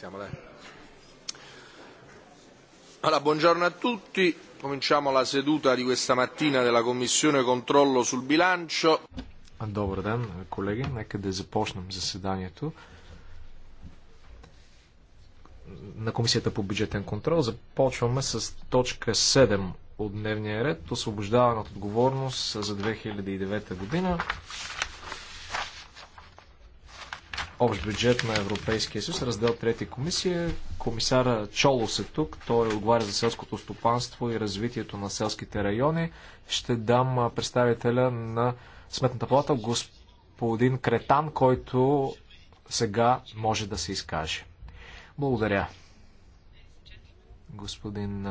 Iniziamo, dai. Allora, buongiorno a tutti. Cominciamo la seduta di questa mattina della Commissione Controllo sul Bilancio. Добър ден, колеги. Нека да започнем заседанието на Комисията по бюджетен контрол. Започваме с точка 7 от дневния ред. Освобождаване от отговорност за 2009 година общ бюджет на Европейския съюз, раздел 3 комисия. Комисара Чолос е тук, той отговаря за селското стопанство и развитието на селските райони. Ще дам представителя на Сметната палата, господин Кретан, който сега може да се изкаже. Благодаря, господин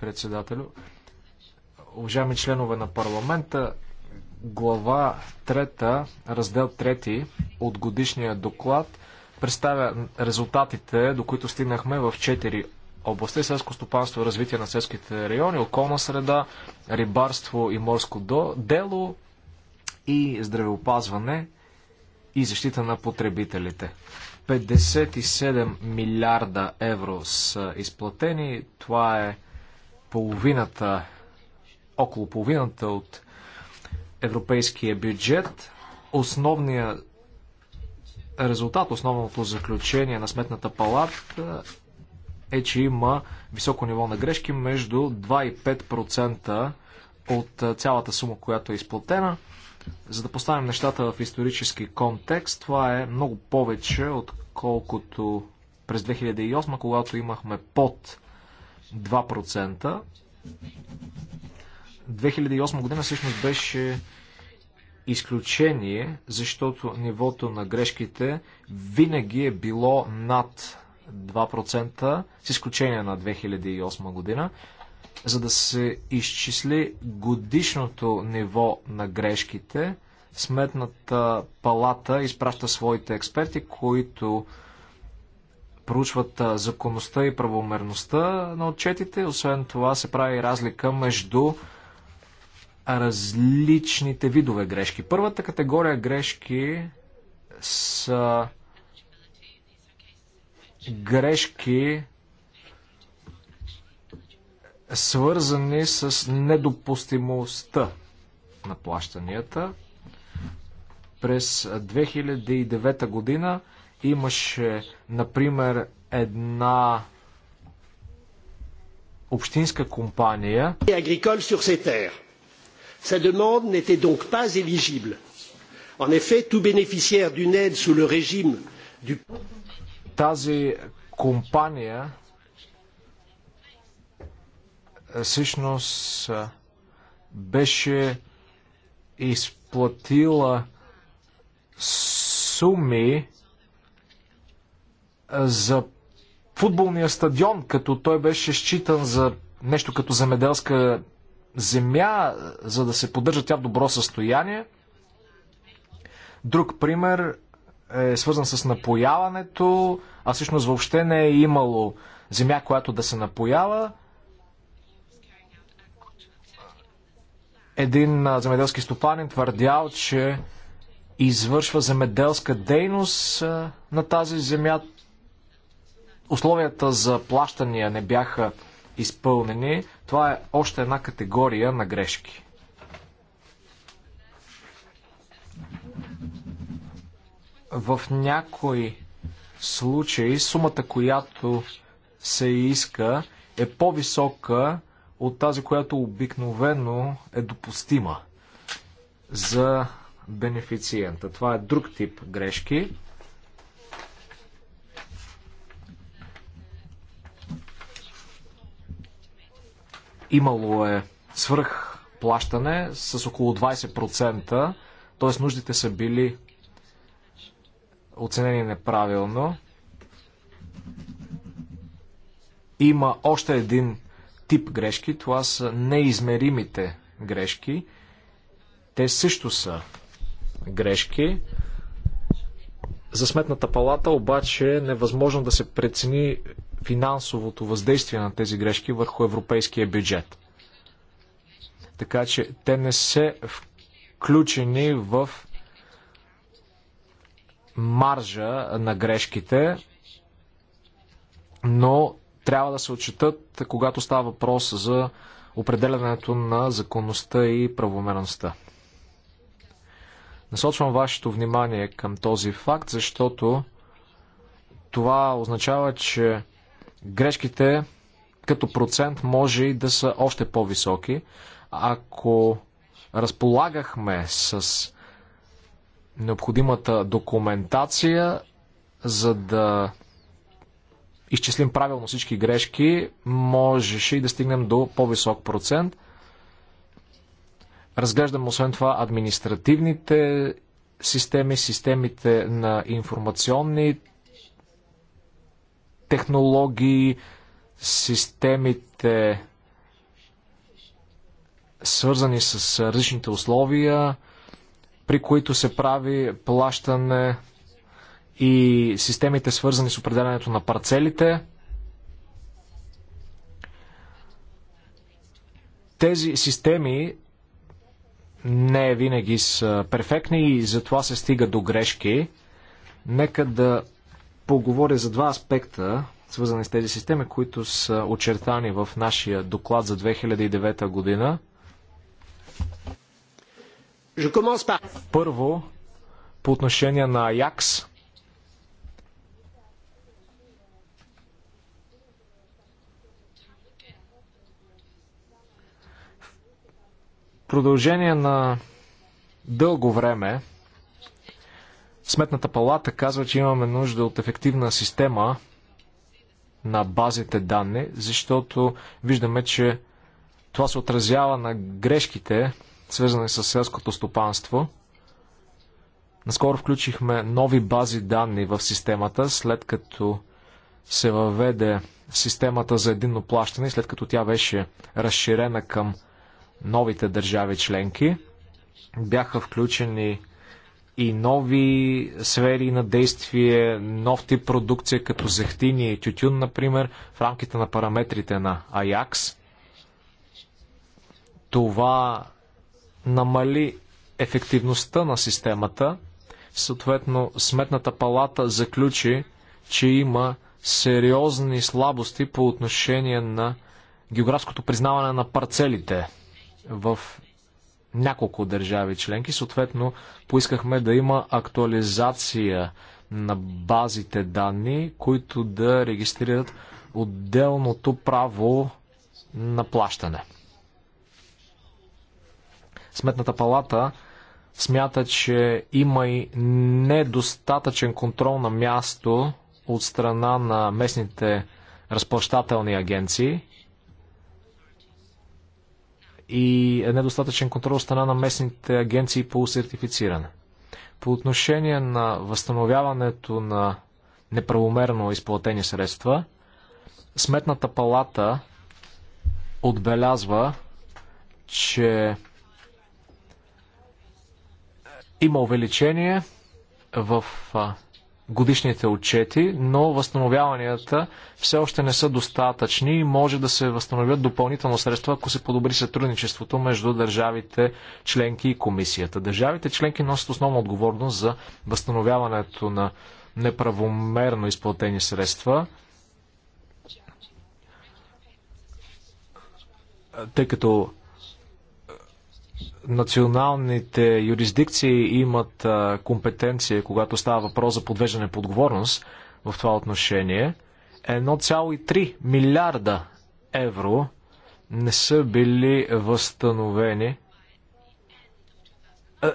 председателю. Уважаеми членове на парламента, Глава 3, раздел 3 от годишния доклад представя резултатите, до които стигнахме в 4 области селско стопанство, развитие на селските райони, околна среда, рибарство и морско дело и здравеопазване и защита на потребителите. 57 милиарда евро са изплатени. Това е половината, около половината от европейския бюджет. Основният резултат, основното заключение на Сметната палата е, че има високо ниво на грешки между 2 и 5% от цялата сума, която е изплатена. За да поставим нещата в исторически контекст, това е много повече, отколкото през 2008, когато имахме под 2%. 2008 година всъщност беше изключение, защото нивото на грешките винаги е било над 2%, с изключение на 2008 година. За да се изчисли годишното ниво на грешките, Сметната палата изпраща своите експерти, които проучват законността и правомерността на отчетите. Освен това се прави разлика между различните видове грешки. Първата категория грешки са грешки, свързани с недопустимостта на плащанията. През 2009 година имаше, например, една общинска компания. Sa demande n'était donc pas éligible. En effet, tout bénéficiaire d'une aide sous le régime du тази компания е, всъщност е, беше изплатила суми е, за футболния стадион, като той беше считан за нещо като земеделска земя, за да се поддържа тя в добро състояние. Друг пример е свързан с напояването, а всъщност въобще не е имало земя, която да се напоява. Един земеделски стопанин твърдял, че извършва земеделска дейност на тази земя. Условията за плащания не бяха изпълнени. Това е още една категория на грешки. В някои случаи сумата, която се иска, е по-висока от тази, която обикновено е допустима за бенефициента. Това е друг тип грешки. Имало е свръх плащане с около 20%, т.е. нуждите са били оценени неправилно. Има още един тип грешки, това са неизмеримите грешки. Те също са грешки. За сметната палата обаче е невъзможно да се прецени финансовото въздействие на тези грешки върху европейския бюджет. Така че те не се включени в маржа на грешките, но трябва да се отчитат, когато става въпрос за определянето на законността и правомерността. Насочвам вашето внимание към този факт, защото това означава, че грешките като процент може и да са още по-високи. Ако разполагахме с необходимата документация, за да изчислим правилно всички грешки, можеше и да стигнем до по-висок процент. Разглеждам освен това административните системи, системите на информационни технологии, системите свързани с различните условия, при които се прави плащане и системите свързани с определянето на парцелите. Тези системи не винаги са перфектни и затова се стига до грешки. Нека да поговоря за два аспекта, свързани с тези системи, които са очертани в нашия доклад за 2009 година. Първо, по отношение на Аякс. продължение на дълго време Сметната палата казва, че имаме нужда от ефективна система на базите данни, защото виждаме, че това се отразява на грешките, свързани с селското стопанство. Наскоро включихме нови бази данни в системата, след като се въведе системата за единно плащане, след като тя беше разширена към новите държави членки. Бяха включени и нови сфери на действие, нов тип продукция, като зехтини и тютюн, например, в рамките на параметрите на Аякс. Това намали ефективността на системата. Съответно, Сметната палата заключи, че има сериозни слабости по отношение на географското признаване на парцелите в няколко държави членки. Съответно, поискахме да има актуализация на базите данни, които да регистрират отделното право на плащане. Сметната палата смята, че има и недостатъчен контрол на място от страна на местните разплащателни агенции и е недостатъчен контрол от страна на местните агенции по сертифициране. По отношение на възстановяването на неправомерно изплатени средства, Сметната палата отбелязва, че има увеличение в годишните отчети, но възстановяванията все още не са достатъчни и може да се възстановят допълнително средства, ако се подобри сътрудничеството между държавите членки и комисията. Държавите членки носят основна отговорност за възстановяването на неправомерно изплатени средства. Тъй като националните юрисдикции имат компетенция, когато става въпрос за подвеждане по отговорност в това отношение, 1,3 милиарда евро не са били възстановени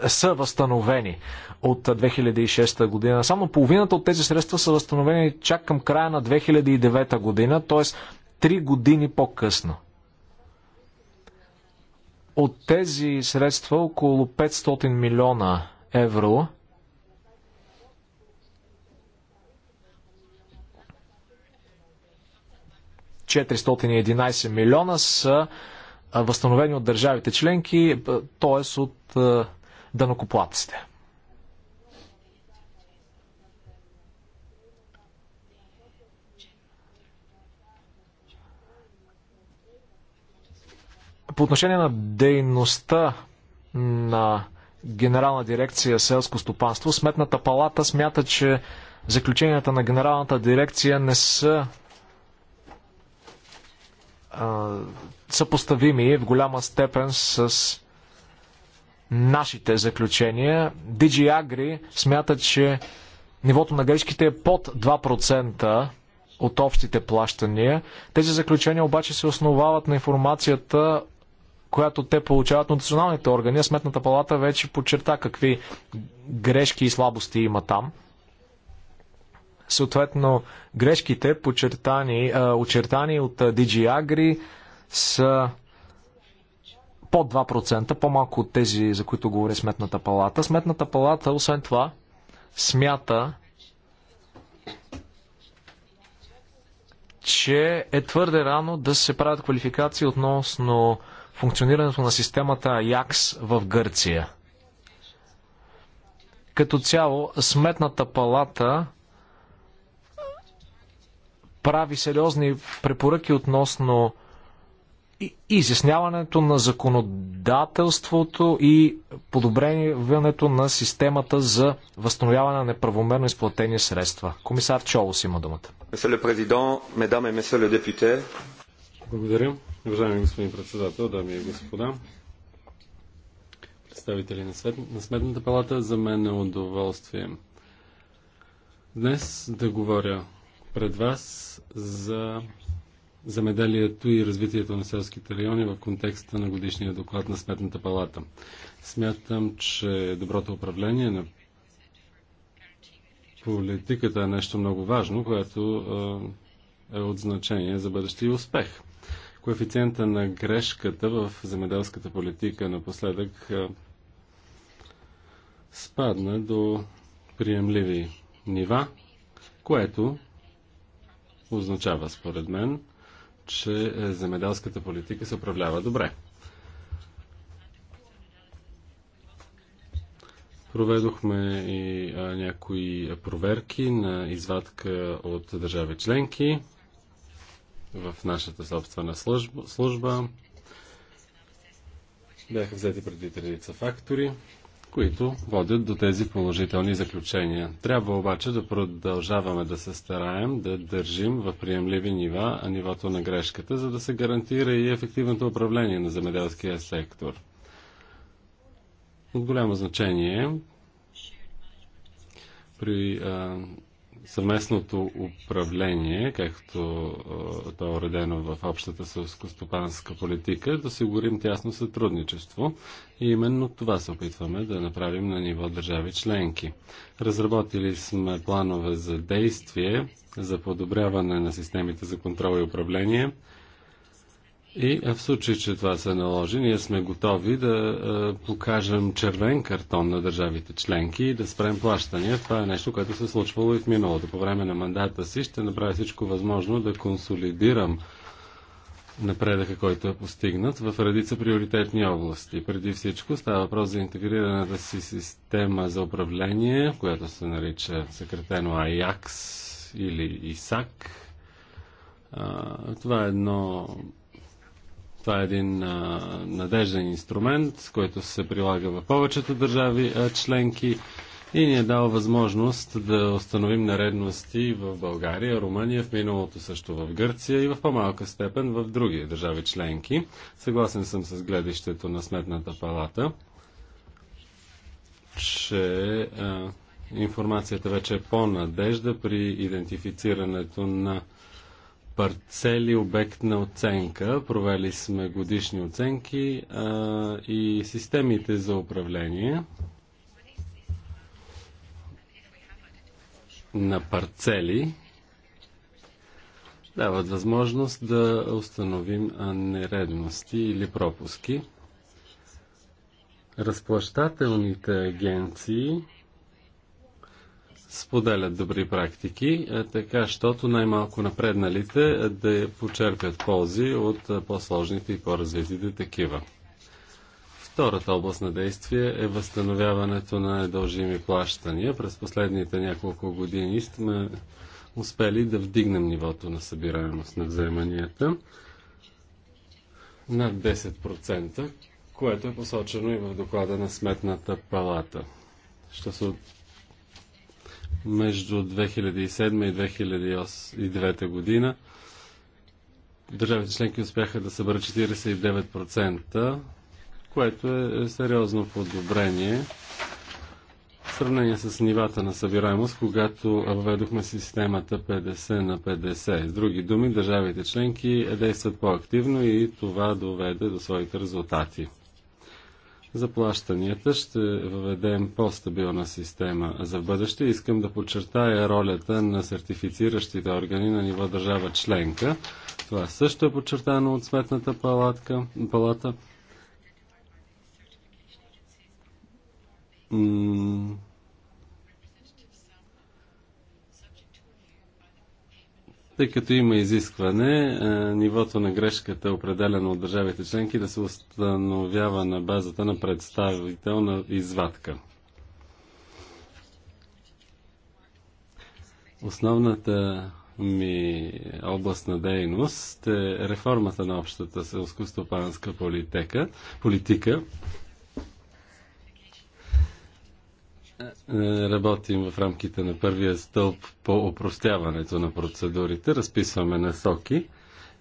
са възстановени от 2006 година. Само половината от тези средства са възстановени чак към края на 2009 година, т.е. 3 години по-късно. От тези средства около 500 милиона евро ...411 милиона са възстановени от държавите членки, т.е. от данокоплатците. По отношение на дейността на Генерална дирекция селско стопанство, Сметната палата смята, че заключенията на Генералната дирекция не са а, съпоставими в голяма степен с нашите заключения. DG Agri смята, че нивото на грешките е под 2% от общите плащания. Тези заключения обаче се основават на информацията която те получават от националните органи. Сметната палата вече подчерта какви грешки и слабости има там. Съответно, грешките, подчертани, очертани от DG Agri, са под 2%, по-малко от тези, за които говори Сметната палата. Сметната палата, освен това, смята, че е твърде рано да се правят квалификации относно функционирането на системата Якс в Гърция. Като цяло, Сметната палата прави сериозни препоръки относно изясняването на законодателството и подобрението на системата за възстановяване на неправомерно изплатени средства. Комисар Чолос има думата. Благодаря. Уважаеми господин председател, дами и господа, представители на, свет... на Сметната палата, за мен е удоволствие днес да говоря пред вас за замеделието и развитието на селските райони в контекста на годишния доклад на Сметната палата. Смятам, че доброто управление на политиката е нещо много важно, което е от значение за бъдещия успех коефициента на грешката в земеделската политика напоследък спадна до приемливи нива, което означава, според мен, че е, земеделската политика се управлява добре. Проведохме и някои проверки на извадка от държави членки в нашата собствена служба. служба бяха взети предвид редица фактори, които водят до тези положителни заключения. Трябва обаче да продължаваме да се стараем да държим в приемливи нива а нивото на грешката, за да се гарантира и ефективното управление на земеделския сектор. От голямо значение е при а, съвместното управление, както то е уредено в общата селскостопанска политика, да осигурим тясно сътрудничество и именно това се опитваме да направим на ниво държави членки. Разработили сме планове за действие за подобряване на системите за контрол и управление, и в случай, че това се наложи, ние сме готови да покажем червен картон на държавите членки и да спрем плащания. Това е нещо, което се случвало и в миналото. По време на мандата си ще направя всичко възможно да консолидирам напредъка, който е постигнат в редица приоритетни области. Преди всичко става въпрос за интегрираната си система за управление, която се нарича съкратено АЯКС или ИСАК. Това е едно това е един а, надежден инструмент, който се прилага в повечето държави а, членки и ни е дал възможност да установим наредности в България, Румъния, в миналото също в Гърция и в по-малка степен в други държави членки. Съгласен съм с гледището на Сметната палата, че а, информацията вече е по-надежда при идентифицирането на парцели обект на оценка. Провели сме годишни оценки а, и системите за управление на парцели дават възможност да установим нередности или пропуски. Разплащателните агенции споделят добри практики, е, така, щото най-малко напредналите е, да почерпят ползи от е, по-сложните и по-развитите такива. Втората област на действие е възстановяването на недължими плащания. През последните няколко години сме успели да вдигнем нивото на събираемост на вземанията над 10%, което е посочено и в доклада на Сметната палата. Ще се между 2007 и 2009 година. Държавите членки успяха да съберат 49%, което е, е сериозно подобрение в сравнение с нивата на събираемост, когато въведохме системата 50 на 50. С други думи, държавите членки действат по-активно и това доведе до своите резултати за плащанията ще въведем по-стабилна система за бъдеще. Искам да подчертая ролята на сертифициращите органи на ниво държава членка. Това също е подчертано от Сметната палатка, палата. тъй като има изискване е, нивото на грешката, е определено от държавите членки, да се установява на базата на представителна извадка. Основната ми област на дейност е реформата на общата селско-стопанска политика, политика Е, работим в рамките на първия стълб по опростяването на процедурите, разписваме насоки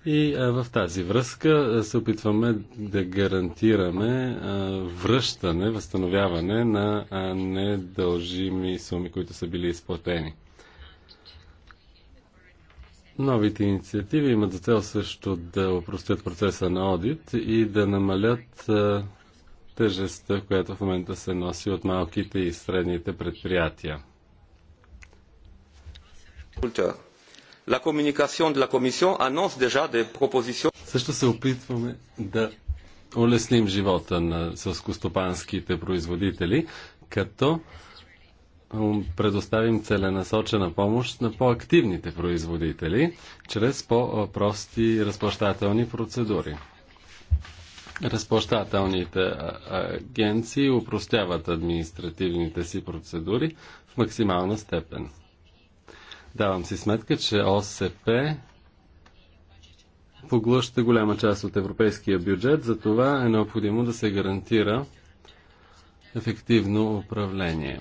и е, в тази връзка е, се опитваме да гарантираме връщане, възстановяване на недължими суми, които са били изплатени. Новите инициативи имат за цел също да упростят процеса на одит и да намалят тежестта, която в момента се носи от малките и средните предприятия. La communication de la Commission annonce déjà des propositions. Също се опитваме да улесним живота на сълскостопанските производители, като предоставим целенасочена помощ на по-активните производители чрез по-прости разплащателни процедури. Разплащателните агенции упростяват административните си процедури в максимална степен. Давам си сметка, че ОСП поглъща голяма част от европейския бюджет, затова е необходимо да се гарантира ефективно управление.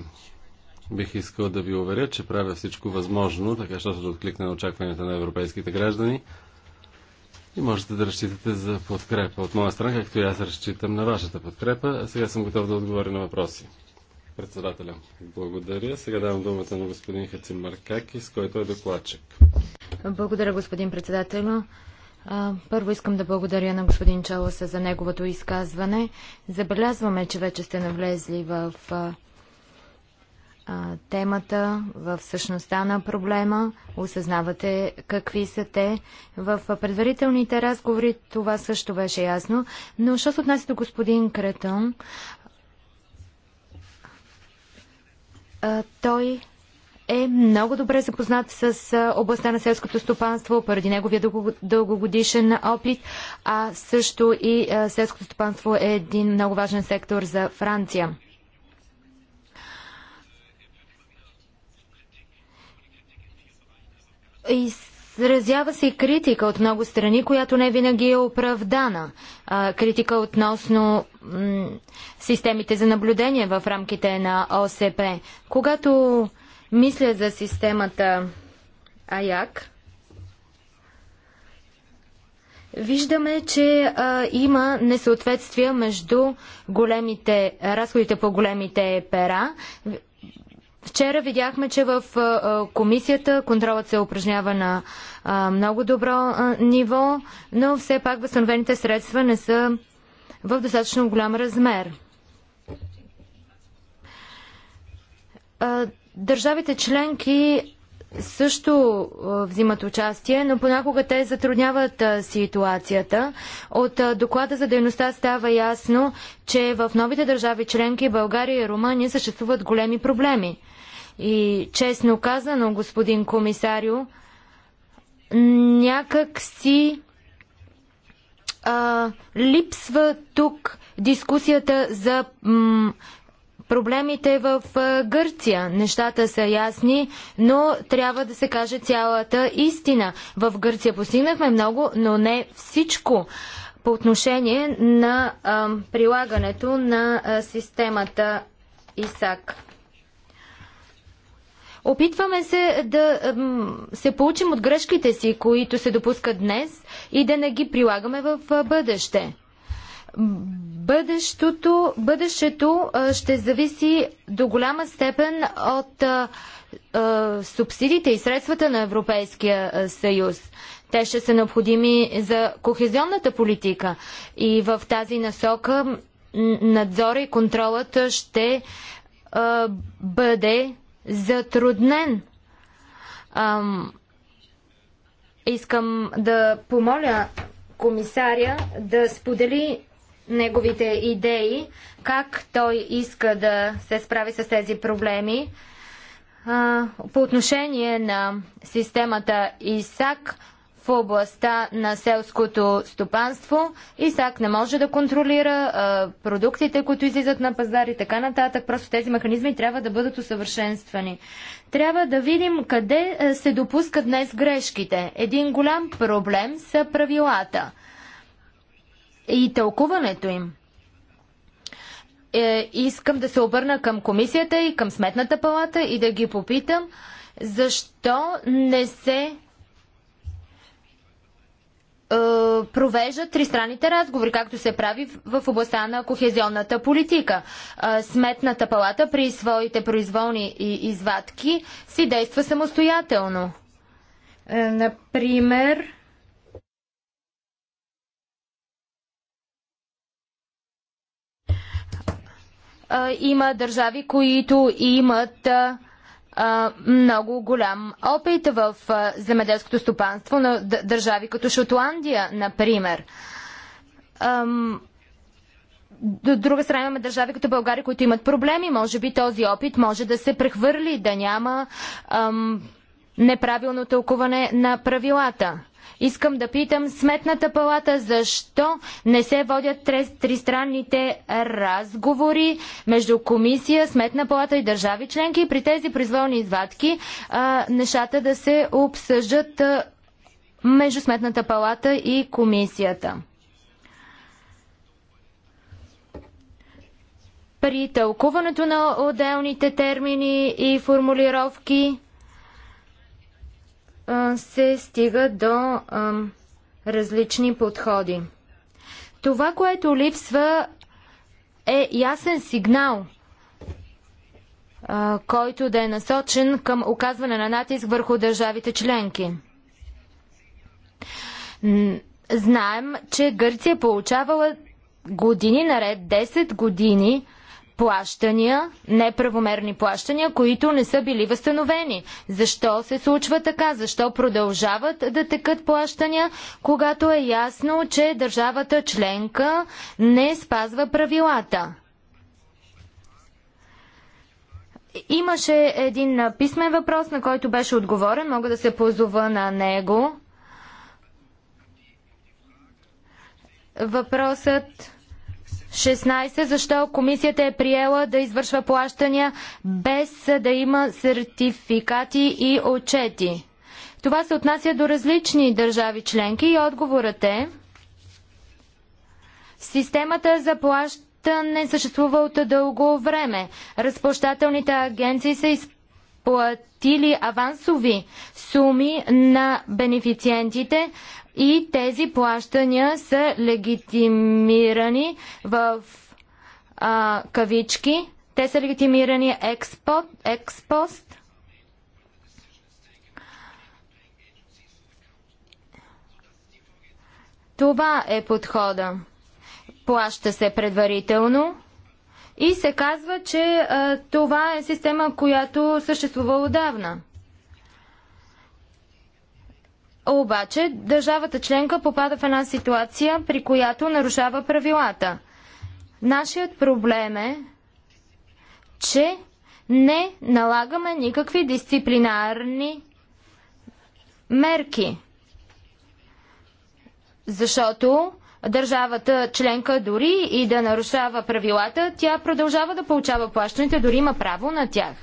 Бих искал да ви уверя, че правя всичко възможно, така щото да откликне на очакванията на европейските граждани – и можете да разчитате за подкрепа от моя страна, както и аз разчитам на вашата подкрепа. А сега съм готов да отговоря на въпроси. Председателя, благодаря. Сега давам думата на господин Хацин Маркакис, който е докладчик. Благодаря, господин председател. Първо искам да благодаря на господин Чаласа за неговото изказване. Забелязваме, че вече сте навлезли в а, темата, в същността на проблема, осъзнавате какви са те. В предварителните разговори това също беше ясно, но що се отнася до господин Кретон, а, той е много добре запознат с областта на селското стопанство, поради неговия дългогодишен опит, а също и селското стопанство е един много важен сектор за Франция. Изразява се и критика от много страни, която не винаги е оправдана. А, критика относно системите за наблюдение в рамките на ОСП. Когато мисля за системата АЯК, Виждаме, че а, има несъответствия между големите, разходите по големите пера Вчера видяхме, че в комисията контролът се упражнява на много добро ниво, но все пак възстановените средства не са в достатъчно голям размер. Държавите членки също взимат участие, но понякога те затрудняват ситуацията. От доклада за дейността става ясно, че в новите държави членки България и Румъния съществуват големи проблеми. И честно казано, господин комисарио, някак си а, липсва тук дискусията за м, проблемите в а, Гърция. Нещата са ясни, но трябва да се каже цялата истина. В Гърция постигнахме много, но не всичко по отношение на а, прилагането на а, системата ИСАК. Опитваме се да се получим от грешките си, които се допускат днес и да не ги прилагаме в е, бъдеще. Бъдещето, бъдещето ще зависи до голяма степен от е, е, субсидиите и средствата на Европейския съюз. Те ще са необходими за кохезионната политика и в тази насока надзора и контролът ще бъде затруднен. Ам, искам да помоля комисаря да сподели неговите идеи, как той иска да се справи с тези проблеми. По отношение на системата ИСАК, в областта на селското стопанство. ИСАК не може да контролира а, продуктите, които излизат на пазар и така нататък. Просто тези механизми трябва да бъдат усъвършенствани. Трябва да видим къде се допускат днес грешките. Един голям проблем са правилата и тълкуването им. Е, искам да се обърна към комисията и към сметната палата и да ги попитам защо не се е, провеждат тристранните разговори, както се прави в областта на кохезионната политика. Е, Сметната палата при своите произволни извадки си действа самостоятелно. Е, например, има държави, които имат много голям опит в земеделското стопанство на държави като Шотландия, например. До друга страна имаме държави като България, които имат проблеми. Може би този опит може да се прехвърли, да няма ам, неправилно тълкуване на правилата. Искам да питам Сметната палата защо не се водят тристранните разговори между комисия, Сметна палата и държави членки и при тези произволни извадки нещата да се обсъждат между Сметната палата и комисията. При тълкуването на отделните термини и формулировки се стига до различни подходи. Това, което липсва, е ясен сигнал, който да е насочен към оказване на натиск върху държавите членки. Знаем, че Гърция получавала години наред, 10 години, плащания, неправомерни плащания, които не са били възстановени. Защо се случва така? Защо продължават да текат плащания, когато е ясно, че държавата членка не спазва правилата? Имаше един писмен въпрос, на който беше отговорен. Мога да се позова на него. Въпросът 16. Защо комисията е приела да извършва плащания без да има сертификати и отчети? Това се отнася до различни държави членки и отговорът е Системата за плащане съществува от дълго време. Разплащателните агенции са изплатили авансови суми на бенефициентите, и тези плащания са легитимирани в а, кавички. Те са легитимирани експо, експост. Това е подхода. Плаща се предварително и се казва, че а, това е система, която съществува отдавна. Обаче държавата членка попада в една ситуация, при която нарушава правилата. Нашият проблем е, че не налагаме никакви дисциплинарни мерки. Защото държавата членка дори и да нарушава правилата, тя продължава да получава плащаните, дори има право на тях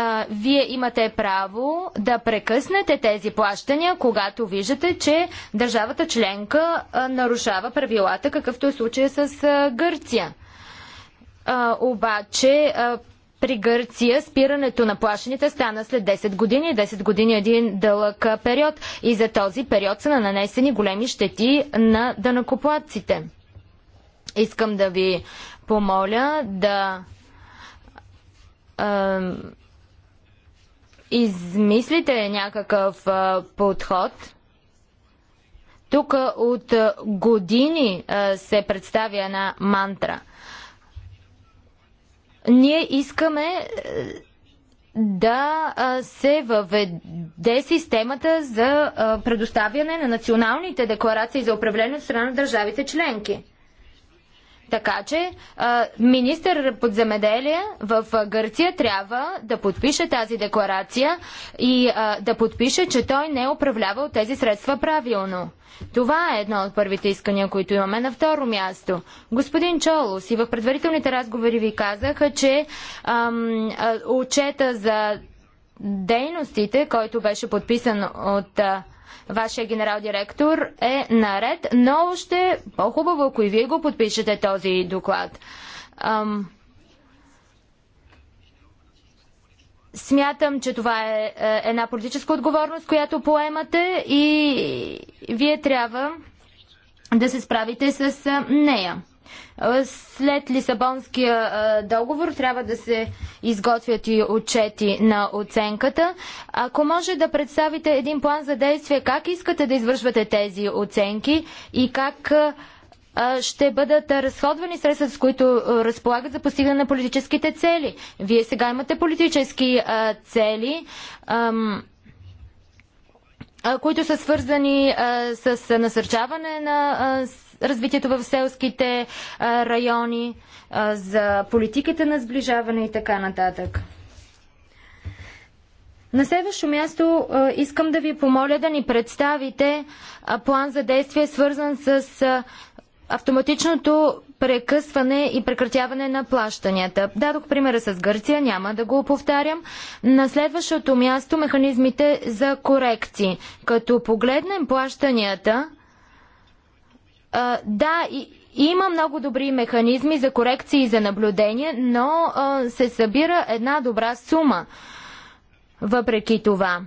а, вие имате право да прекъснете тези плащания, когато виждате, че държавата членка а, нарушава правилата, какъвто е случая с а, Гърция. А, обаче, а, при Гърция спирането на плащаните стана след 10 години. 10 години е един дълъг период и за този период са нанесени големи щети на данакоплатците. Искам да ви помоля да измислите някакъв а, подход. Тук от години а, се представя една мантра. Ние искаме да се въведе системата за предоставяне на националните декларации за управление от страна на държавите членки. Така че министър под земеделие в Гърция трябва да подпише тази декларация и да подпише, че той не е управлявал тези средства правилно. Това е едно от първите искания, които имаме на второ място. Господин Чолос, и в предварителните разговори ви казаха, че ам, а, отчета за дейностите, който беше подписан от а, вашия генерал директор е наред, но ще е по-хубаво, ако и вие го подпишете този доклад. Ам... Смятам, че това е, е една политическа отговорност, която поемате и вие трябва да се справите с нея. След Лисабонския договор трябва да се изготвят и отчети на оценката. Ако може да представите един план за действие, как искате да извършвате тези оценки и как ще бъдат разходвани средства, с които разполагат за постигане на политическите цели. Вие сега имате политически цели, които са свързани с насърчаване на развитието в селските райони, за политиката на сближаване и така нататък. На следващо място искам да ви помоля да ни представите план за действие, свързан с автоматичното прекъсване и прекратяване на плащанията. Дадох примера с Гърция, няма да го повтарям. На следващото място механизмите за корекции. Като погледнем плащанията, да, и, има много добри механизми за корекции и за наблюдение, но а, се събира една добра сума. Въпреки това,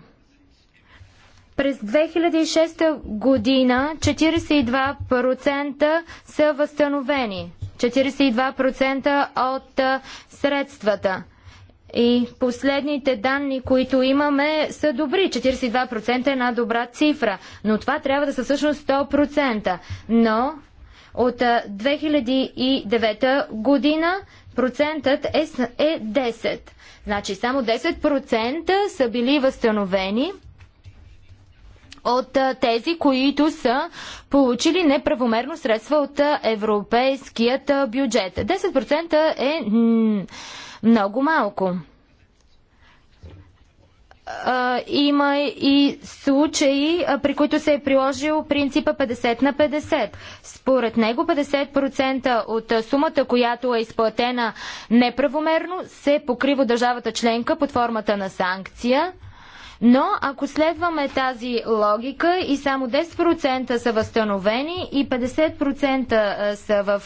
през 2006 година 42% са възстановени. 42% от а, средствата. И последните данни, които имаме, са добри. 42% е една добра цифра. Но това трябва да са всъщност 100%. Но от 2009 година процентът е, е 10. Значи само 10% са били възстановени от тези, които са получили неправомерно средства от европейският бюджет. 10% е много малко. Има и случаи, при които се е приложил принципа 50 на 50. Според него 50% от сумата, която е изплатена неправомерно, се покрива държавата членка под формата на санкция. Но ако следваме тази логика и само 10% са възстановени и 50% са в,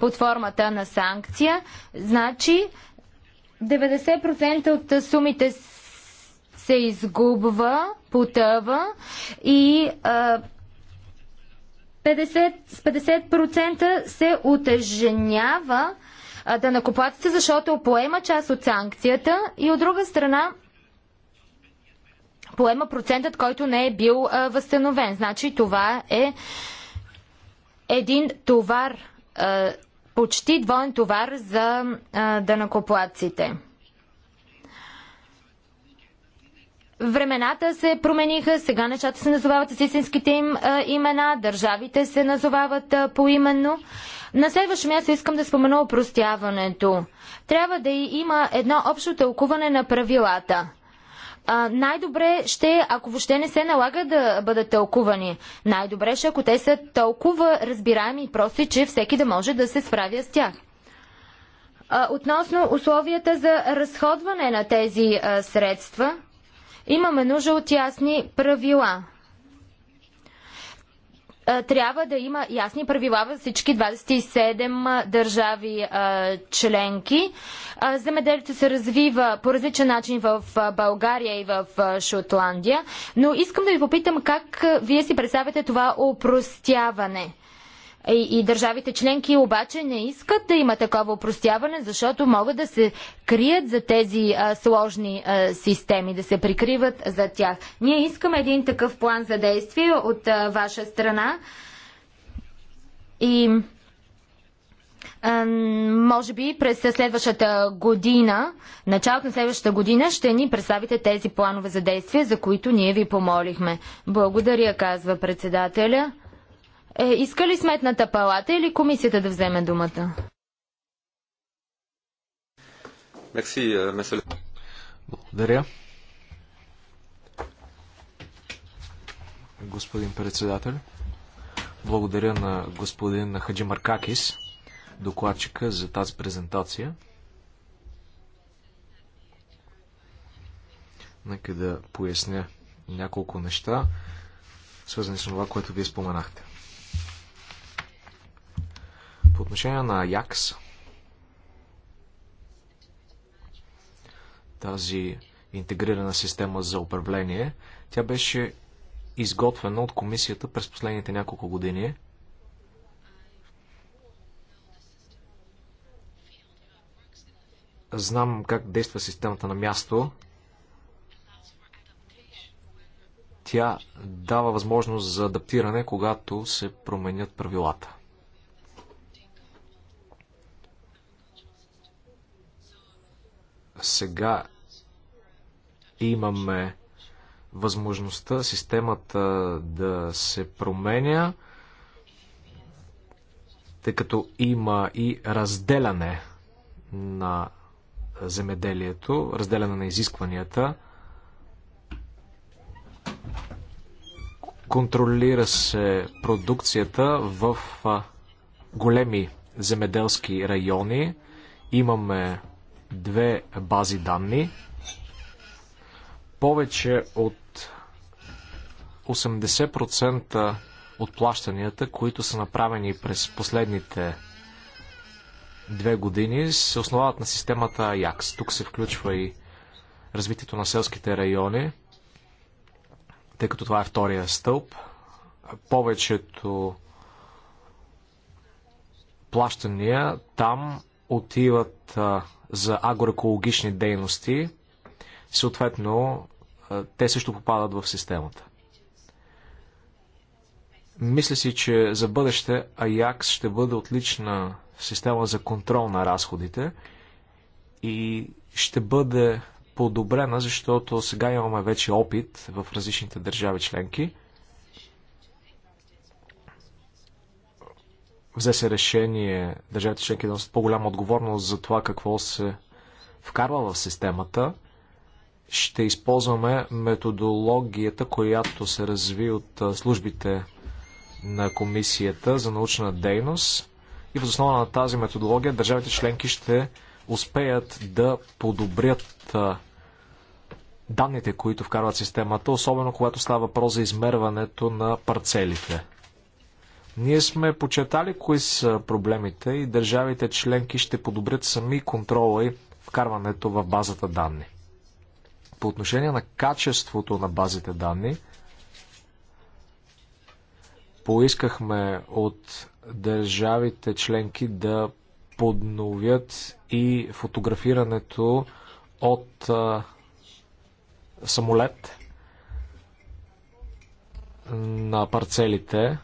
под формата на санкция, значи 90% от сумите се изгубва, потъва и а, 50, с 50% се отъженява да накоплатите, защото поема част от санкцията и от друга страна поема процентът, който не е бил а, възстановен. Значи това е един товар а, почти двоен товар за дънакоплаците. Времената се промениха, сега нещата се назовават с истинските им а, имена, държавите се назовават а, поименно. На следващо място искам да спомена опростяването. Трябва да има едно общо тълкуване на правилата – най-добре ще, ако въобще не се налага да бъдат тълкувани, най-добре ще, ако те са толкова разбираеми и прости, че всеки да може да се справя с тях. А, относно условията за разходване на тези а, средства, имаме нужда от ясни правила. Е, трябва да има ясни правила във всички 27 държави членки. Земеделието се развива по различен начин в България и в Шотландия, но искам да ви попитам как вие си представяте това опростяване. Е, и, държавите членки обаче не искат да има такова упростяване, защото могат да се крият за тези а, сложни а, системи, да се прикриват за тях. Ние искаме един такъв план за действие от а, ваша страна. И може би през следващата година, началото на следващата година, ще ни представите тези планове за действие, за които ние ви помолихме. Благодаря, казва председателя. Е, иска ли сметната палата или комисията да вземе думата? Е, благодаря. Господин председател, благодаря на господин Хаджи Маркакис, докладчика за тази презентация. Нека да поясня няколко неща, свързани с това, което вие споменахте. По отношение на ЯКС, тази интегрирана система за управление, тя беше изготвена от комисията през последните няколко години. Знам как действа системата на място. Тя дава възможност за адаптиране, когато се променят правилата. Сега имаме възможността системата да се променя, тъй като има и разделяне на земеделието, разделяне на изискванията. Контролира се продукцията в големи земеделски райони. Имаме две бази данни. Повече от 80% от плащанията, които са направени през последните две години, се основават на системата AJAX. Тук се включва и развитието на селските райони, тъй като това е втория стълб. Повечето плащания там отиват за агроекологични дейности, съответно те също попадат в системата. Мисля си, че за бъдеще Аякс ще бъде отлична система за контрол на разходите и ще бъде подобрена, защото сега имаме вече опит в различните държави членки. взе се решение държавите членки да носят по-голяма отговорност за това какво се вкарва в системата, ще използваме методологията, която се разви от службите на Комисията за научна дейност. И в основа на тази методология държавите членки ще успеят да подобрят данните, които вкарват системата, особено когато става въпрос за измерването на парцелите. Ние сме почетали кои са проблемите и държавите членки ще подобрят сами контрола и вкарването в базата данни. По отношение на качеството на базите данни, поискахме от държавите членки да подновят и фотографирането от а, самолет на парцелите.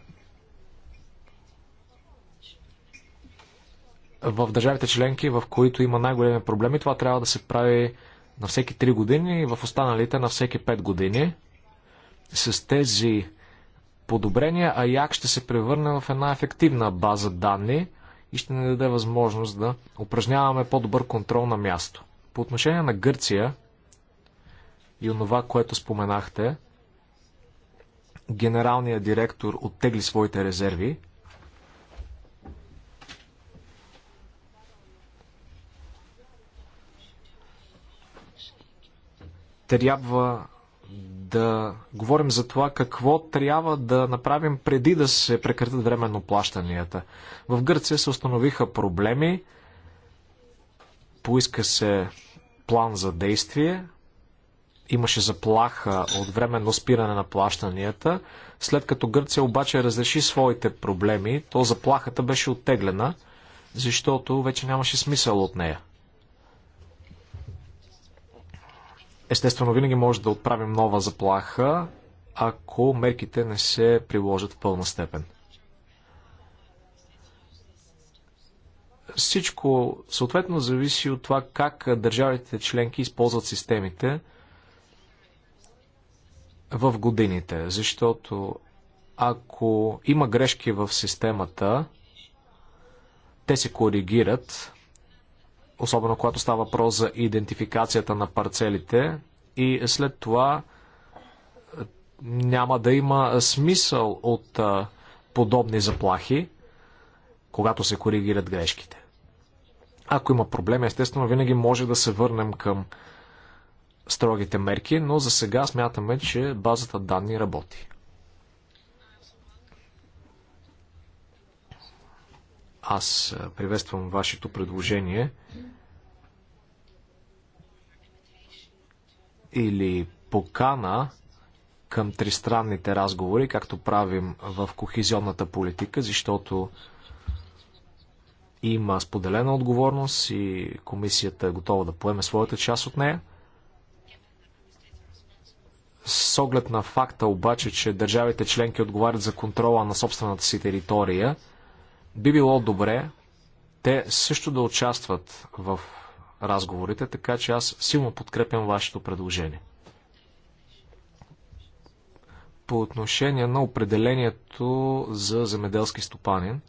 в държавите членки, в които има най-големи проблеми. Това трябва да се прави на всеки 3 години и в останалите на всеки 5 години. С тези подобрения АЯК ще се превърне в една ефективна база данни и ще ни даде възможност да упражняваме по-добър контрол на място. По отношение на Гърция и онова, което споменахте, генералният директор оттегли своите резерви. трябва да говорим за това какво трябва да направим преди да се прекратят временно плащанията. В Гърция се установиха проблеми, поиска се план за действие, имаше заплаха от временно спиране на плащанията. След като Гърция обаче разреши своите проблеми, то заплахата беше оттеглена, защото вече нямаше смисъл от нея. Естествено, винаги може да отправим нова заплаха, ако мерките не се приложат в пълна степен. Всичко съответно зависи от това как държавите членки използват системите в годините, защото ако има грешки в системата, те се коригират особено когато става въпрос за идентификацията на парцелите и след това е, няма да има смисъл от е, подобни заплахи, когато се коригират грешките. Ако има проблем, естествено, винаги може да се върнем към строгите мерки, но за сега смятаме, че базата данни работи. Аз е, приветствам вашето предложение. Или покана към тристранните разговори, както правим в кохезионната политика, защото има споделена отговорност и комисията е готова да поеме своята част от нея. С оглед на факта обаче, че държавите членки отговарят за контрола на собствената си територия, би било добре те също да участват в разговорите, така че аз силно подкрепям вашето предложение. По отношение на определението за земеделски стопанин,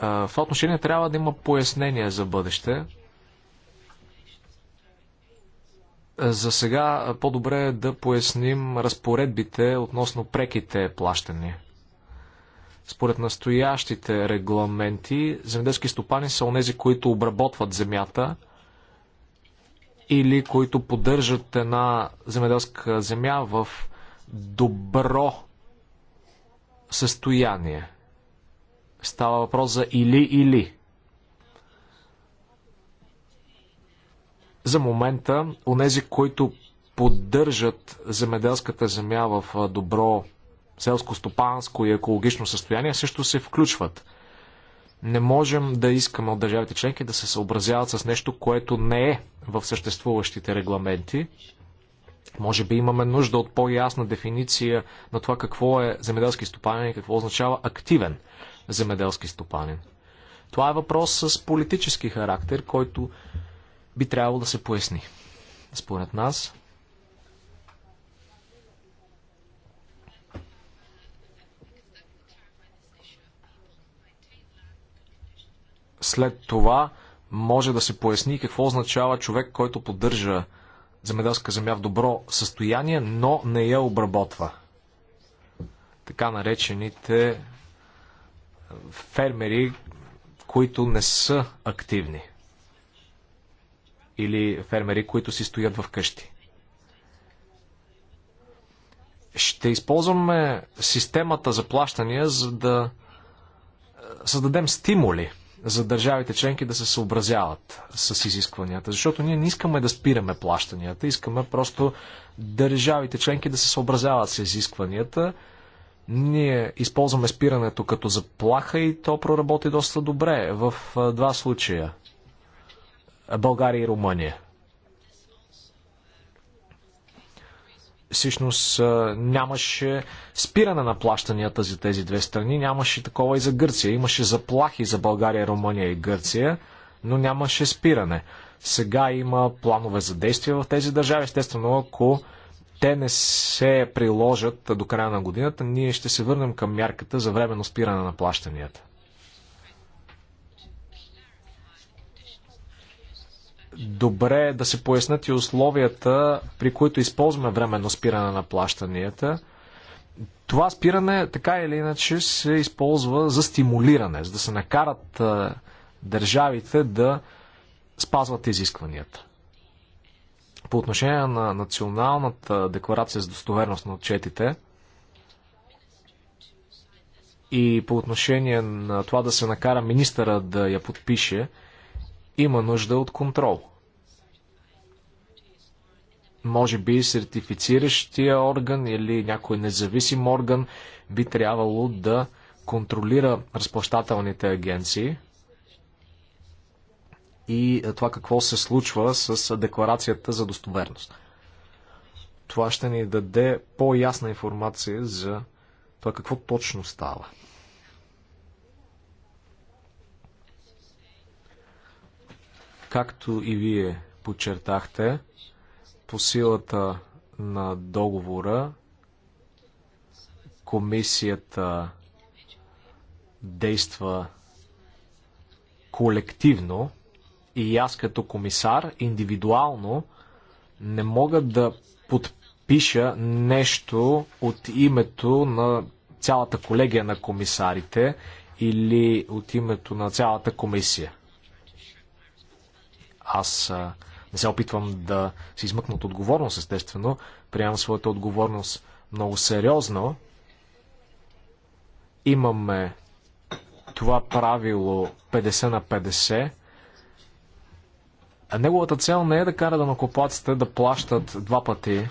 в това отношение трябва да има пояснение за бъдеще. За сега по-добре е да поясним разпоредбите относно преките плащания. Според настоящите регламенти, земеделски стопани са онези, които обработват земята или които поддържат една земеделска земя в добро състояние. Става въпрос за или-или. за момента онези, които поддържат земеделската земя в добро селско-стопанско и екологично състояние, също се включват. Не можем да искаме от държавите членки да се съобразяват с нещо, което не е в съществуващите регламенти. Може би имаме нужда от по-ясна дефиниция на това какво е земеделски стопанин и какво означава активен земеделски стопанин. Това е въпрос с политически характер, който би трябвало да се поясни. Според нас, след това може да се поясни какво означава човек, който поддържа земеделска земя в добро състояние, но не я обработва. Така наречените е, фермери, които не са активни или фермери, които си стоят в къщи. Ще използваме системата за плащания, за да е, създадем стимули за държавите членки да се съобразяват с изискванията, защото ние не искаме да спираме плащанията, искаме просто държавите членки да се съобразяват с изискванията. Ние използваме спирането като заплаха и то проработи доста добре в е, два случая. България и Румъния. Всъщност нямаше спиране на плащанията за тези две страни, нямаше такова и за Гърция. Имаше заплахи за България, Румъния и Гърция, но нямаше спиране. Сега има планове за действия в тези държави. Естествено, ако те не се приложат до края на годината, ние ще се върнем към мярката за временно спиране на плащанията. добре е да се пояснат и условията, при които използваме временно спиране на плащанията. Това спиране, така или иначе, се използва за стимулиране, за да се накарат държавите да спазват изискванията. По отношение на Националната декларация за достоверност на отчетите, и по отношение на това да се накара министъра да я подпише, има нужда от контрол. Може би сертифициращия орган или някой независим орган би трябвало да контролира разплащателните агенции и това какво се случва с декларацията за достоверност. Това ще ни даде по-ясна информация за това какво точно става. Както и вие подчертахте, по силата на договора комисията действа колективно и аз като комисар индивидуално не мога да подпиша нещо от името на цялата колегия на комисарите или от името на цялата комисия. Аз не се опитвам да се измъкна от отговорност, естествено. Приемам своята отговорност много сериозно. Имаме това правило 50 на 50. А неговата цел не е да кара да данокоплаците да плащат два пъти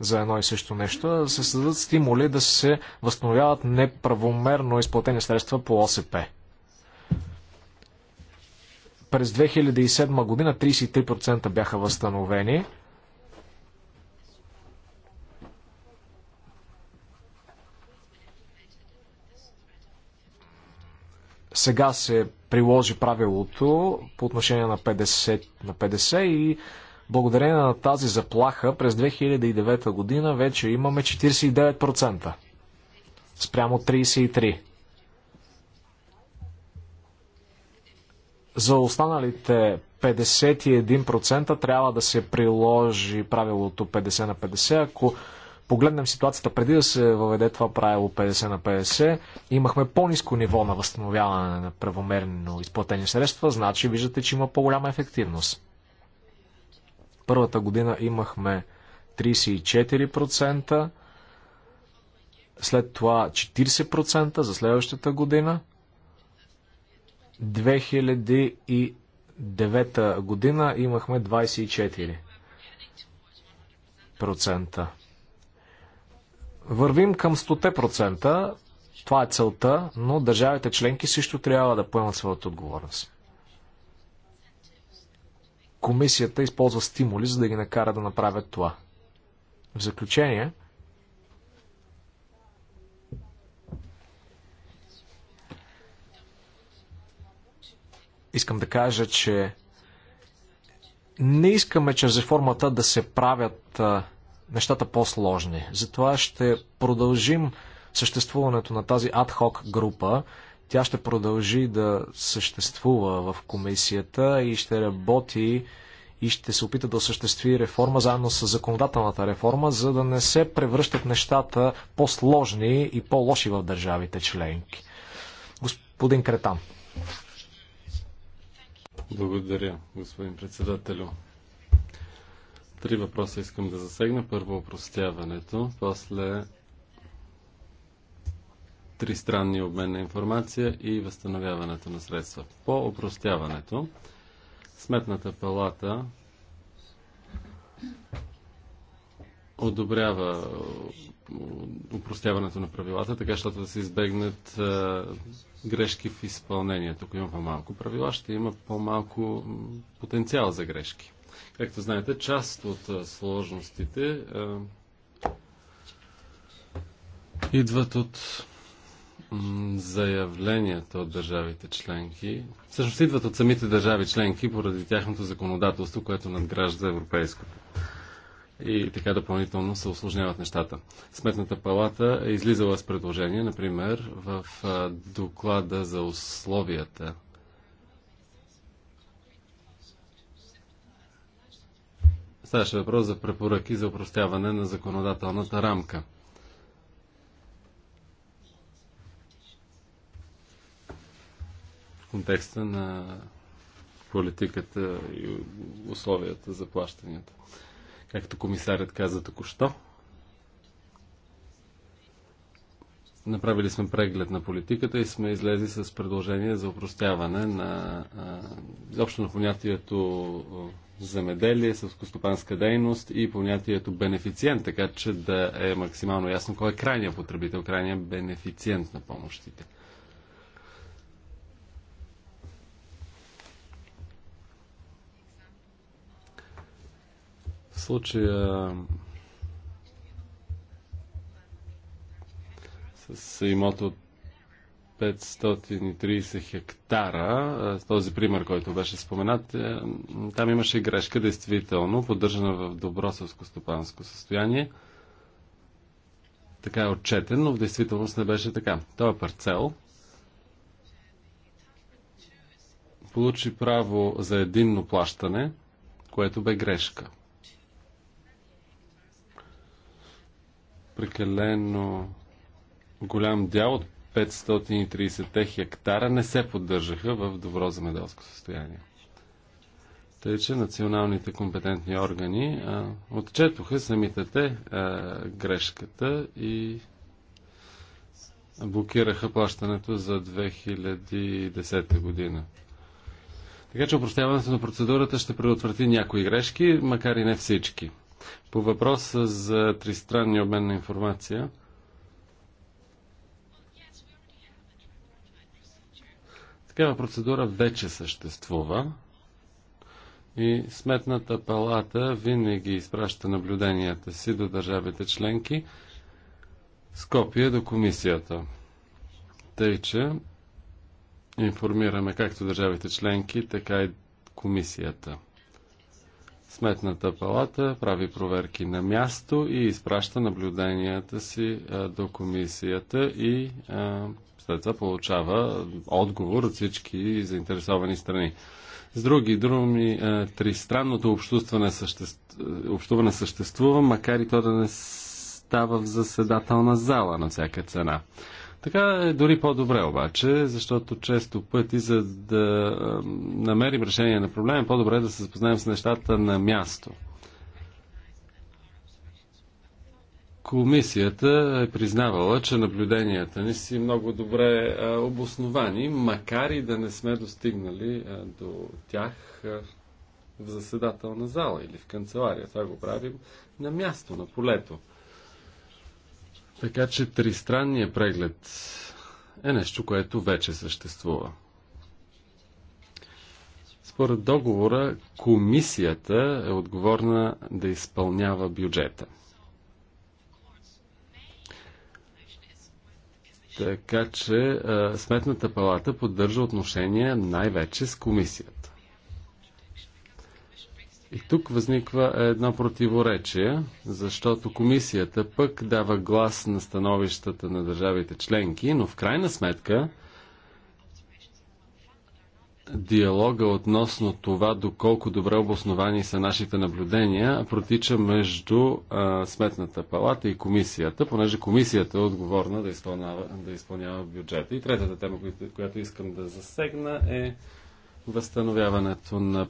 за едно и също нещо, а да се създадат стимули да се възстановяват неправомерно изплатени средства по ОСП. През 2007 година 33% бяха възстановени. Сега се приложи правилото по отношение на 50 на 50 и благодарение на тази заплаха през 2009 година вече имаме 49% спрямо 33%. За останалите 51% трябва да се приложи правилото 50 на 50. Ако погледнем ситуацията преди да се въведе това правило 50 на 50, имахме по-низко ниво на възстановяване на правомерно изплатени средства, значи виждате, че има по-голяма ефективност. Първата година имахме 34%, след това 40% за следващата година – 2009 година имахме 24%. Вървим към 100%. Това е целта, но държавите членки също трябва да поемат своята отговорност. Комисията използва стимули, за да ги накара да направят това. В заключение, искам да кажа, че не искаме чрез реформата да се правят нещата по-сложни. Затова ще продължим съществуването на тази адхок група. Тя ще продължи да съществува в комисията и ще работи и ще се опита да осъществи реформа заедно с законодателната реформа, за да не се превръщат нещата по-сложни и по-лоши в държавите членки. Господин Кретан. Благодаря, господин председателю. Три въпроса искам да засегна. Първо опростяването, после тристранни обмен на информация и възстановяването на средства. По опростяването, Сметната палата одобрява упростяването на правилата, така щото да се избегнат грешки в изпълнението. Ако има по-малко правила, ще има по-малко потенциал за грешки. Както знаете, част от сложностите а, идват от заявленията от държавите членки. Всъщност идват от самите държави членки поради тяхното законодателство, което надгражда европейското и така допълнително се осложняват нещата. Сметната палата е излизала с предложение, например, в доклада за условията Ставаше въпрос за препоръки за упростяване на законодателната рамка. В контекста на политиката и условията за плащанията както комисарят каза току-що. Направили сме преглед на политиката и сме излезли с предложение за упростяване на изобщо на понятието земеделие, съвкостопанска дейност и понятието бенефициент, така че да е максимално ясно кой е крайният потребител, крайният бенефициент на помощите. случая с имот от 530 хектара, този пример, който беше споменат, е, там имаше грешка, действително, поддържана в добро селско-стопанско състояние. Така е отчетен, но в действителност не беше така. Той е парцел. Получи право за единно плащане, което бе грешка. прекалено голям дял от 530 хектара не се поддържаха в добро земеделско състояние. Тъй, че националните компетентни органи а, отчетоха самите те а, грешката и блокираха плащането за 2010 година. Така че упростяването на процедурата ще предотврати някои грешки, макар и не всички. По въпроса за тристранния обмен на информация, такава процедура вече съществува и Сметната палата винаги изпраща наблюденията си до държавите членки с копия до комисията. Тъй, че информираме както държавите членки, така и комисията. Сметната палата прави проверки на място и изпраща наблюденията си до комисията и след това получава отговор от всички заинтересовани страни. С други думи, тристранното общуване, общуване съществува, макар и то да не става в заседателна зала на всяка цена. Така е дори по-добре обаче, защото често пъти, за да намерим решение на проблема, е по-добре е да се запознаем с нещата на място. Комисията е признавала, че наблюденията ни си много добре обосновани, макар и да не сме достигнали до тях в заседателна зала или в канцелария. Това го правим на място, на полето. Така че тристранния преглед е нещо, което вече съществува. Според договора, комисията е отговорна да изпълнява бюджета. Така че Сметната палата поддържа отношения най-вече с комисията. И тук възниква едно противоречие, защото комисията пък дава глас на становищата на държавите членки, но в крайна сметка диалога относно това доколко добре обосновани са нашите наблюдения протича между а, Сметната палата и комисията, понеже комисията е отговорна да изпълнява, да изпълнява бюджета. И третата тема, която искам да засегна е възстановяването на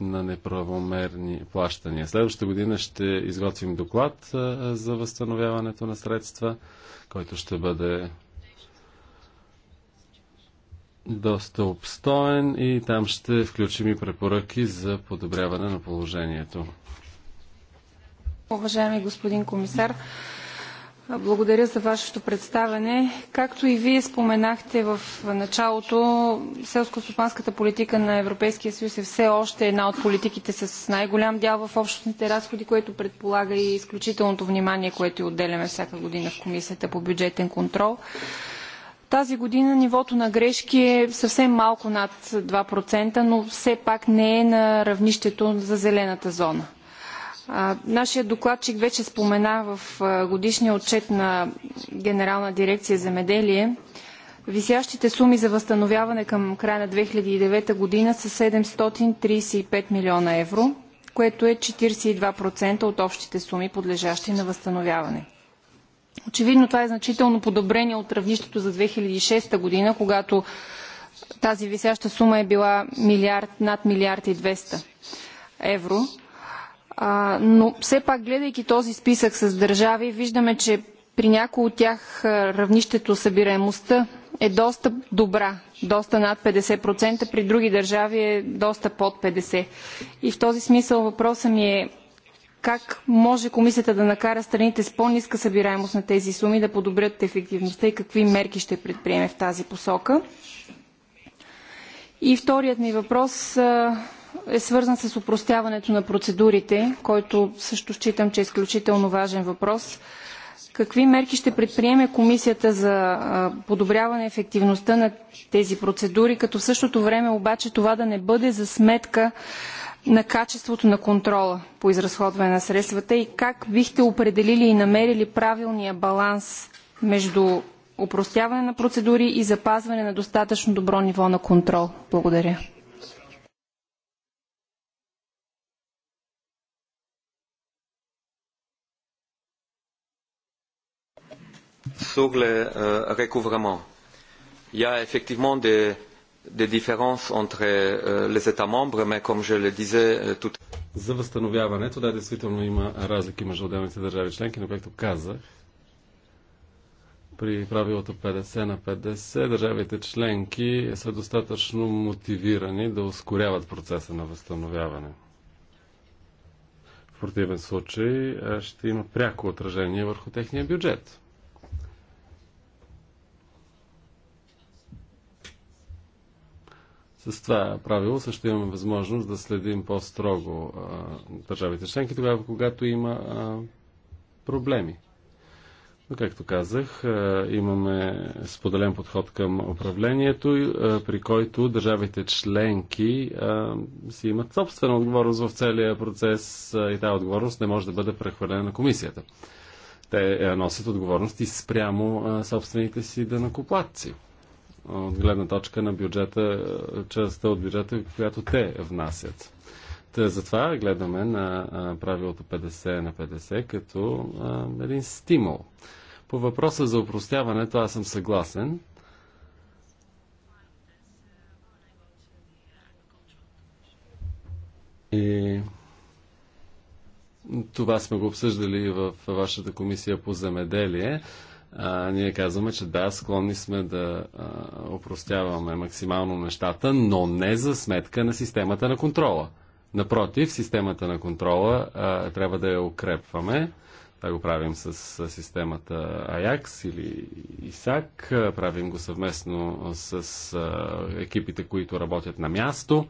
на неправомерни плащания. Следващата година ще изготвим доклад за възстановяването на средства, който ще бъде доста обстоен и там ще включим и препоръки за подобряване на положението. Уважаеми господин комисар, благодаря за вашето представяне. Както и вие споменахте в началото, селско-стопанската политика на Европейския съюз е все още една от политиките с най-голям дял в общностните разходи, което предполага и изключителното внимание, което и отделяме всяка година в Комисията по бюджетен контрол. Тази година нивото на грешки е съвсем малко над 2%, но все пак не е на равнището за зелената зона. Нашият докладчик вече спомена в годишния отчет на Генерална дирекция земеделие. Висящите суми за възстановяване към края на 2009 година са 735 милиона евро, което е 42% от общите суми, подлежащи на възстановяване. Очевидно това е значително подобрение от равнището за 2006 година, когато тази висяща сума е била милиард, над милиард и 200 евро но все пак, гледайки този списък с държави, виждаме, че при някои от тях равнището събираемостта е доста добра, доста над 50%, при други държави е доста под 50%. И в този смисъл въпросът ми е как може комисията да накара страните с по-ниска събираемост на тези суми да подобрят ефективността и какви мерки ще предприеме в тази посока? И вторият ми въпрос е свързан с упростяването на процедурите, който също считам, че е изключително важен въпрос. Какви мерки ще предприеме Комисията за подобряване ефективността на тези процедури, като в същото време обаче това да не бъде за сметка на качеството на контрола по изразходване на средствата и как бихте определили и намерили правилния баланс между упростяване на процедури и запазване на достатъчно добро ниво на контрол? Благодаря. sur le euh, recouvrement. Il y a effectivement des, différences entre euh, les États membres, mais comme je le disais euh, tout за възстановяването, да, действително има разлики между отделните държави членки, но както казах, при правилото 50 на 50 държавите членки са достатъчно мотивирани да ускоряват процеса на възстановяване. В противен случай ще има пряко отражение върху техния бюджет. С това правило също имаме възможност да следим по-строго държавите членки тогава, когато има а, проблеми. Но, както казах, имаме споделен подход към управлението, при който държавите членки си имат собствена отговорност в целия процес и тази отговорност не може да бъде прехвърлена на комисията. Те носят отговорности спрямо собствените си дънакоплатци. Да от гледна точка на бюджета, частта от бюджета, която те внасят. Та, затова гледаме на правилото 50 на 50 като а, един стимул. По въпроса за упростяването аз съм съгласен. И това сме го обсъждали в вашата комисия по земеделие а, ние казваме, че да, склонни сме да а, опростяваме максимално нещата, но не за сметка на системата на контрола. Напротив, системата на контрола а, трябва да я укрепваме. Това го правим с, с системата AJAX или ИСАК. Правим го съвместно с а, екипите, които работят на място.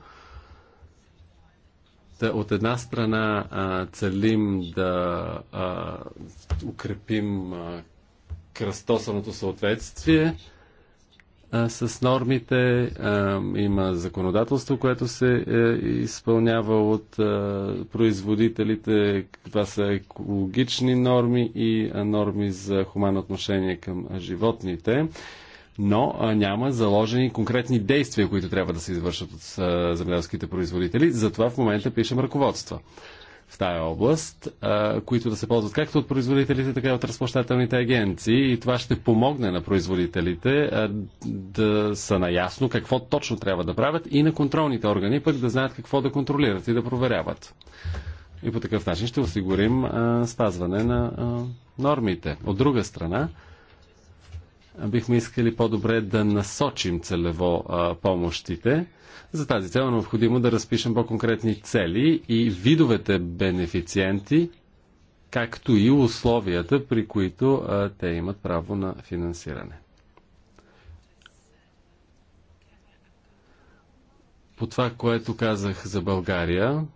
От една страна а, целим да а, укрепим а, кръстосаното съответствие а, с нормите. А, има законодателство, което се е, изпълнява от а, производителите. Това са екологични норми и а, норми за хуманно отношение към животните. Но а, няма заложени конкретни действия, които трябва да се извършат от земеделските производители. Затова в момента пишем ръководства в тая област, а, които да се ползват както от производителите, така и от разплащателните агенции. И това ще помогне на производителите а, да са наясно какво точно трябва да правят и на контролните органи пък да знаят какво да контролират и да проверяват. И по такъв начин ще осигурим а, спазване на а, нормите. От друга страна, бихме искали по-добре да насочим целево а, помощите за тази цел е необходимо да разпишем по-конкретни цели и видовете бенефициенти, както и условията, при които а, те имат право на финансиране. По това, което казах за България,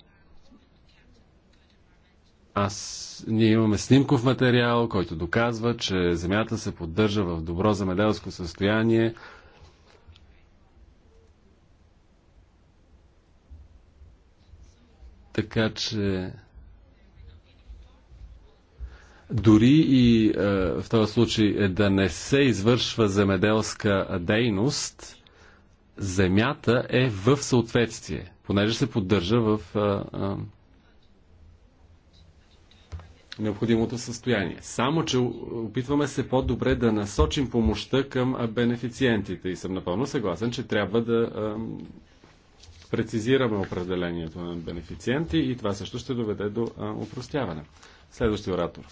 аз, ние имаме снимков материал, който доказва, че земята се поддържа в добро земеделско състояние Така че дори и е, в този случай е да не се извършва земеделска дейност, земята е в съответствие, понеже се поддържа в е, е, необходимото състояние. Само, че опитваме се по-добре да насочим помощта към бенефициентите и съм напълно съгласен, че трябва да е, прецизираме определението на бенефициенти и това също ще доведе до упростяване. Следващия оратор.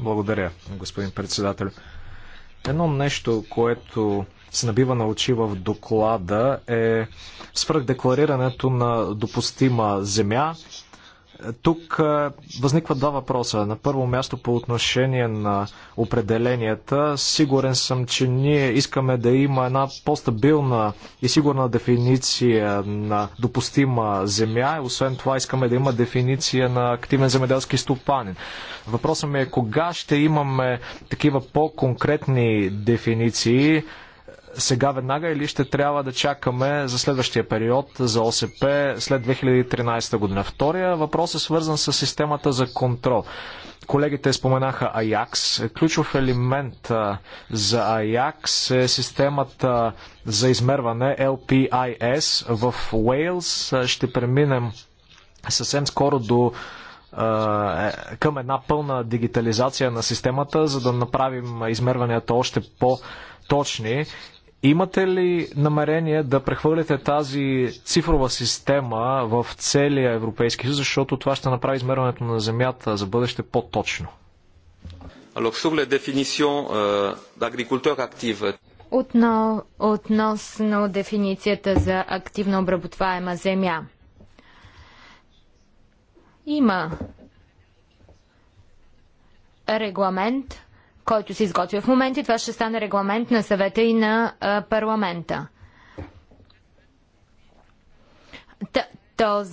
Благодаря, господин председател. Едно нещо, което се набива на очи в доклада е свръхдекларирането на допустима земя тук възникват два въпроса. На първо място по отношение на определенията. Сигурен съм, че ние искаме да има една по-стабилна и сигурна дефиниция на допустима земя. Освен това искаме да има дефиниция на активен земеделски стопанин. Въпросът ми е кога ще имаме такива по-конкретни дефиниции, сега веднага или ще трябва да чакаме за следващия период за ОСП след 2013 година? Втория въпрос е свързан с системата за контрол. Колегите споменаха Аякс. Ключов елемент за Аякс е системата за измерване LPIS в Уейлс. Ще преминем съвсем скоро до е, към една пълна дигитализация на системата, за да направим измерванията още по- точни Имате ли намерение да прехвърлите тази цифрова система в целия Европейски съюз, защото това ще направи измерването на земята за бъдеще по-точно? Euh, Отно, относно дефиницията за активно обработваема земя. Има регламент, който се изготвя в момента и това ще стане регламент на съвета и на парламента. то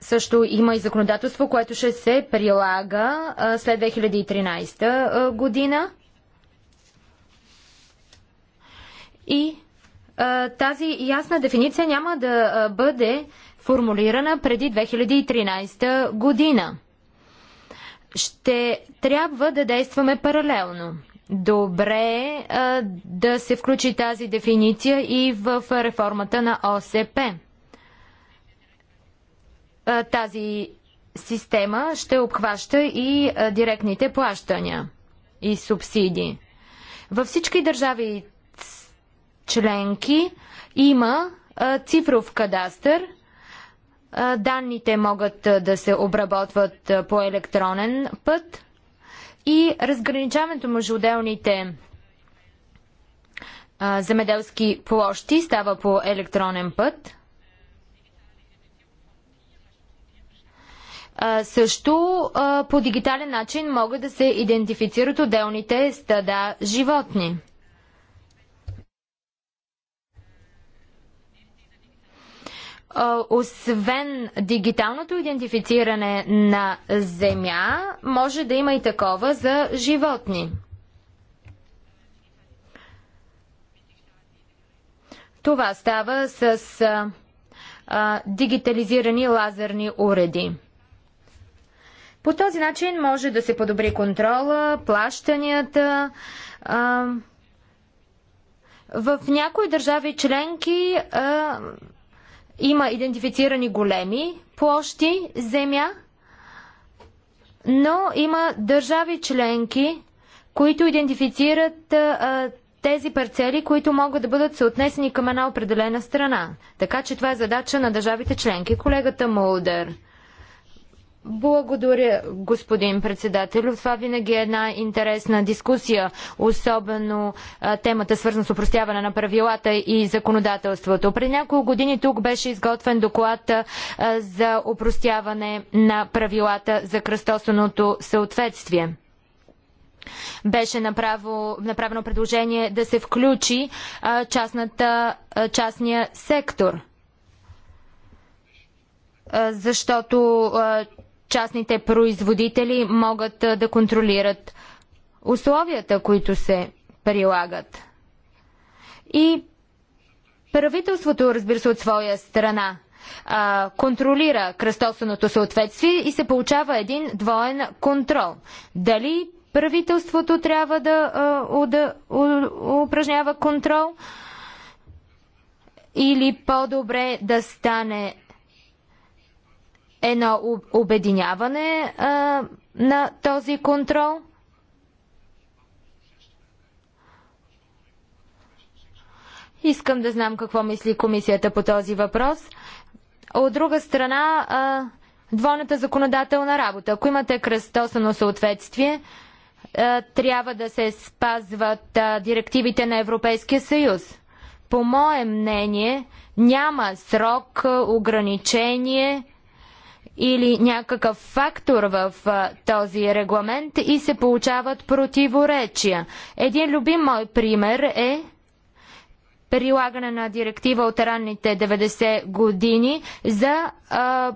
също има и законодателство, което ще се прилага след 2013 година. И тази ясна дефиниция няма да бъде формулирана преди 2013 година ще трябва да действаме паралелно. Добре е да се включи тази дефиниция и в реформата на ОСП. тази система ще обхваща и директните плащания и субсидии. Във всички държави членки има цифров кадастър – Данните могат да се обработват по електронен път и разграничаването между отделните земеделски площи става по електронен път. Също по дигитален начин могат да се идентифицират отделните стада животни. освен дигиталното идентифициране на земя, може да има и такова за животни. Това става с а, дигитализирани лазерни уреди. По този начин може да се подобри контрола, плащанията. А, в някои държави членки а, има идентифицирани големи площи земя, но има държави членки, които идентифицират а, тези парцели, които могат да бъдат съотнесени към една определена страна. Така че това е задача на държавите членки. Колегата Молдър. Благодаря, господин председател. Това винаги е една интересна дискусия, особено а, темата свързана с упростяване на правилата и законодателството. Преди няколко години тук беше изготвен доклад а, за упростяване на правилата за кръстосаното съответствие. Беше направо, направено предложение да се включи а, частната, частния сектор защото частните производители могат да контролират условията, които се прилагат. И правителството, разбира се, от своя страна контролира кръстосаното съответствие и се получава един двоен контрол. Дали правителството трябва да, у, упражнява контрол или по-добре да стане едно обединяване а, на този контрол. Искам да знам какво мисли комисията по този въпрос. От друга страна, а, двойната законодателна работа. Ако имате кръстосано съответствие, а, трябва да се спазват а, директивите на Европейския съюз. По мое мнение, няма срок, ограничение или някакъв фактор в този регламент и се получават противоречия. Един любим мой пример е прилагане на директива от ранните 90 години за а,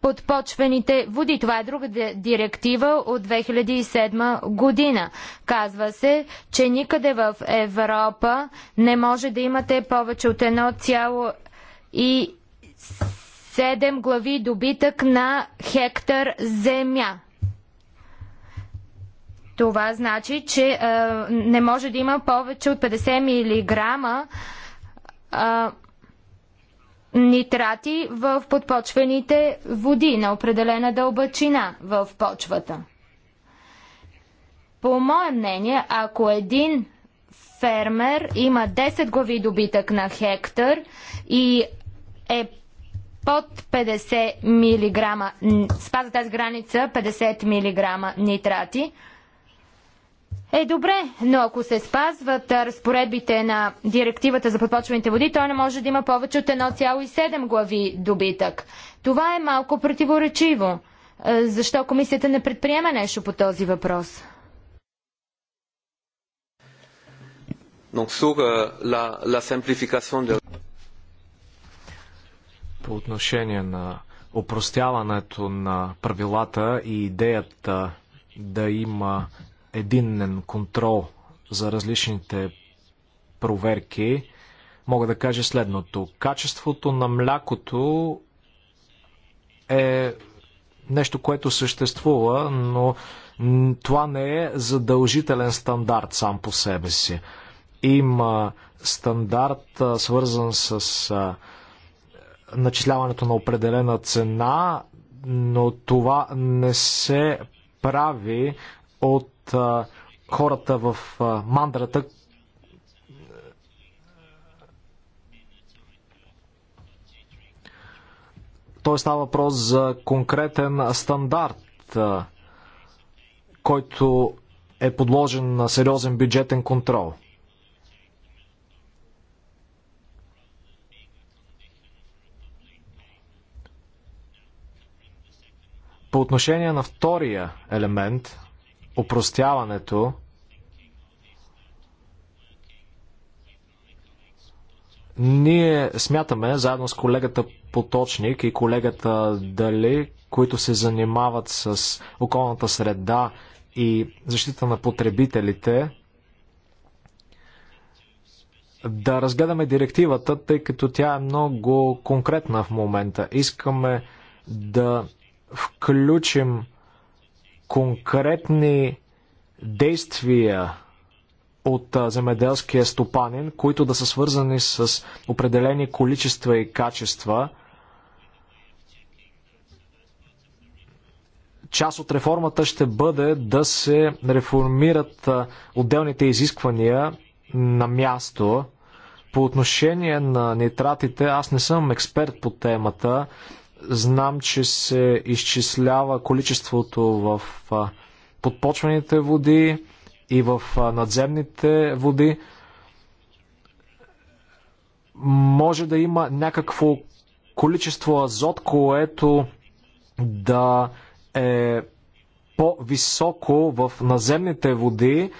подпочвените води. Това е друга директива от 2007 година. Казва се, че никъде в Европа не може да имате повече от 1,7 7 глави добитък на хектар земя. Това значи, че а, не може да има повече от 50 милиграма а, нитрати в подпочвените води на определена дълбочина в почвата. По мое мнение, ако един фермер има 10 глави добитък на хектар и е под 50 мг, спазва тази граница 50 мг нитрати, е добре, но ако се спазват разпоредбите на директивата за подпочвените води, той не може да има повече от 1,7 глави добитък. Това е малко противоречиво. Е, защо комисията не предприема нещо по този въпрос? Donc sur euh, la, la simplification de по отношение на опростяването на правилата и идеята да има единен контрол за различните проверки, мога да кажа следното. Качеството на млякото е нещо, което съществува, но това не е задължителен стандарт сам по себе си. Има стандарт, свързан с начисляването на определена цена, но това не се прави от а, хората в а, мандрата. Той става въпрос за конкретен стандарт, а, който е подложен на сериозен бюджетен контрол. По отношение на втория елемент, опростяването, ние смятаме, заедно с колегата Поточник и колегата Дали, които се занимават с околната среда и защита на потребителите, да разгледаме директивата, тъй като тя е много конкретна в момента. Искаме да включим конкретни действия от земеделския стопанин, които да са свързани с определени количества и качества. Част от реформата ще бъде да се реформират отделните изисквания на място. По отношение на нитратите, аз не съм експерт по темата. Знам, че се изчислява количеството в подпочвените води и в надземните води. Може да има някакво количество азот, което да е по-високо в наземните води,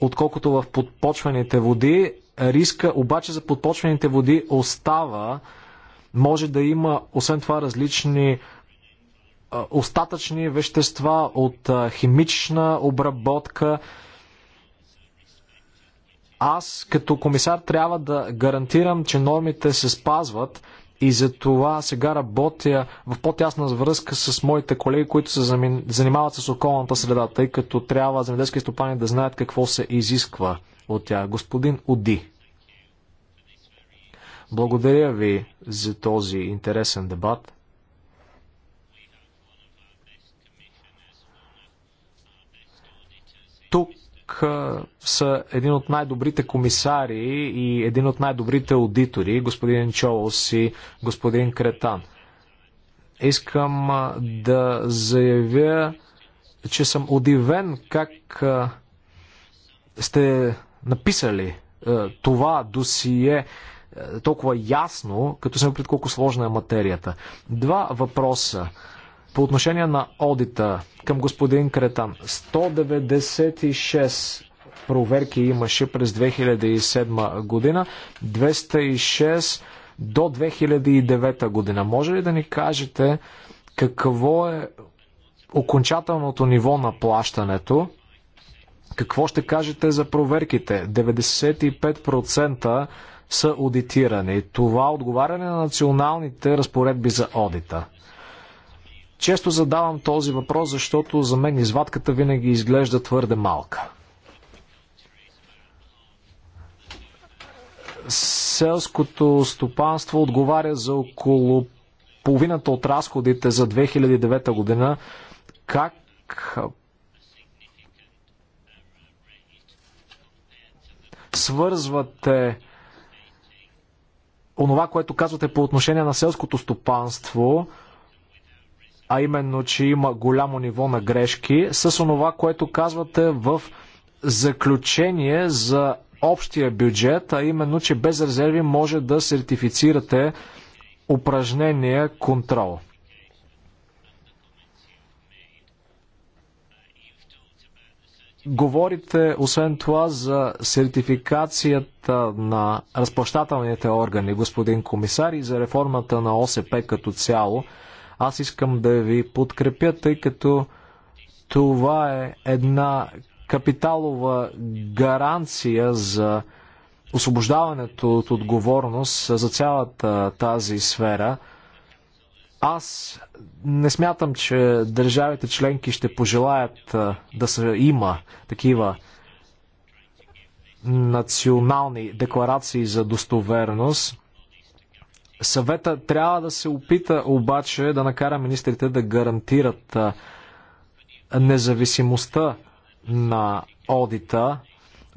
отколкото в подпочвените води. Риска обаче за подпочвените води остава може да има, освен това, различни остатъчни вещества от химична обработка. Аз като комисар трябва да гарантирам, че нормите се спазват и за това сега работя в по-тясна връзка с моите колеги, които се занимават с околната среда, тъй като трябва земеделски стопани да знаят какво се изисква от тях. Господин Уди. Благодаря ви за този интересен дебат. Тук са един от най-добрите комисари и един от най-добрите аудитори, господин Чолос и господин Кретан. Искам да заявя, че съм удивен как сте написали това досие е, толкова ясно, като сме пред колко сложна е материята. Два въпроса по отношение на одита към господин Кретан. 196 проверки имаше през 2007 година, 206 до 2009 година. Може ли да ни кажете какво е окончателното ниво на плащането? Какво ще кажете за проверките? 95% са аудитирани. Това отговаряне на националните разпоредби за одита. Често задавам този въпрос, защото за мен извадката винаги изглежда твърде малка. Селското стопанство отговаря за около половината от разходите за 2009 година. Как свързвате онова, което казвате по отношение на селското стопанство, а именно, че има голямо ниво на грешки, с онова, което казвате в заключение за общия бюджет, а именно, че без резерви може да сертифицирате упражнения контрол. Говорите, освен това, за сертификацията на разплащателните органи, господин комисар, и за реформата на ОСП като цяло. Аз искам да ви подкрепя, тъй като това е една капиталова гаранция за освобождаването от отговорност за цялата тази сфера – аз не смятам, че държавите членки ще пожелаят да се има такива национални декларации за достоверност. Съвета трябва да се опита обаче да накара министрите да гарантират независимостта на одита.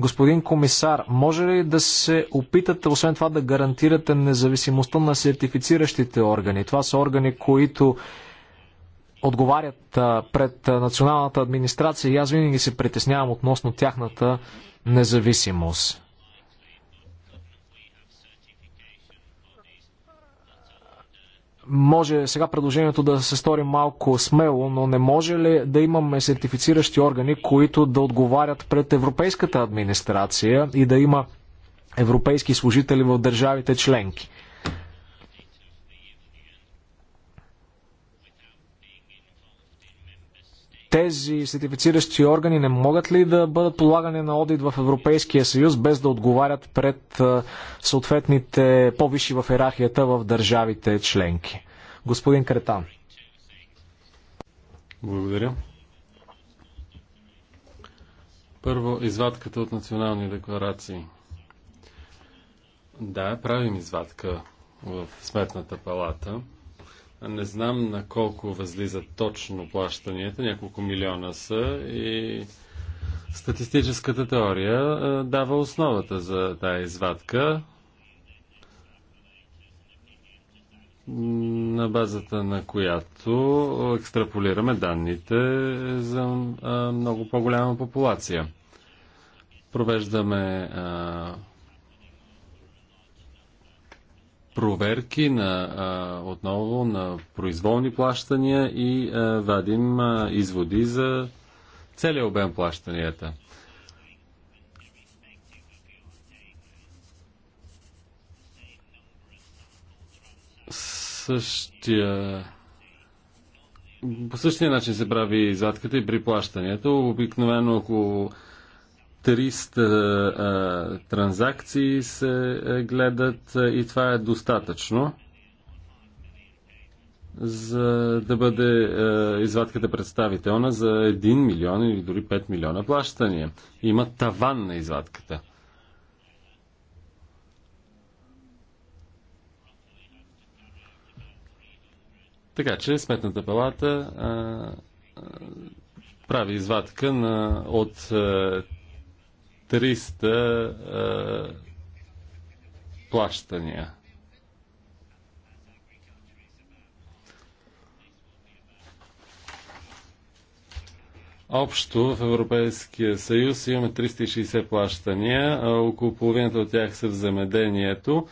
Господин комисар, може ли да се опитате, освен това, да гарантирате независимостта на сертифициращите органи? Това са органи, които отговарят пред националната администрация и аз винаги се притеснявам относно тяхната независимост. може сега предложението да се стори малко смело, но не може ли да имаме сертифициращи органи, които да отговарят пред европейската администрация и да има европейски служители в държавите членки? тези сертифициращи органи не могат ли да бъдат полагани на одит в Европейския съюз, без да отговарят пред съответните по-висши в иерархията в държавите членки? Господин Кретан. Благодаря. Първо, извадката от национални декларации. Да, правим извадка в Сметната палата. Не знам на колко възлизат точно плащанията, няколко милиона са и статистическата теория дава основата за тази извадка. на базата на която екстраполираме данните за много по-голяма популация. Провеждаме проверки на, а, отново на произволни плащания и а, вадим а, изводи за целият обем плащанията. Същия по същия начин се прави задката и при плащането. Обикновено около 300 а, транзакции се гледат и това е достатъчно за да бъде е, извадката представителна за 1 милион или дори 5 милиона плащания. Има таван на извадката. Така че Сметната палата а, а, прави извадка на, от а, 300 плащания. Общо в Европейския съюз имаме 360 плащания, а около половината от тях са в земеделието.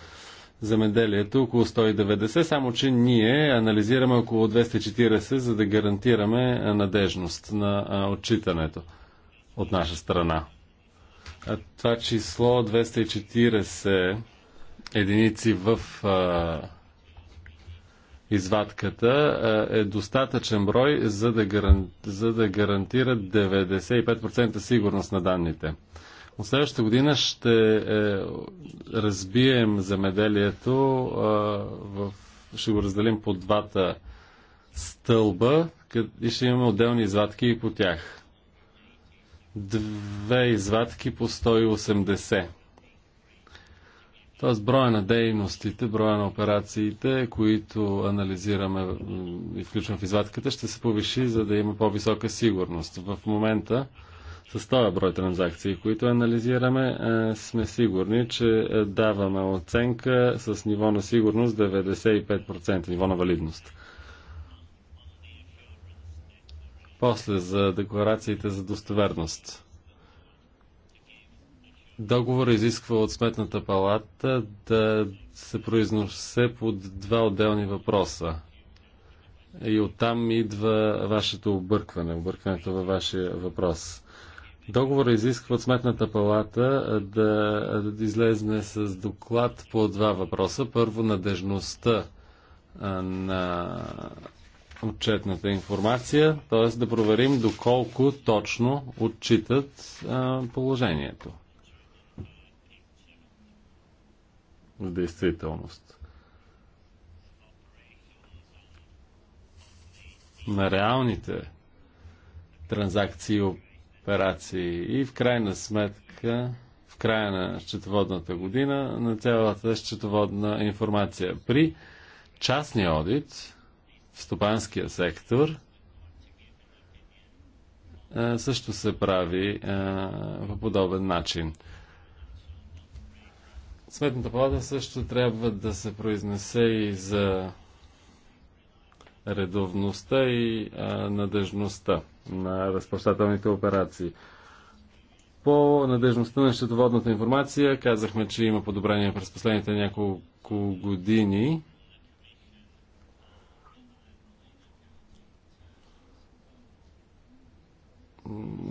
Замеделието около 190, само че ние анализираме около 240, за да гарантираме надежност на отчитането от наша страна. А това число 240 единици в а, извадката е достатъчен брой, за да, гаран... за да гарантира 95% сигурност на данните. От следващата година ще е, разбием замеделието, в... ще го разделим по двата стълба и ще имаме отделни извадки и по тях две извадки по 180. Тоест броя на дейностите, броя на операциите, които анализираме и включвам в извадката, ще се повиши, за да има по-висока сигурност. В момента с този брой транзакции, които анализираме, е, сме сигурни, че е, даваме оценка с ниво на сигурност 95%, ниво на валидност. После за декларациите за достоверност. Договор изисква от Сметната палата да се произнесе под два отделни въпроса. И оттам идва вашето объркване, объркването във вашия въпрос. Договор изисква от Сметната палата да, да излезне с доклад по два въпроса. Първо, надежността на отчетната информация, т.е. да проверим доколко точно отчитат положението в действителност. На реалните транзакции и операции и в крайна сметка в края на счетоводната година на цялата счетоводна информация. При частния одит в стопанския сектор също се прави по подобен начин. Сметната палата също трябва да се произнесе и за редовността и надежността на разплащателните операции. По надежността на счетоводната информация казахме, че има подобрение през последните няколко години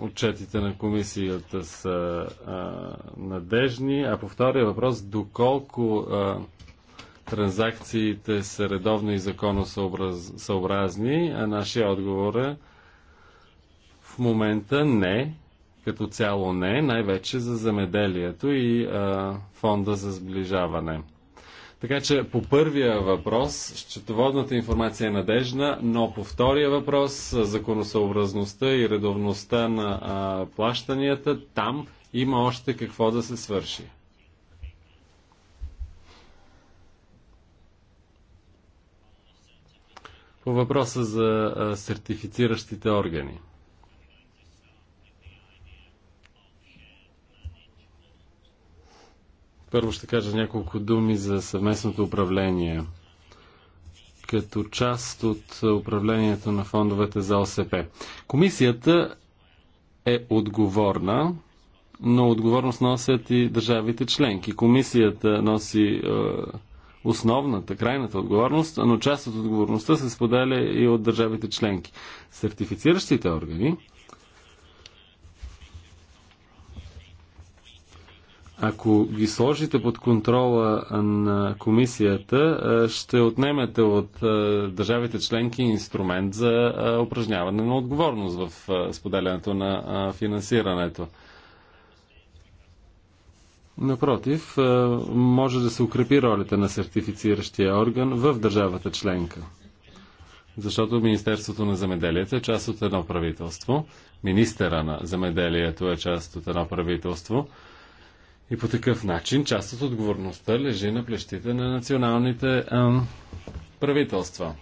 отчетите на комисията са а, надежни, а по втория въпрос, доколко а, транзакциите са редовно и законосъобразни, а нашия отговор е в момента не, като цяло не, най-вече за замеделието и а, фонда за сближаване. Така че по първия въпрос, счетоводната информация е надежна, но по втория въпрос, законосъобразността и редовността на а, плащанията, там има още какво да се свърши. По въпроса за а, сертифициращите органи. Първо ще кажа няколко думи за съвместното управление като част от управлението на фондовете за ОСП. Комисията е отговорна, но отговорност носят и държавите членки. Комисията носи е, основната, крайната отговорност, но част от отговорността се споделя и от държавите членки. Сертифициращите органи Ако ги сложите под контрола на комисията, ще отнемете от държавите членки инструмент за упражняване на отговорност в споделянето на финансирането. Напротив, може да се укрепи ролята на сертифициращия орган в държавата членка. Защото Министерството на земеделието е част от едно правителство, министъра на земеделието е част от едно правителство, и по такъв начин част от отговорността лежи на плещите на националните ам, правителства.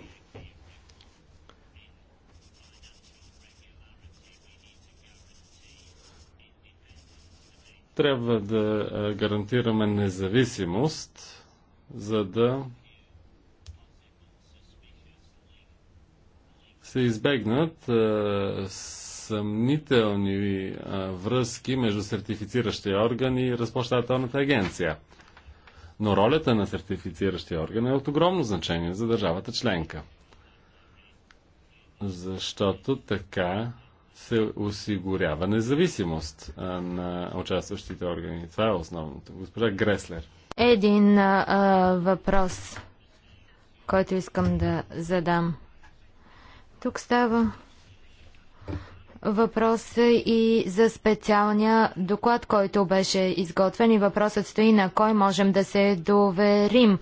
Трябва да гарантираме независимост, за да се избегнат а, съмнителни връзки между сертифициращия орган и разплащателната агенция. Но ролята на сертифициращия орган е от огромно значение за държавата членка. Защото така се осигурява независимост на участващите органи. Това е основното. Госпожа Греслер. Един а, въпрос, който искам да задам. Тук става въпрос и за специалния доклад, който беше изготвен и въпросът стои на кой можем да се доверим.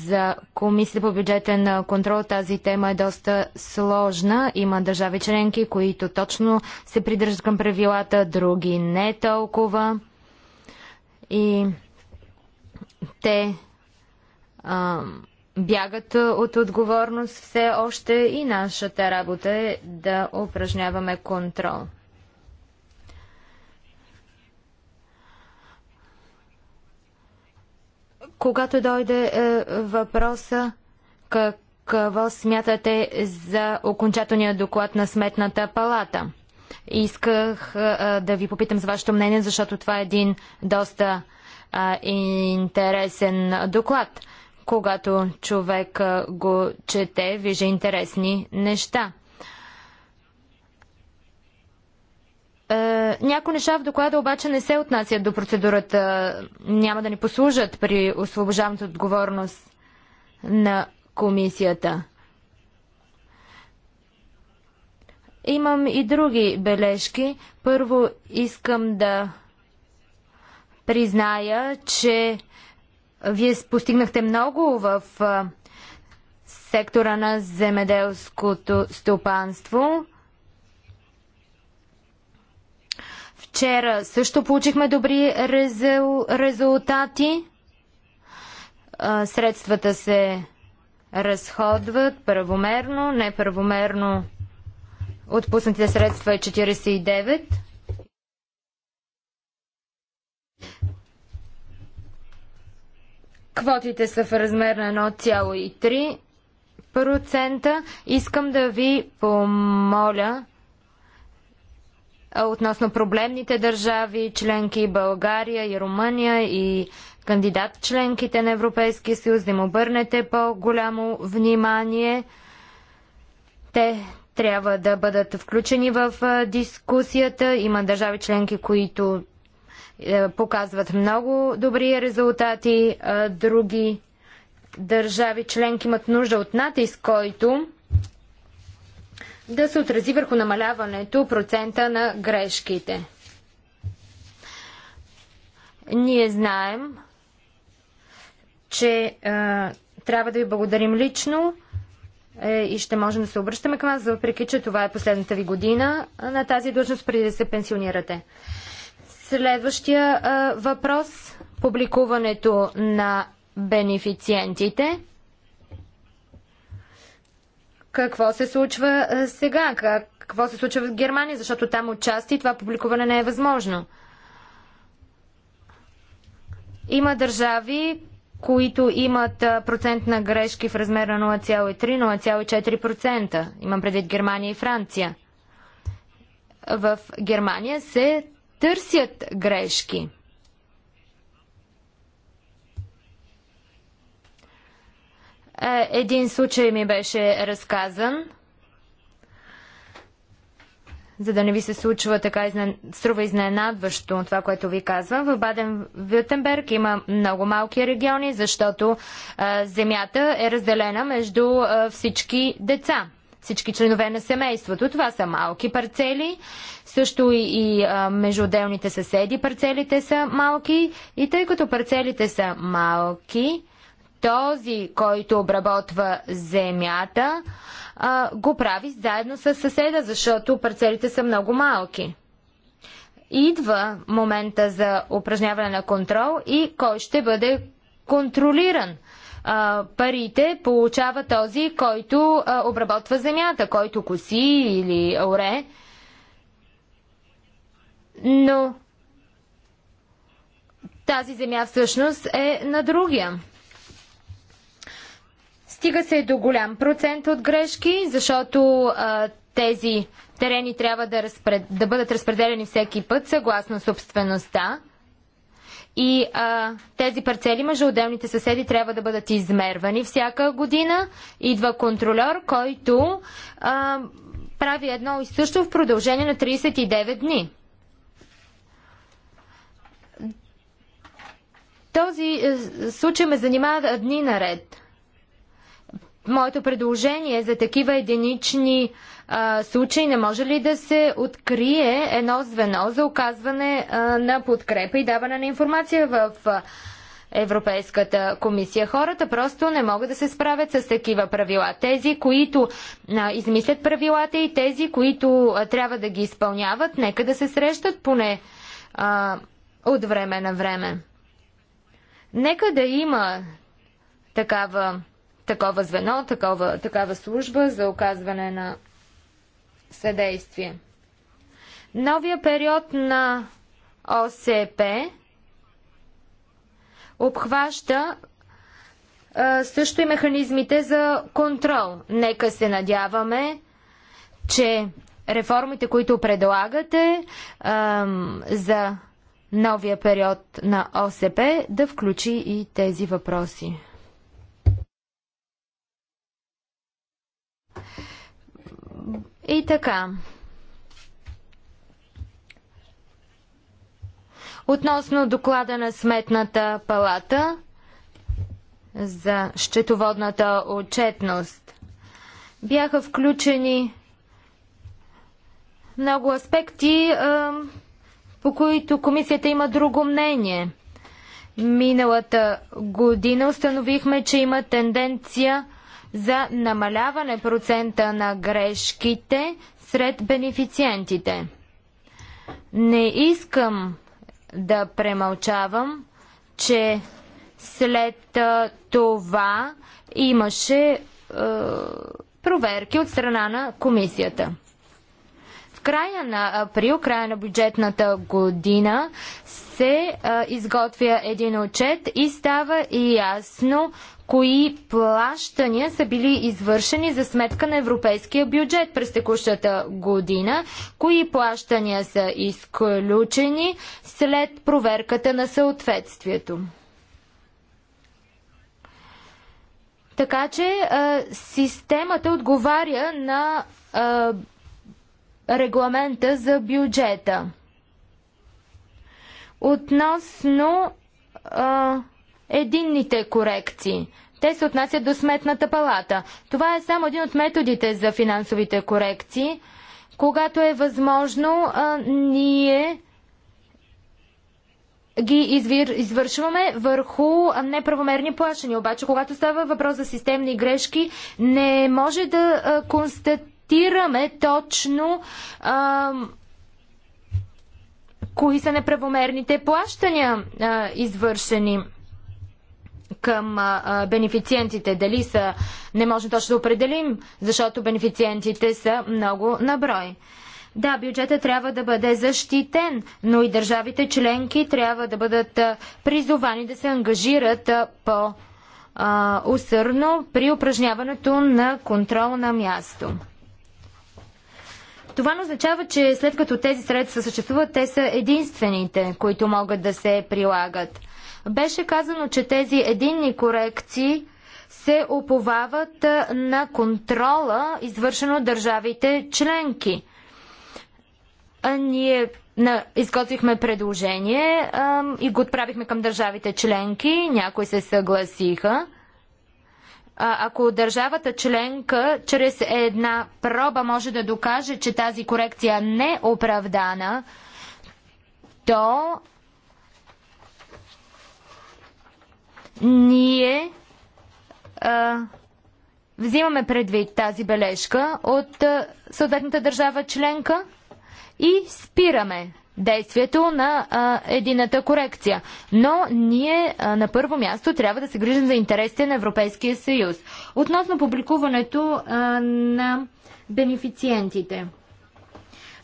За комисията по бюджетен контрол тази тема е доста сложна. Има държави членки, които точно се придържат към правилата, други не толкова. И те ам, бягат от отговорност все още и нашата работа е да упражняваме контрол. Когато дойде е, въпроса какво смятате за окончателния доклад на Сметната палата, исках е, е, да ви попитам за вашето мнение, защото това е един доста е, интересен доклад. Е, когато човек го чете, вижда интересни неща. Е, някои неща в доклада обаче не се отнасят до процедурата, няма да ни послужат при освобождаването отговорност на комисията. Имам и други бележки. Първо искам да призная, че вие постигнахте много в сектора на земеделското стопанство. Вчера също получихме добри резул... резултати. Средствата се разходват правомерно, неправомерно. Отпуснатите средства е 49. Квотите са в размер на 1,3%. Искам да ви помоля относно проблемните държави, членки България и Румъния и кандидат членките на Европейския съюз, да им обърнете по-голямо внимание. Те трябва да бъдат включени в дискусията. Има държави членки, които е, показват много добри резултати, а е, други държави членки имат нужда от натиск, който да се отрази върху намаляването процента на грешките. Ние знаем, че е, трябва да ви благодарим лично е, и ще можем да се обръщаме към вас, въпреки че това е последната ви година на тази длъжност преди да се пенсионирате. Следващия а, въпрос публикуването на бенефициентите. Какво се случва а, сега? Какво се случва в Германия? Защото там отчасти това публикуване не е възможно. Има държави, които имат процент на грешки в размер на 0,3-0,4%. Имам предвид Германия и Франция. В Германия се търсят грешки. Е, един случай ми беше разказан. За да не ви се случва така изнен... струва изненадващо това, което ви казвам. В Баден-Вютенберг има много малки региони, защото а, е, земята е разделена между а, е, всички деца всички членове на семейството. Това са малки парцели, също и, и между отделните съседи парцелите са малки и тъй като парцелите са малки, този, който обработва земята, а, го прави заедно с съседа, защото парцелите са много малки. Идва момента за упражняване на контрол и кой ще бъде контролиран а, парите получава този, който а, обработва земята, който коси или оре. Но тази земя всъщност е на другия. Стига се до голям процент от грешки, защото а, тези терени трябва да, разпред... да бъдат разпределени всеки път съгласно собствеността. И а, тези парцели между отделните съседи трябва да бъдат измервани всяка година. Идва контролер, който а, прави едно и също в продължение на 39 дни. Този е, случай ме занимава дни наред. Моето предложение е за такива единични а, случай не може ли да се открие едно звено за оказване а, на подкрепа и даване на информация в а, Европейската комисия. Хората просто не могат да се справят с такива правила. Тези, които а, измислят правилата и тези, които а, трябва да ги изпълняват, нека да се срещат поне а, от време на време. Нека да има такава, такова звено, такова, такава служба за оказване на съдействие. Новия период на ОСП обхваща а, също и механизмите за контрол. Нека се надяваме, че реформите, които предлагате а, за новия период на ОСП, да включи и тези въпроси. Thank you. И така. Относно доклада на Сметната палата за счетоводната отчетност, бяха включени много аспекти, по които комисията има друго мнение. Миналата година установихме, че има тенденция за намаляване процента на грешките сред бенефициентите. Не искам да премълчавам, че след това имаше е, проверки от страна на комисията. В края на април, края на бюджетната година, се е, изготвя един отчет и става ясно кои плащания са били извършени за сметка на европейския бюджет през текущата година, кои плащания са изключени след проверката на съответствието. Така че а, системата отговаря на а, регламента за бюджета. Относно а, единните корекции. Те се отнасят до сметната палата. Това е само един от методите за финансовите корекции. Когато е възможно, а, ние ги извир, извършваме върху неправомерни плащания. Обаче, когато става въпрос за системни грешки, не може да а, констатираме точно а, кои са неправомерните плащания а, извършени към а, бенефициентите. Дали са, не можем точно да определим, защото бенефициентите са много наброй. Да, бюджета трябва да бъде защитен, но и държавите членки трябва да бъдат призовани да се ангажират по усърно при упражняването на контрол на място. Това не означава, че след като тези средства съществуват, те са единствените, които могат да се прилагат. Беше казано, че тези единни корекции се оповават на контрола, извършено от държавите членки. Ние изготвихме предложение и го отправихме към държавите членки. Някои се съгласиха ако държавата членка чрез една проба може да докаже, че тази корекция не е оправдана, то Ние а, взимаме предвид тази бележка от а, съответната държава членка и спираме действието на а, едината корекция. Но ние а, на първо място трябва да се грижим за интересите на Европейския съюз. Относно публикуването а, на бенефициентите –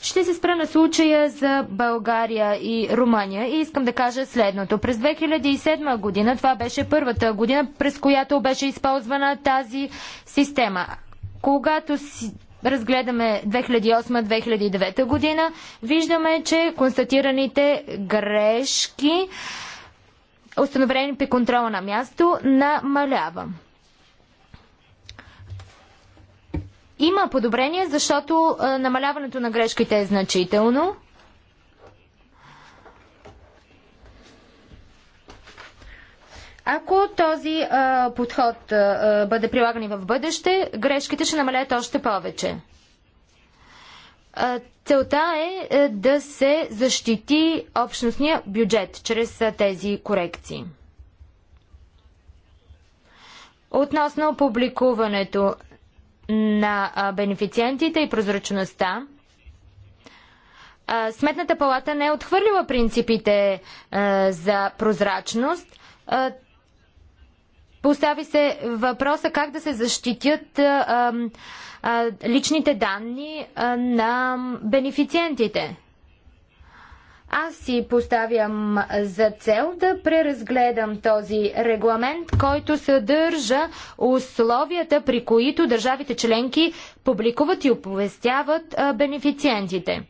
ще се спра на случая за България и Румъния и искам да кажа следното. През 2007 година, това беше първата година, през която беше използвана тази система. Когато си, разгледаме 2008-2009 година, виждаме, че констатираните грешки, установени при контрола на място, намалява. Има подобрение, защото а, е, намаляването на грешките е значително. Ако този а, е, подход а, е, бъде прилаган и в бъдеще, грешките ще намалят още повече. целта е а, да се защити общностния бюджет чрез а, тези корекции. Относно публикуването на бенефициентите и прозрачността. Сметната палата не е отхвърлила принципите за прозрачност. Постави се въпроса как да се защитят личните данни на бенефициентите. Аз си поставям за цел да преразгледам този регламент, който съдържа условията, при които държавите членки публикуват и оповестяват бенефициентите.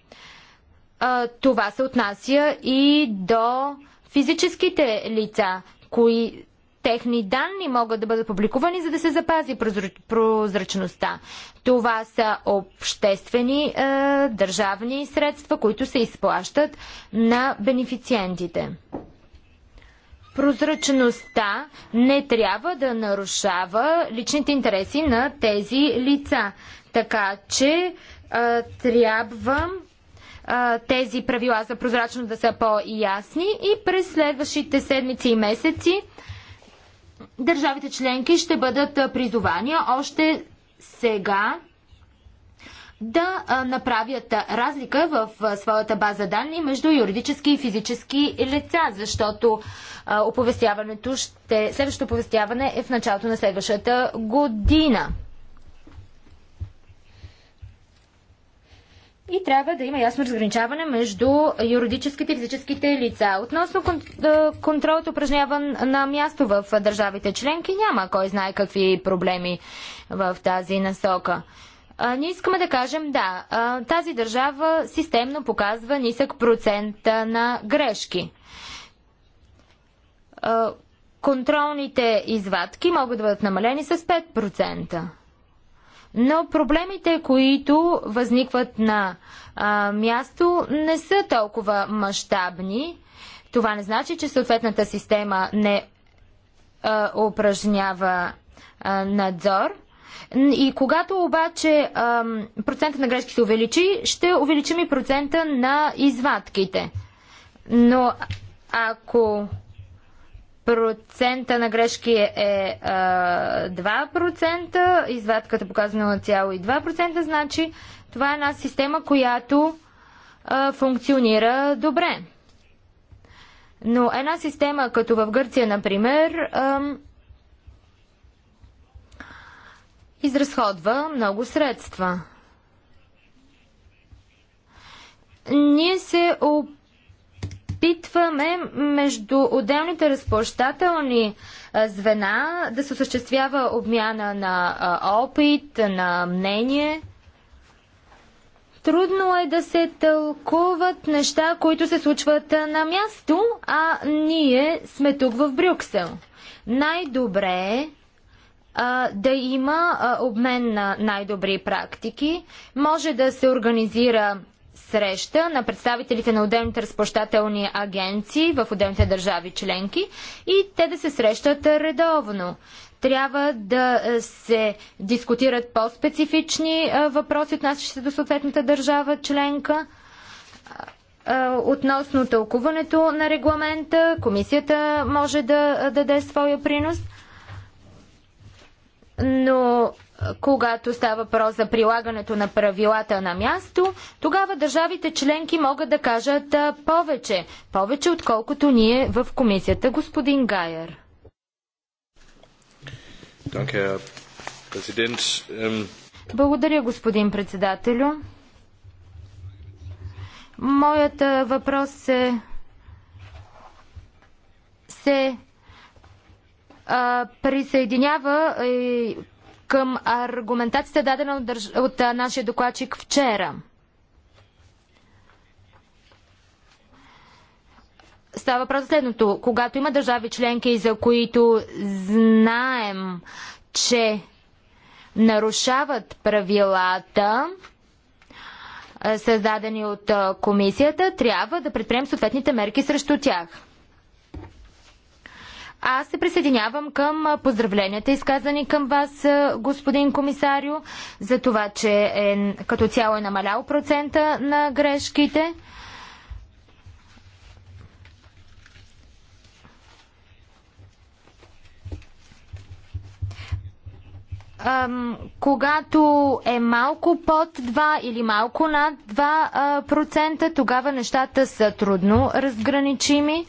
това се отнася и до физическите лица, кои Техни данни могат да бъдат публикувани, за да се запази прозрачността. Това са обществени е, държавни средства, които се изплащат на бенефициентите. Прозрачността не трябва да нарушава личните интереси на тези лица. Така че е, трябва е, тези правила за прозрачност да са по-ясни и през следващите седмици и месеци държавите членки ще бъдат призовани още сега да направят разлика в своята база данни между юридически и физически лица, защото оповестяването ще, следващото оповестяване е в началото на следващата година. И трябва да има ясно разграничаване между юридическите и физическите лица. Относно е, контролът упражняван на място в държавите членки, няма кой знае какви проблеми в тази насока. А, ние искаме да кажем да, а, тази държава системно показва нисък процент на грешки. А, контролните извадки могат да бъдат намалени с 5%. Но проблемите, които възникват на а, място, не са толкова мащабни. Това не значи, че съответната система не а, упражнява а, надзор. И когато обаче а, процентът на грешки се увеличи, ще увеличим и процента на извадките. Но ако процента на грешки е, е а, 2%, извадката показва 0,2%, значи това е една система, която а, функционира добре. Но една система, като в Гърция, например, а, изразходва много средства. Ние се опитваме изпитваме между отделните разплащателни звена да се осъществява обмяна на опит, на мнение. Трудно е да се тълкуват неща, които се случват на място, а ние сме тук в Брюксел. Най-добре е да има обмен на най-добри практики. Може да се организира среща на представителите на отделните разплащателни агенции в отделните държави членки и те да се срещат редовно. Трябва да е, се дискутират по-специфични е, въпроси, отнасящи се до съответната държава членка. Е, относно тълкуването на регламента, комисията може да даде своя принос, но когато става въпрос за прилагането на правилата на място, тогава държавите членки могат да кажат повече. Повече отколкото ние в комисията, господин Гайер. Ähm, Благодаря, господин председателю. Моят въпрос е се а, присъединява и към аргументацията дадена от, държ... от а, нашия докладчик вчера. Става въпрос следното. Когато има държави членки, за които знаем, че нарушават правилата, създадени от комисията, трябва да предприемем съответните мерки срещу тях. Аз се присъединявам към поздравленията, изказани към вас, господин комисарио, за това, че е, като цяло е намалял процента на грешките. когато е малко под 2 или малко над 2%, тогава нещата са трудно разграничими.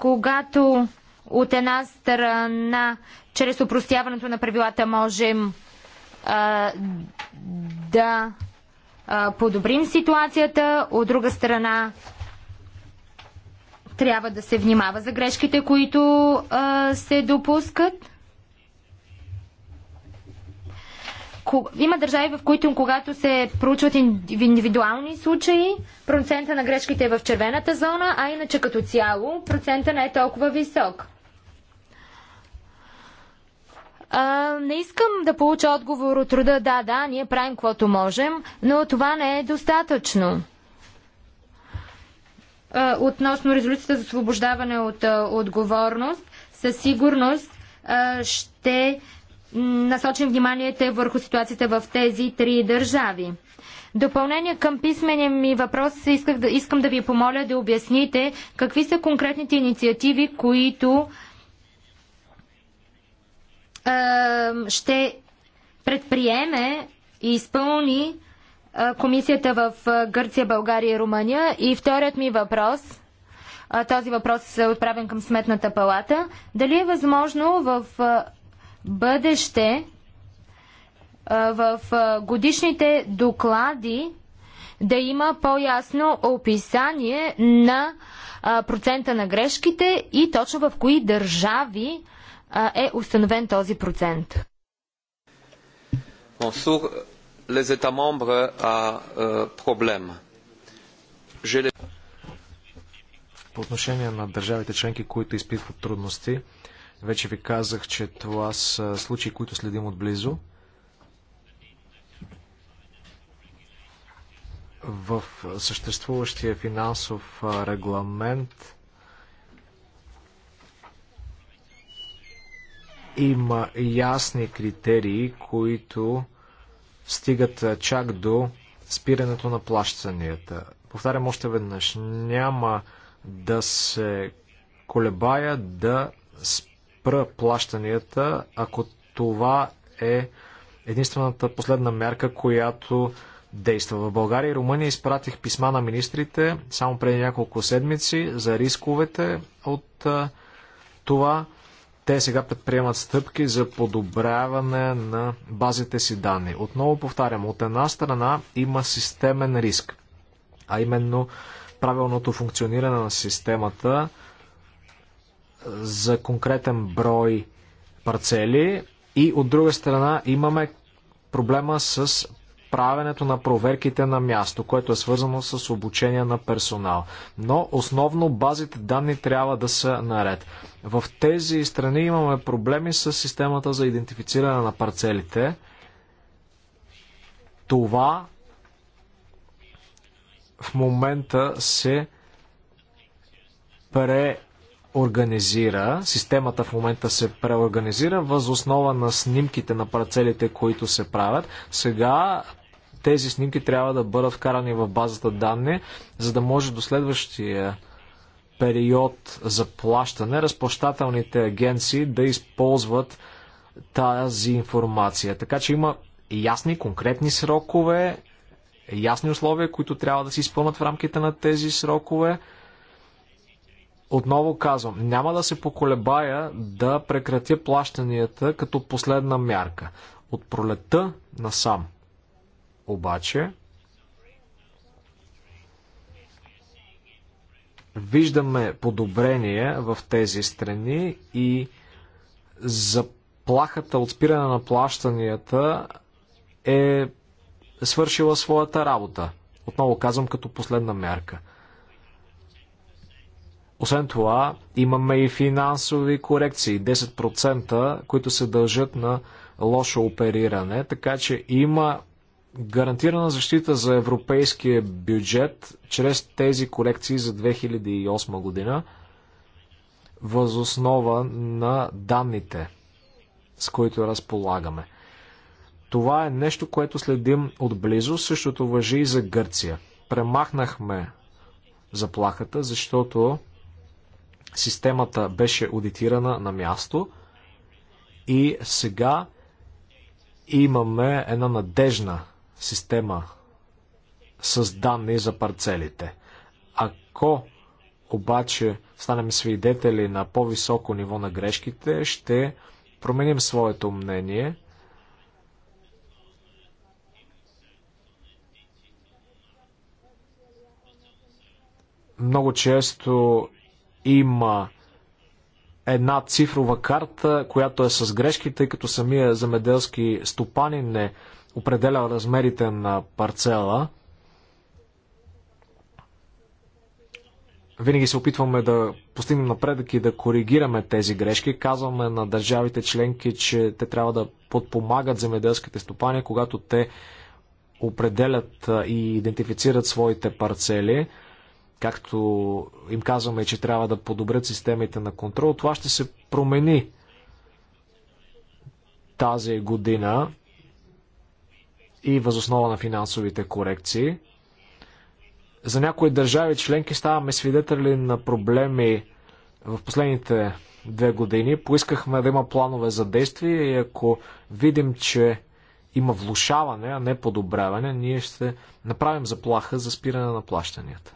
Когато от една страна, чрез упростяването на правилата, можем а, да а, подобрим ситуацията, от друга страна, трябва да се внимава за грешките, които а, се допускат. Има държави, в които когато се проучват индивидуални случаи, процента на грешките е в червената зона, а иначе като цяло процента не е толкова висок. А, не искам да получа отговор от труда. да, да, ние правим каквото можем, но това не е достатъчно. А, относно резолюцията за освобождаване от а, отговорност, със сигурност а, ще насочим вниманието върху ситуацията в тези три държави. Допълнение към писмения ми въпрос исках да, искам да ви помоля да обясните какви са конкретните инициативи, които е, ще предприеме и изпълни е, комисията в Гърция, България и Румъния. И вторият ми въпрос, е, този въпрос е отправен към Сметната палата, дали е възможно в е, бъдеще в годишните доклади да има по-ясно описание на процента на грешките и точно в кои държави е установен този процент. По отношение на държавите членки, които изпитват трудности, вече ви казах, че това са случаи, които следим отблизо. В съществуващия финансов регламент има ясни критерии, които стигат чак до спирането на плащанията. Повтарям още веднъж, няма да се колебая да спирам спра плащанията, ако това е единствената последна мярка, която действа. В България и Румъния изпратих писма на министрите само преди няколко седмици за рисковете от а, това. Те сега предприемат стъпки за подобряване на базите си данни. Отново повтарям, от една страна има системен риск, а именно правилното функциониране на системата за конкретен брой парцели и от друга страна имаме проблема с правенето на проверките на място, което е свързано с обучение на персонал. Но основно базите данни трябва да са наред. В тези страни имаме проблеми с системата за идентифициране на парцелите. Това в момента се пре организира, системата в момента се преорганизира въз основа на снимките на парцелите, които се правят. Сега тези снимки трябва да бъдат вкарани в базата данни, за да може до следващия период за плащане разплащателните агенции да използват тази информация. Така че има ясни, конкретни срокове, ясни условия, които трябва да се изпълнат в рамките на тези срокове. Отново казвам, няма да се поколебая да прекратя плащанията като последна мярка. От пролета насам. Обаче, виждаме подобрение в тези страни и заплахата от спиране на плащанията е свършила своята работа. Отново казвам като последна мярка – освен това, имаме и финансови корекции 10%, които се дължат на лошо опериране, така че има гарантирана защита за европейския бюджет чрез тези корекции за 2008 година възоснова на данните, с които разполагаме. Това е нещо, което следим отблизо. Същото въжи и за Гърция. Премахнахме заплахата, защото Системата беше аудитирана на място и сега имаме една надежна система с данни за парцелите. Ако обаче станем свидетели на по-високо ниво на грешките, ще променим своето мнение. Много често има една цифрова карта, която е с грешки, тъй като самия земеделски стопанин не определя размерите на парцела. Винаги се опитваме да постигнем напредък и да коригираме тези грешки. Казваме на държавите членки, че те трябва да подпомагат земеделските стопани, когато те определят и идентифицират своите парцели както им казваме, че трябва да подобрят системите на контрол, това ще се промени тази година и възоснова на финансовите корекции. За някои държави членки ставаме свидетели на проблеми в последните две години. Поискахме да има планове за действие и ако видим, че има влушаване, а не подобряване, ние ще направим заплаха за спиране на плащанията.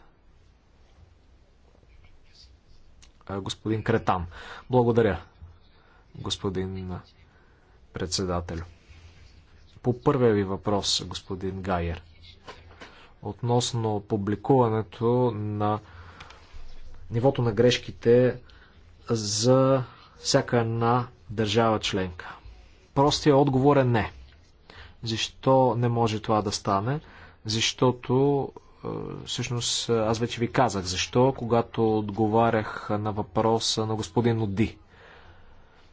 господин Кретан. Благодаря, господин председател. По първия ви въпрос, господин Гайер, относно публикуването на нивото на грешките за всяка една държава членка. Простия отговор е не. Защо не може това да стане? Защото е, всъщност е, аз вече ви казах защо, когато отговарях на въпроса на господин Оди.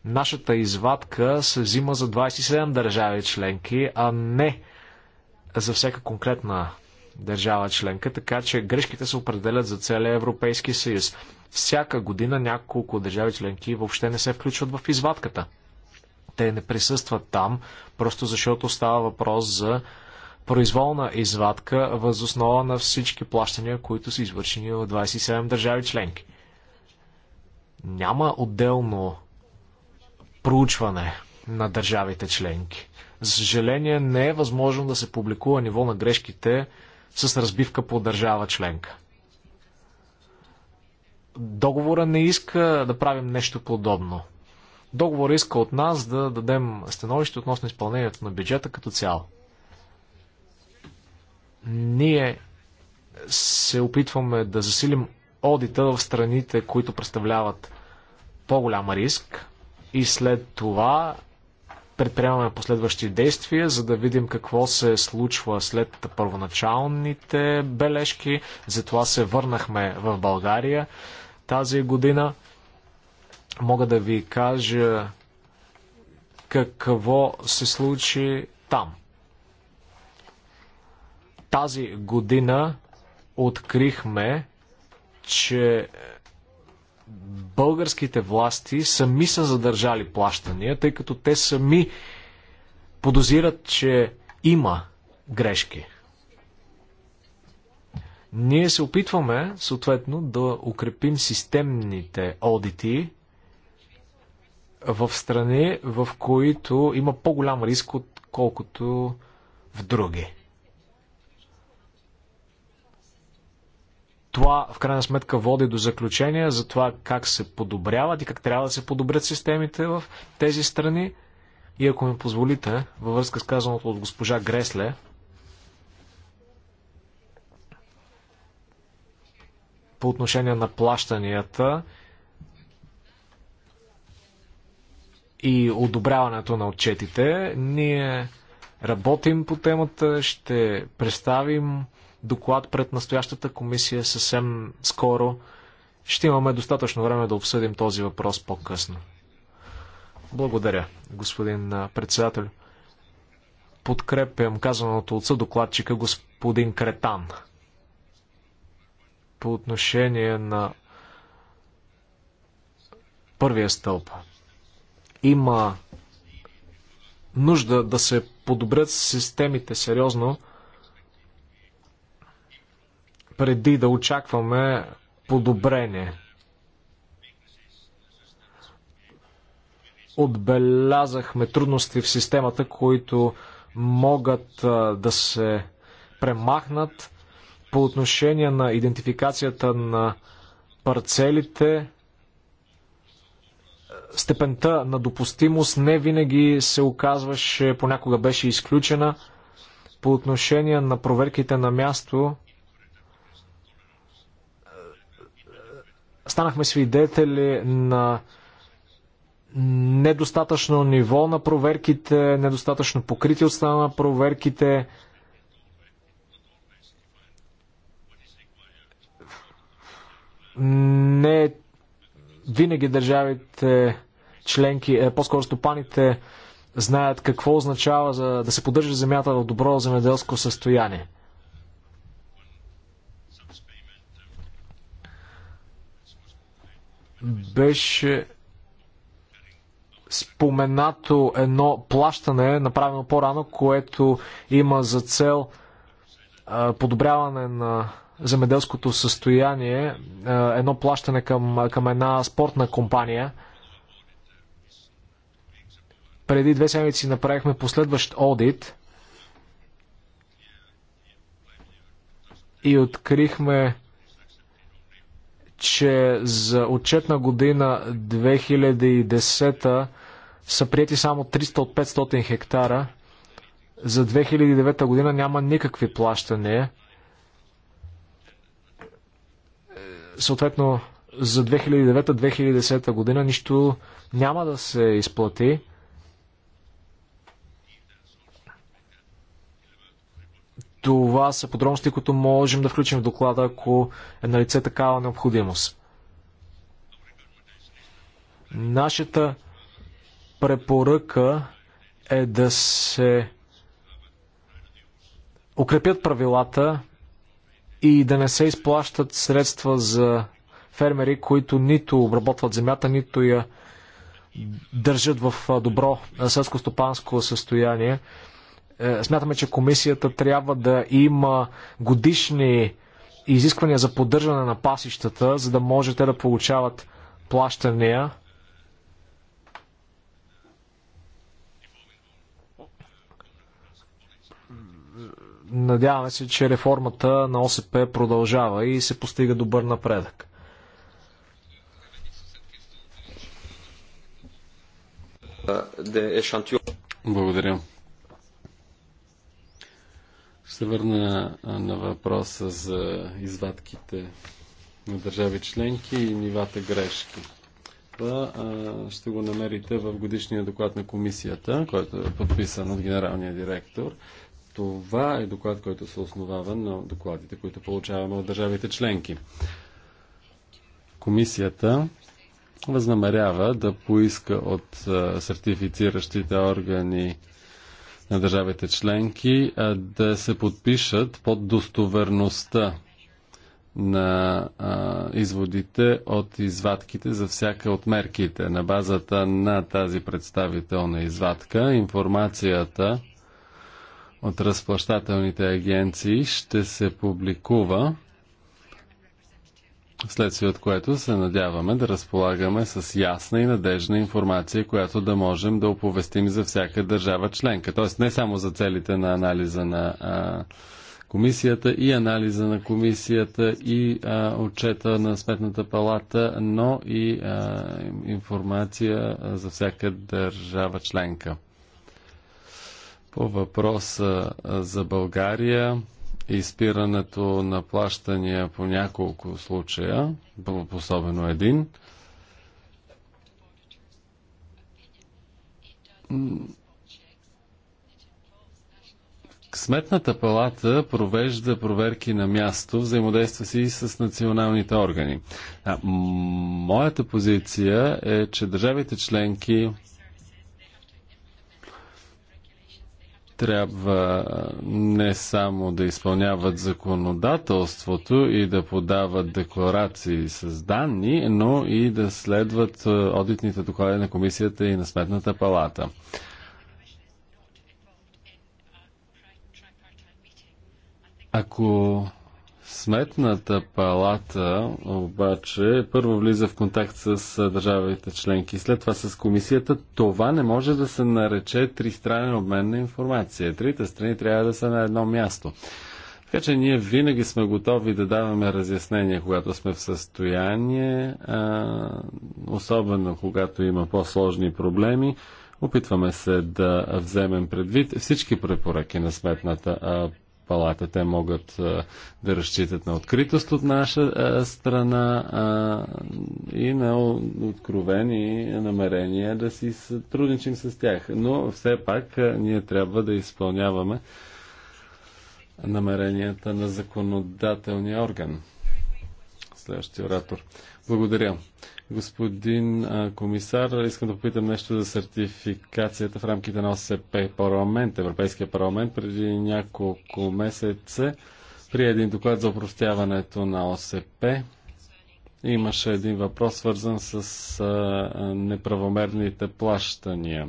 Нашата извадка се взима за 27 държави членки, а не за всяка конкретна държава членка, така че грешките се определят за целия Европейски съюз. Всяка година няколко държави членки въобще не се включват в извадката. Те не присъстват там, просто защото става въпрос за произволна извадка въз основа на всички плащания, които са извършени от 27 държави членки. Няма отделно проучване на държавите членки. За съжаление не е възможно да се публикува ниво на грешките с разбивка по държава членка. Договора не иска да правим нещо подобно. Договора иска от нас да дадем становище относно изпълнението на бюджета като цяло. Ние се опитваме да засилим одита в страните, които представляват по-голям риск и след това предприемаме последващи действия, за да видим какво се случва след първоначалните бележки. Затова се върнахме в България тази година. Мога да ви кажа какво се случи там тази година открихме, че българските власти сами са задържали плащания, тъй като те сами подозират, че има грешки. Ние се опитваме, съответно, да укрепим системните одити в страни, в които има по-голям риск, отколкото в други. Това в крайна сметка води до заключения за това как се подобряват и как трябва да се подобрят системите в тези страни. И ако ми позволите, във връзка с казаното от госпожа Гресле, по отношение на плащанията и одобряването на отчетите, ние работим по темата, ще представим доклад пред настоящата комисия съвсем скоро. Ще имаме достатъчно време да обсъдим този въпрос по-късно. Благодаря, господин председател. Подкрепям казаното от съдокладчика господин Кретан по отношение на първия стълб. Има нужда да се подобрят системите сериозно, преди да очакваме подобрение. Отбелязахме трудности в системата, които могат да се премахнат по отношение на идентификацията на парцелите, степента на допустимост не винаги се оказваше, понякога беше изключена. По отношение на проверките на място, станахме свидетели на недостатъчно ниво на проверките, недостатъчно покритие от страна на проверките. Не винаги държавите членки, е, по-скоро стопаните, знаят какво означава за, да се поддържа земята в добро земеделско състояние. беше споменато едно плащане, направено по-рано, което има за цел подобряване на земеделското състояние, едно плащане към, към една спортна компания. Преди две седмици направихме последващ одит и открихме че за отчетна година 2010 са прияти само 300 от 500 хектара. За 2009 година няма никакви плащания. Съответно, за 2009-2010 година нищо няма да се изплати. Това са подробности, които можем да включим в доклада, ако е на лице такава необходимост. Нашата препоръка е да се укрепят правилата и да не се изплащат средства за фермери, които нито обработват земята, нито я държат в добро селско-стопанско състояние. Е, смятаме, че комисията трябва да има годишни изисквания за поддържане на пасищата, за да може те да получават плащания. Надяваме се, че реформата на ОСП продължава и се постига добър напредък. Е, е Благодаря. Ще се върна на въпроса за извадките на държави членки и нивата грешки. Това ще го намерите в годишния доклад на комисията, който е подписан от генералния директор. Това е доклад, който се основава на докладите, които получаваме от държавите членки. Комисията възнамерява да поиска от сертифициращите органи на държавите членки да се подпишат под достоверността на изводите от извадките за всяка от мерките. На базата на тази представителна извадка информацията от разплащателните агенции ще се публикува Следствие от което се надяваме да разполагаме с ясна и надежна информация, която да можем да оповестим за всяка държава членка. Тоест не само за целите на анализа на а, комисията и анализа на комисията и а, отчета на Сметната палата, но и а, информация за всяка държава членка. По въпроса за България и спирането на плащания по няколко случая, особено един. Сметната палата провежда проверки на място, взаимодейства си и с националните органи. А, моята позиция е, че държавите членки трябва не само да изпълняват законодателството и да подават декларации с данни, но и да следват е, одитните доклади на комисията и на Сметната палата. Ако Сметната палата обаче първо влиза в контакт с държавите членки, след това с комисията. Това не може да се нарече тристранен обмен на информация. Трите страни трябва да са на едно място. Така че ние винаги сме готови да даваме разяснения, когато сме в състояние, а, особено когато има по-сложни проблеми. Опитваме се да вземем предвид всички препоръки на Сметната палата. Те могат да разчитат на откритост от наша страна и на откровени намерения да си сътрудничим с тях. Но все пак ние трябва да изпълняваме намеренията на законодателния орган. Следващия оратор. Благодаря. Господин комисар, искам да попитам нещо за сертификацията в рамките на ОСП парламент, Европейския парламент. Преди няколко месеца при един доклад за опростяването на ОСП. Имаше един въпрос, свързан с неправомерните плащания.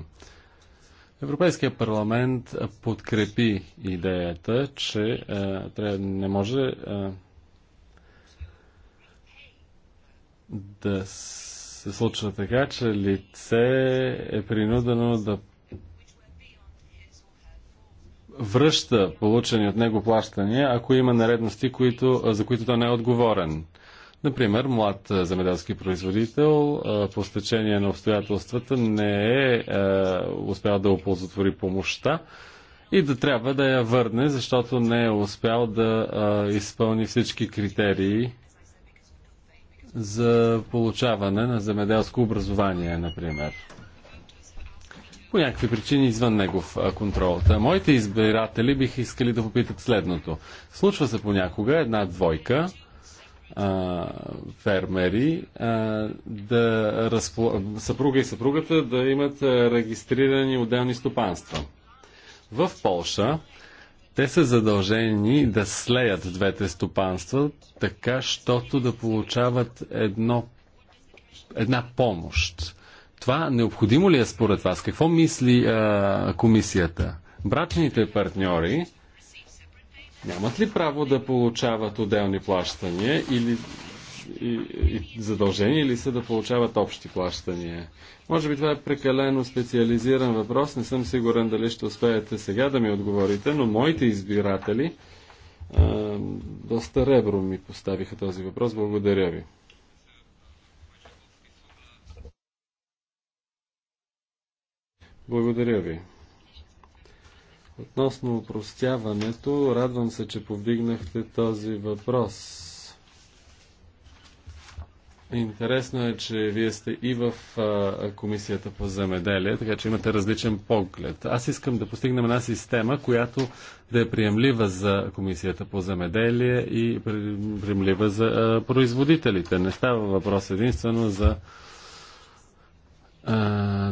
Европейския парламент подкрепи идеята, че а, трябва, не може а, да се случва така, че лице е принудено да връща получени от него плащания, ако има нередности, които, за които той не е отговорен. Например, млад земеделски производител по стечение на обстоятелствата не е, успял да оползотвори помощта и да трябва да я върне, защото не е успял да изпълни всички критерии за получаване на земеделско образование, например. По някакви причини извън негов контрол. Та, моите избиратели бих искали да попитат следното. Случва се понякога една двойка, а, фермери, а, да разпла... съпруга и съпругата да имат регистрирани отделни стопанства. В Полша те са задължени да слеят двете стопанства, така, щото да получават едно, една помощ. Това необходимо ли е според вас? Какво мисли а, комисията? Брачните партньори нямат ли право да получават отделни плащания или и, и задължени ли са да получават общи плащания? Може би това е прекалено специализиран въпрос. Не съм сигурен дали ще успеете сега да ми отговорите, но моите избиратели а, доста ребро ми поставиха този въпрос. Благодаря ви. Благодаря ви. Относно упростяването, радвам се, че повдигнахте този въпрос Интересно е, че вие сте и в а, Комисията по земеделие, така че имате различен поглед. Аз искам да постигнем една система, която да е приемлива за Комисията по земеделие и приемлива за а, производителите. Не става въпрос единствено за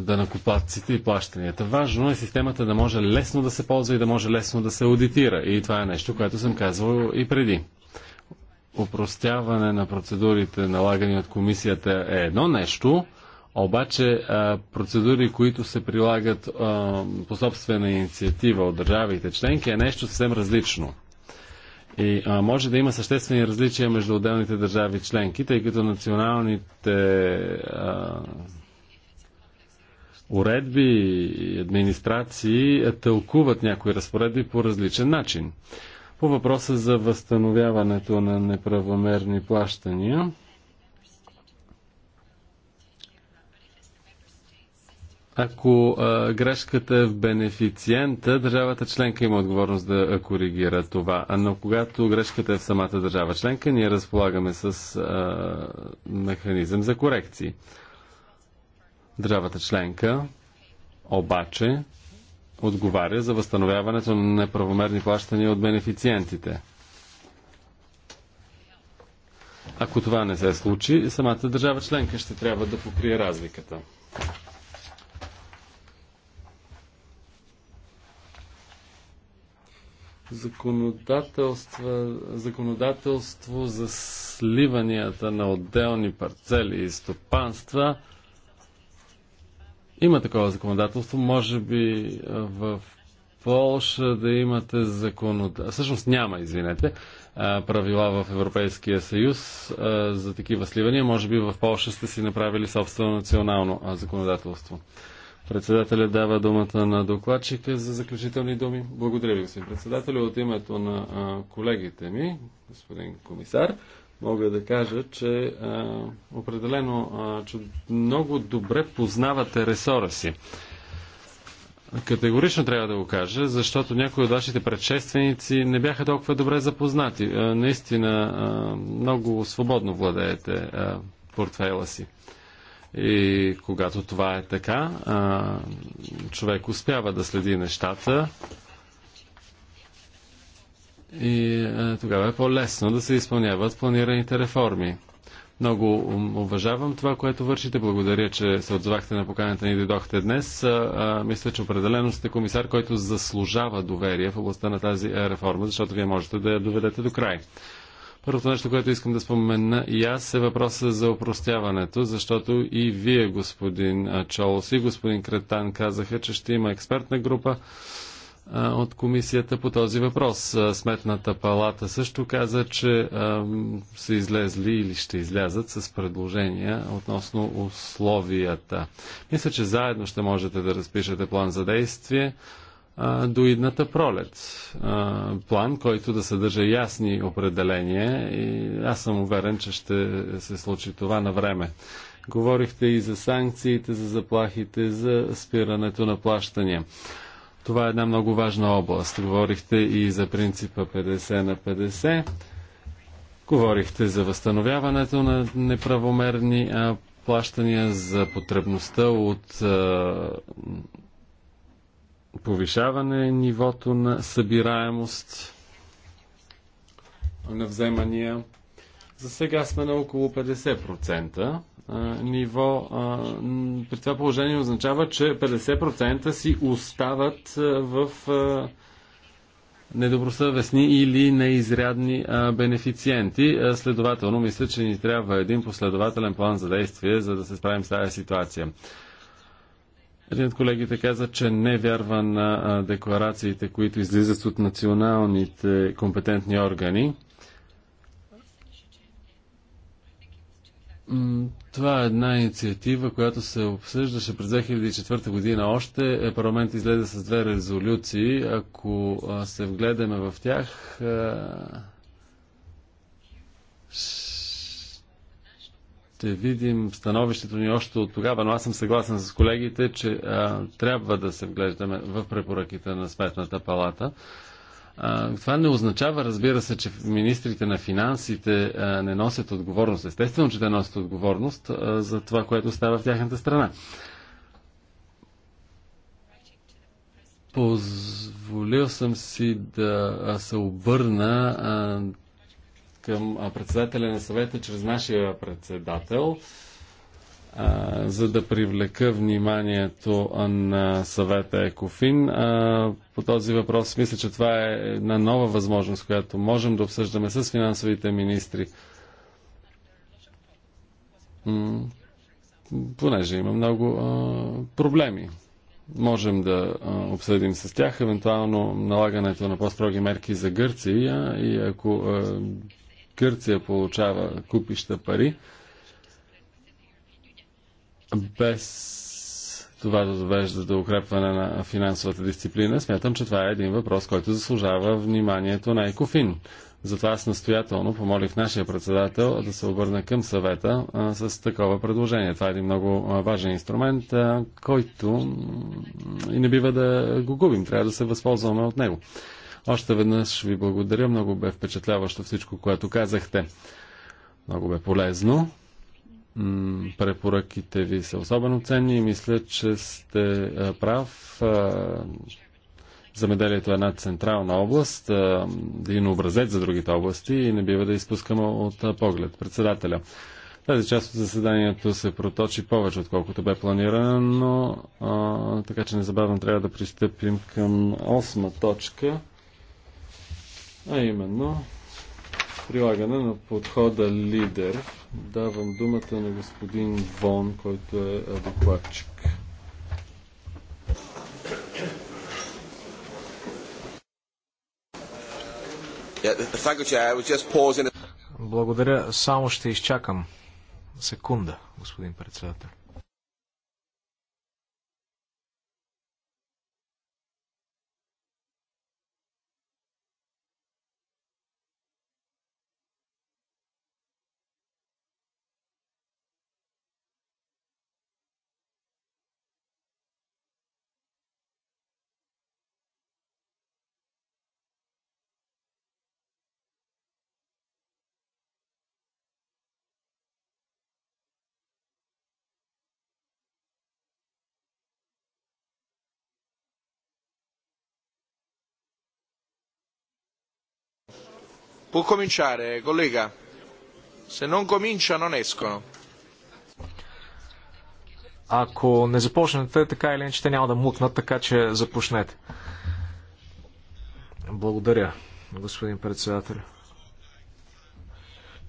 да накупаците и плащанията. Важно е системата да може лесно да се ползва и да може лесно да се аудитира. И това е нещо, което съм казвал и преди упростяване на процедурите, налагани от комисията, е едно нещо, обаче процедури, които се прилагат по собствена инициатива от държавите членки, е нещо съвсем различно. И а, може да има съществени различия между отделните държави членки, тъй като националните а, уредби и администрации тълкуват някои разпоредби по различен начин. По въпроса за възстановяването на неправомерни плащания, Ако а, грешката е в бенефициента, държавата членка има отговорност да коригира това. Но когато грешката е в самата държава членка, ние разполагаме с а, механизъм за корекции. Държавата членка обаче отговаря за възстановяването на неправомерни плащания от бенефициентите. Ако това не се случи, самата държава членка ще трябва да покрие разликата. Законодателство, законодателство за сливанията на отделни парцели и стопанства – има такова законодателство, може би в Полша да имате законодателство. Всъщност няма, извинете, правила в Европейския съюз за такива сливания. Може би в Полша сте си направили собствено национално законодателство. Председателя дава думата на докладчика за заключителни думи. Благодаря ви, господин председател. От името на колегите ми, господин комисар, мога да кажа, че а, определено а, че много добре познавате ресора си. Категорично трябва да го кажа, защото някои от вашите предшественици не бяха толкова добре запознати. А, наистина а, много свободно владеете а, портфейла си. И когато това е така, а, човек успява да следи нещата и е, тогава е по-лесно да се изпълняват планираните реформи. Много уважавам това, което вършите. Благодаря, че се отзвахте на поканата ни и дойдохте днес. мисля, че определено сте комисар, който заслужава доверие в областта на тази е, реформа, защото вие можете да я доведете до край. Първото нещо, което искам да спомена и аз е въпроса за опростяването, защото и вие, господин Чолос и господин Кретан, казаха, че ще има експертна група от комисията по този въпрос. Сметната палата също каза, че са излезли или ще излязат с предложения относно условията. Мисля, че заедно ще можете да разпишете план за действие до идната пролет. План, който да съдържа ясни определения и аз съм уверен, че ще се случи това на време. Говорихте и за санкциите, за заплахите, за спирането на плащания. Това е една много важна област. Говорихте и за принципа 50 на 50. Говорихте за възстановяването на неправомерни а, плащания, за потребността от а, повишаване нивото на събираемост на вземания. За сега сме на около 50% ниво. При това положение означава, че 50% си остават в недобросъвестни или неизрядни бенефициенти. Следователно, мисля, че ни трябва един последователен план за действие, за да се справим с тази ситуация. Един от колегите каза, че не вярва на декларациите, които излизат от националните компетентни органи. Това е една инициатива, която се обсъждаше през 2004 година. Още е, парламент излезе с две резолюции. Ако се вгледаме в тях, ще видим становището ни още от тогава, но аз съм съгласен с колегите, че трябва да се вглеждаме в препоръките на Сметната палата. Това не означава, разбира се, че министрите на финансите не носят отговорност. Естествено, че те носят отговорност за това, което става в тяхната страна. Позволил съм си да се обърна към председателя на съвета чрез нашия председател а, за да привлека вниманието на съвета Екофин. А, по този въпрос мисля, че това е една нова възможност, която можем да обсъждаме с финансовите министри. М понеже има много а, проблеми. Можем да а, обсъдим с тях евентуално налагането на по-строги мерки за Гърция и ако а, Гърция получава купища пари, а, без това да довежда до укрепване на финансовата дисциплина, смятам, че това е един въпрос, който заслужава вниманието на Екофин. Затова аз настоятелно помолих нашия председател да се обърне към съвета а, с такова предложение. Това е един много важен инструмент, а, който и не бива да го губим. Трябва да се възползваме от него. Още веднъж ви благодаря. Много бе впечатляващо всичко, което казахте. Много бе полезно препоръките ви са особено ценни и мисля, че сте прав. Замеделието е една централна област, един образец за другите области и не бива да изпускаме от поглед председателя. Тази част от заседанието се проточи повече, отколкото бе планирано, а, така че незабавно трябва да пристъпим към осма точка, а именно прилагане на подхода лидер. Давам думата на господин Вон, който е докладчик. Благодаря. Само ще изчакам. Секунда, господин председател. Può cominciare, collega. Se non comincia, non escono. Ако не започнете, така или иначе те няма да мукнат, така че започнете. Благодаря, господин председател.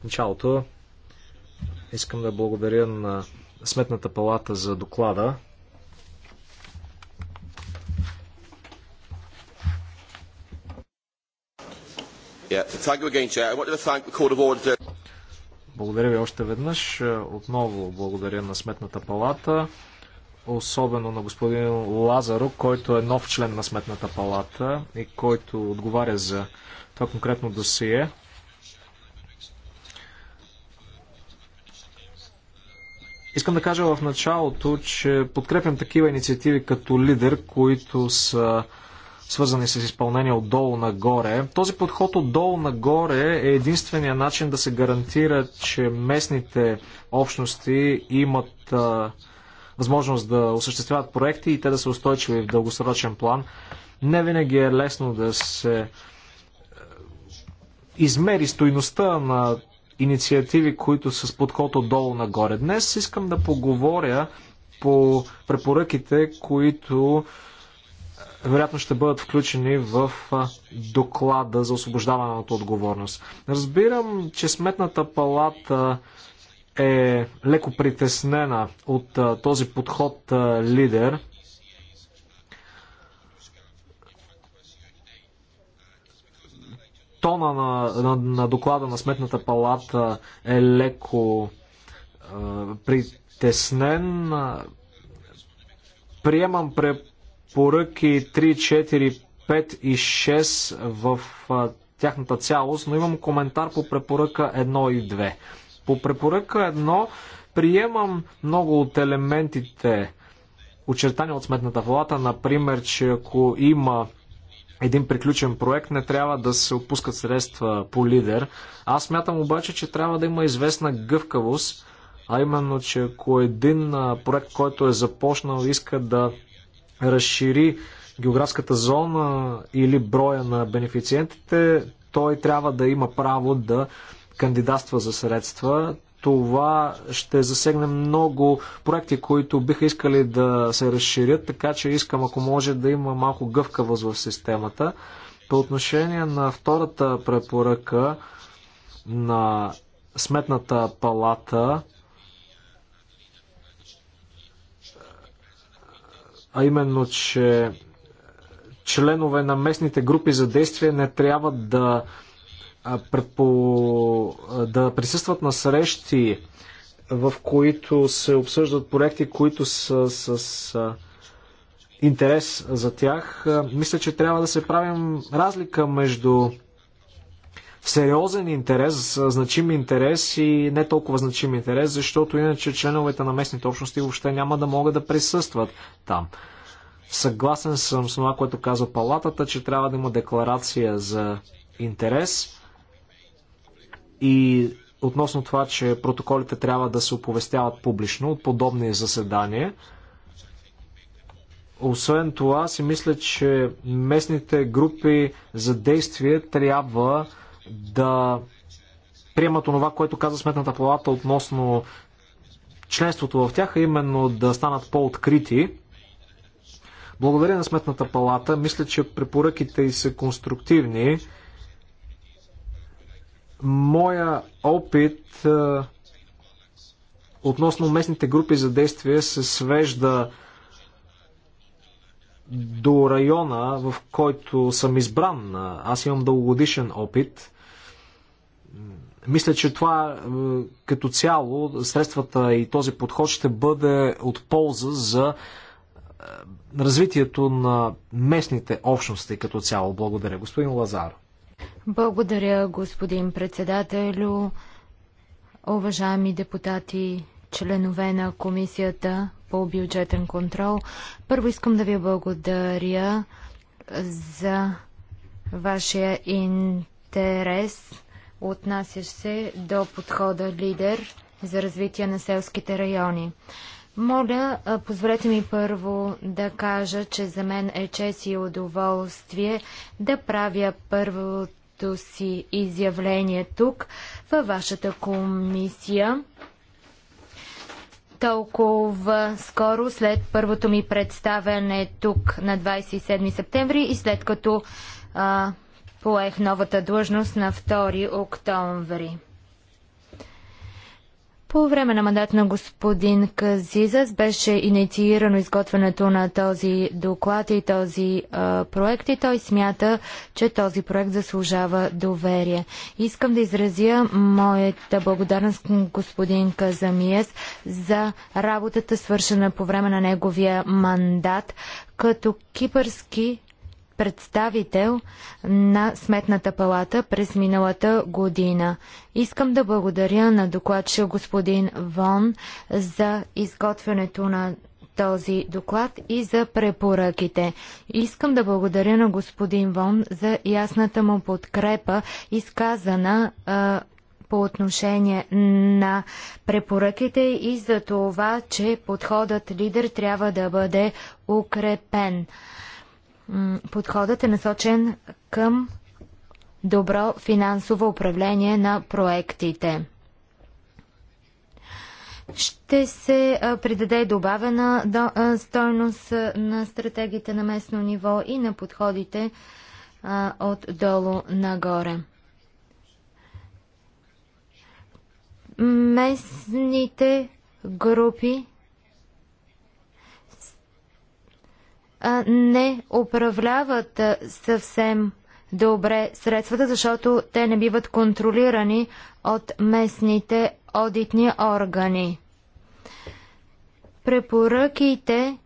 В началото искам да благодаря на Сметната палата за доклада. Благодаря ви още веднъж. Отново благодаря на Сметната палата, особено на господин Лазаро, който е нов член на Сметната палата и който отговаря за това конкретно досие. Искам да кажа в началото, че подкрепям такива инициативи като лидер, които са свързани с изпълнение отдолу нагоре. Този подход отдолу нагоре е единствения начин да се гарантира, че местните общности имат а, възможност да осъществяват проекти и те да са устойчиви в дългосрочен план. Не винаги е лесно да се измери стойността на инициативи, които са с подход отдолу нагоре. Днес искам да поговоря по препоръките, които вероятно ще бъдат включени в доклада за освобождаване от отговорност. Разбирам, че Сметната палата е леко притеснена от този подход лидер. Тона на, на, на доклада на Сметната палата е леко е, притеснен. Приемам препоръката Поръки 3, 4, 5 и 6 в тяхната цялост, но имам коментар по препоръка 1 и 2. По препоръка 1 приемам много от елементите, очертани от сметната влата. например, че ако има един приключен проект, не трябва да се опускат средства по лидер. Аз мятам обаче, че трябва да има известна гъвкавост, а именно, че ако един проект, който е започнал, иска да разшири географската зона или броя на бенефициентите, той трябва да има право да кандидатства за средства. Това ще засегне много проекти, които биха искали да се разширят, така че искам, ако може, да има малко гъвкавост в системата. По отношение на втората препоръка на Сметната палата, а именно, че членове на местните групи за действие не трябва да, предпо... да присъстват на срещи, в които се обсъждат проекти, които са с интерес за тях. Мисля, че трябва да се правим разлика между сериозен интерес, значим интерес и не толкова значим интерес, защото иначе членовете на местните общности въобще няма да могат да присъстват там. Съгласен съм с това, което казва палатата, че трябва да има декларация за интерес и относно това, че протоколите трябва да се оповестяват публично от подобни заседания. Освен това, си мисля, че местните групи за действие трябва да приемат онова, което каза Сметната палата относно членството в тях, а именно да станат по-открити. Благодаря на Сметната палата. Мисля, че препоръките й са конструктивни. Моя опит е, относно местните групи за действие се свежда до района, в който съм избран. Аз имам дългогодишен опит. Мисля, че това е, като цяло, средствата и този подход ще бъде от полза за е, развитието на местните общности като цяло. Благодаря. Господин Лазар. Благодаря, господин председателю, уважаеми депутати, членове на комисията по бюджетен контрол. Първо искам да ви благодаря за вашия интерес, отнасящ се до подхода лидер за развитие на селските райони. Моля, позволете ми първо да кажа, че за мен е чест и удоволствие да правя първото си изявление тук, във вашата комисия толкова скоро след първото ми представяне тук на 27 септември и след като а, поех новата длъжност на 2 октомври. По време на мандат на господин Казизас беше инициирано изготвянето на този доклад и този а, проект и той смята, че този проект заслужава доверие. Искам да изразя моята благодарност към господин Казамиес за работата свършена по време на неговия мандат като кипърски представител на Сметната палата през миналата година. Искам да благодаря на докладчик господин Вон за изготвянето на този доклад и за препоръките. Искам да благодаря на господин Вон за ясната му подкрепа, изказана а, по отношение на препоръките и за това, че подходът лидер трябва да бъде укрепен подходът е насочен към добро финансово управление на проектите. Ще се придаде добавена стойност на стратегията на местно ниво и на подходите отдолу нагоре. Местните групи не управляват съвсем добре средствата, защото те не биват контролирани от местните одитни органи. Препоръките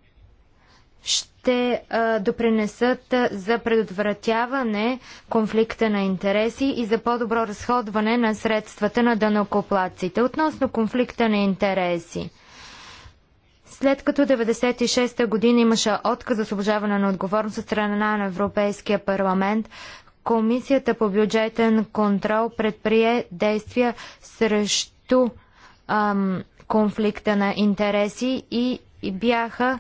ще а, допринесат за предотвратяване конфликта на интереси и за по-добро разходване на средствата на данокоплаците. Относно конфликта на интереси – след като 96-та година имаше отказ за освобождаване на отговорност от страна на Европейския парламент, Комисията по бюджетен контрол предприе действия срещу ам, конфликта на интереси и, и бяха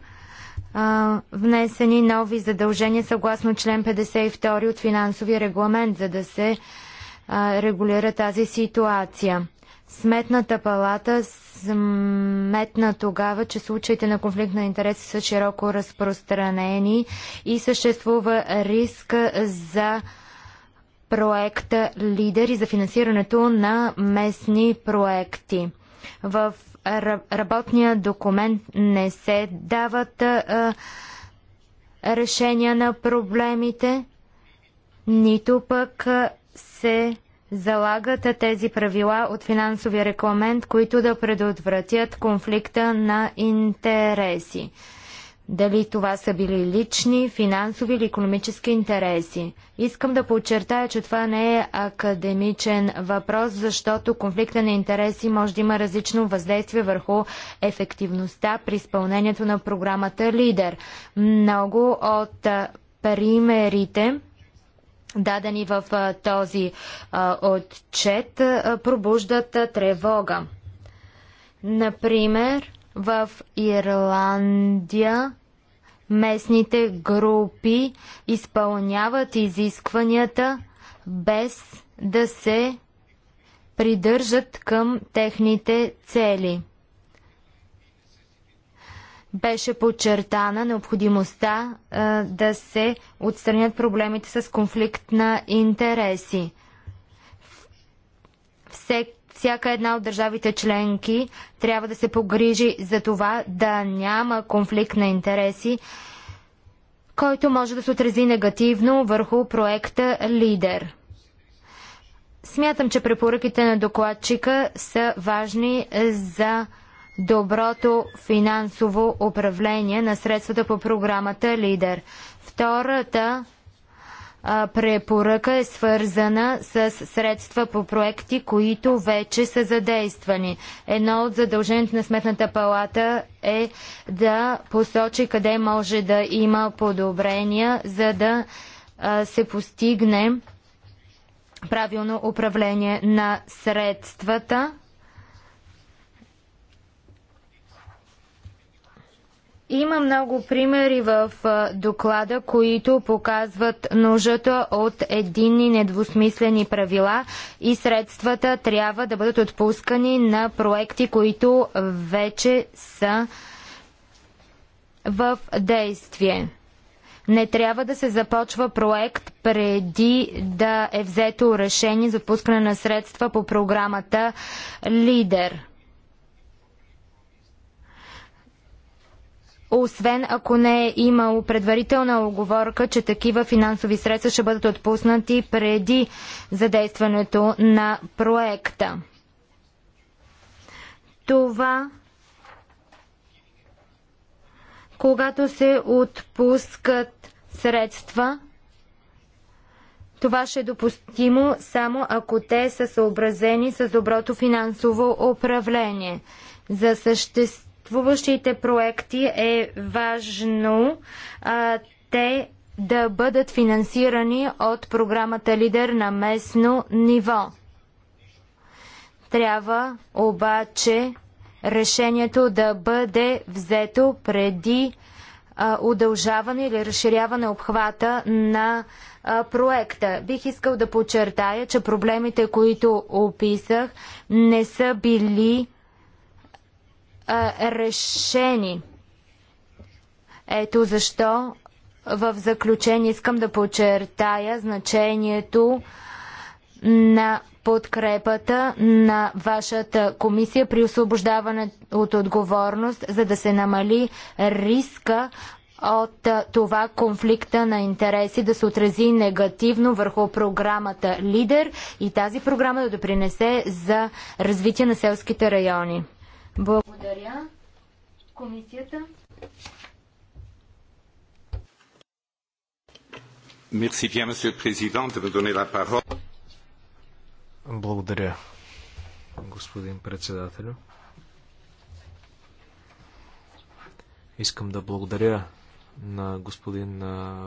внесени нови задължения съгласно член 52 от финансовия регламент, за да се регулира тази ситуация. Сметната палата сметна тогава, че случаите на конфликт на интереси са широко разпространени и съществува риск за проекта Лидер и за финансирането на местни проекти. В работния документ не се дават а, решения на проблемите, нито пък се залагат тези правила от финансовия рекламент, които да предотвратят конфликта на интереси. Дали това са били лични, финансови или економически интереси. Искам да подчертая, че това не е академичен въпрос, защото конфликта на интереси може да има различно въздействие върху ефективността при изпълнението на програмата Лидер. Много от примерите, дадени в този отчет, пробуждат тревога. Например, в Ирландия местните групи изпълняват изискванията без да се придържат към техните цели беше подчертана необходимостта а, да се отстранят проблемите с конфликт на интереси. всяка една от държавите членки трябва да се погрижи за това да няма конфликт на интереси, който може да се отрази негативно върху проекта Лидер. Смятам, че препоръките на докладчика са важни за доброто финансово управление на средствата по програмата Лидер. Втората препоръка е свързана с средства по проекти, които вече са задействани. Едно от задълженията на Сметната палата е да посочи къде може да има подобрения, за да се постигне правилно управление на средствата Има много примери в доклада, които показват нуждата от единни недвусмислени правила и средствата трябва да бъдат отпускани на проекти, които вече са в действие. Не трябва да се започва проект преди да е взето решение за отпускане на средства по програмата Лидер. освен ако не е имало предварителна оговорка, че такива финансови средства ще бъдат отпуснати преди задействането на проекта. Това когато се отпускат средства, това ще е допустимо само ако те са съобразени с доброто финансово управление. За съществуването съществуващите проекти е важно а, те да бъдат финансирани от програмата Лидер на местно ниво. Трябва обаче решението да бъде взето преди а, удължаване или разширяване обхвата на а, проекта. Бих искал да подчертая, че проблемите, които описах, не са били решени. Ето защо в заключение искам да подчертая значението на подкрепата на вашата комисия при освобождаване от отговорност, за да се намали риска от това конфликта на интереси да се отрази негативно върху програмата Лидер и тази програма да допринесе за развитие на селските райони. Благодаря. Комисията. Мерси, bien, Monsieur президент, да de me ла la Благодаря, господин председателю. Искам да благодаря на господин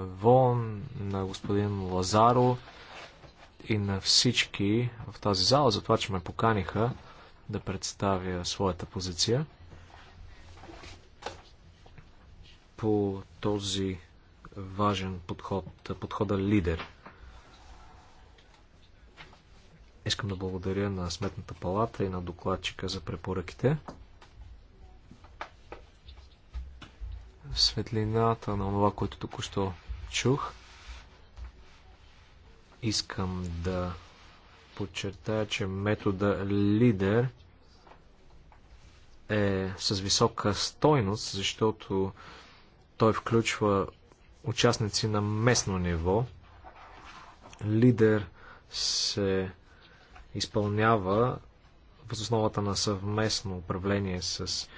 Вон, на господин Лазаро и на всички в тази зала за това, че ме поканиха да представя своята позиция по този важен подход, подхода лидер. Искам да благодаря на Сметната палата и на докладчика за препоръките. светлината на това, което току-що чух, искам да подчертая, че метода лидер е с висока стойност, защото той включва участници на местно ниво. Лидер се изпълнява в основата на съвместно управление с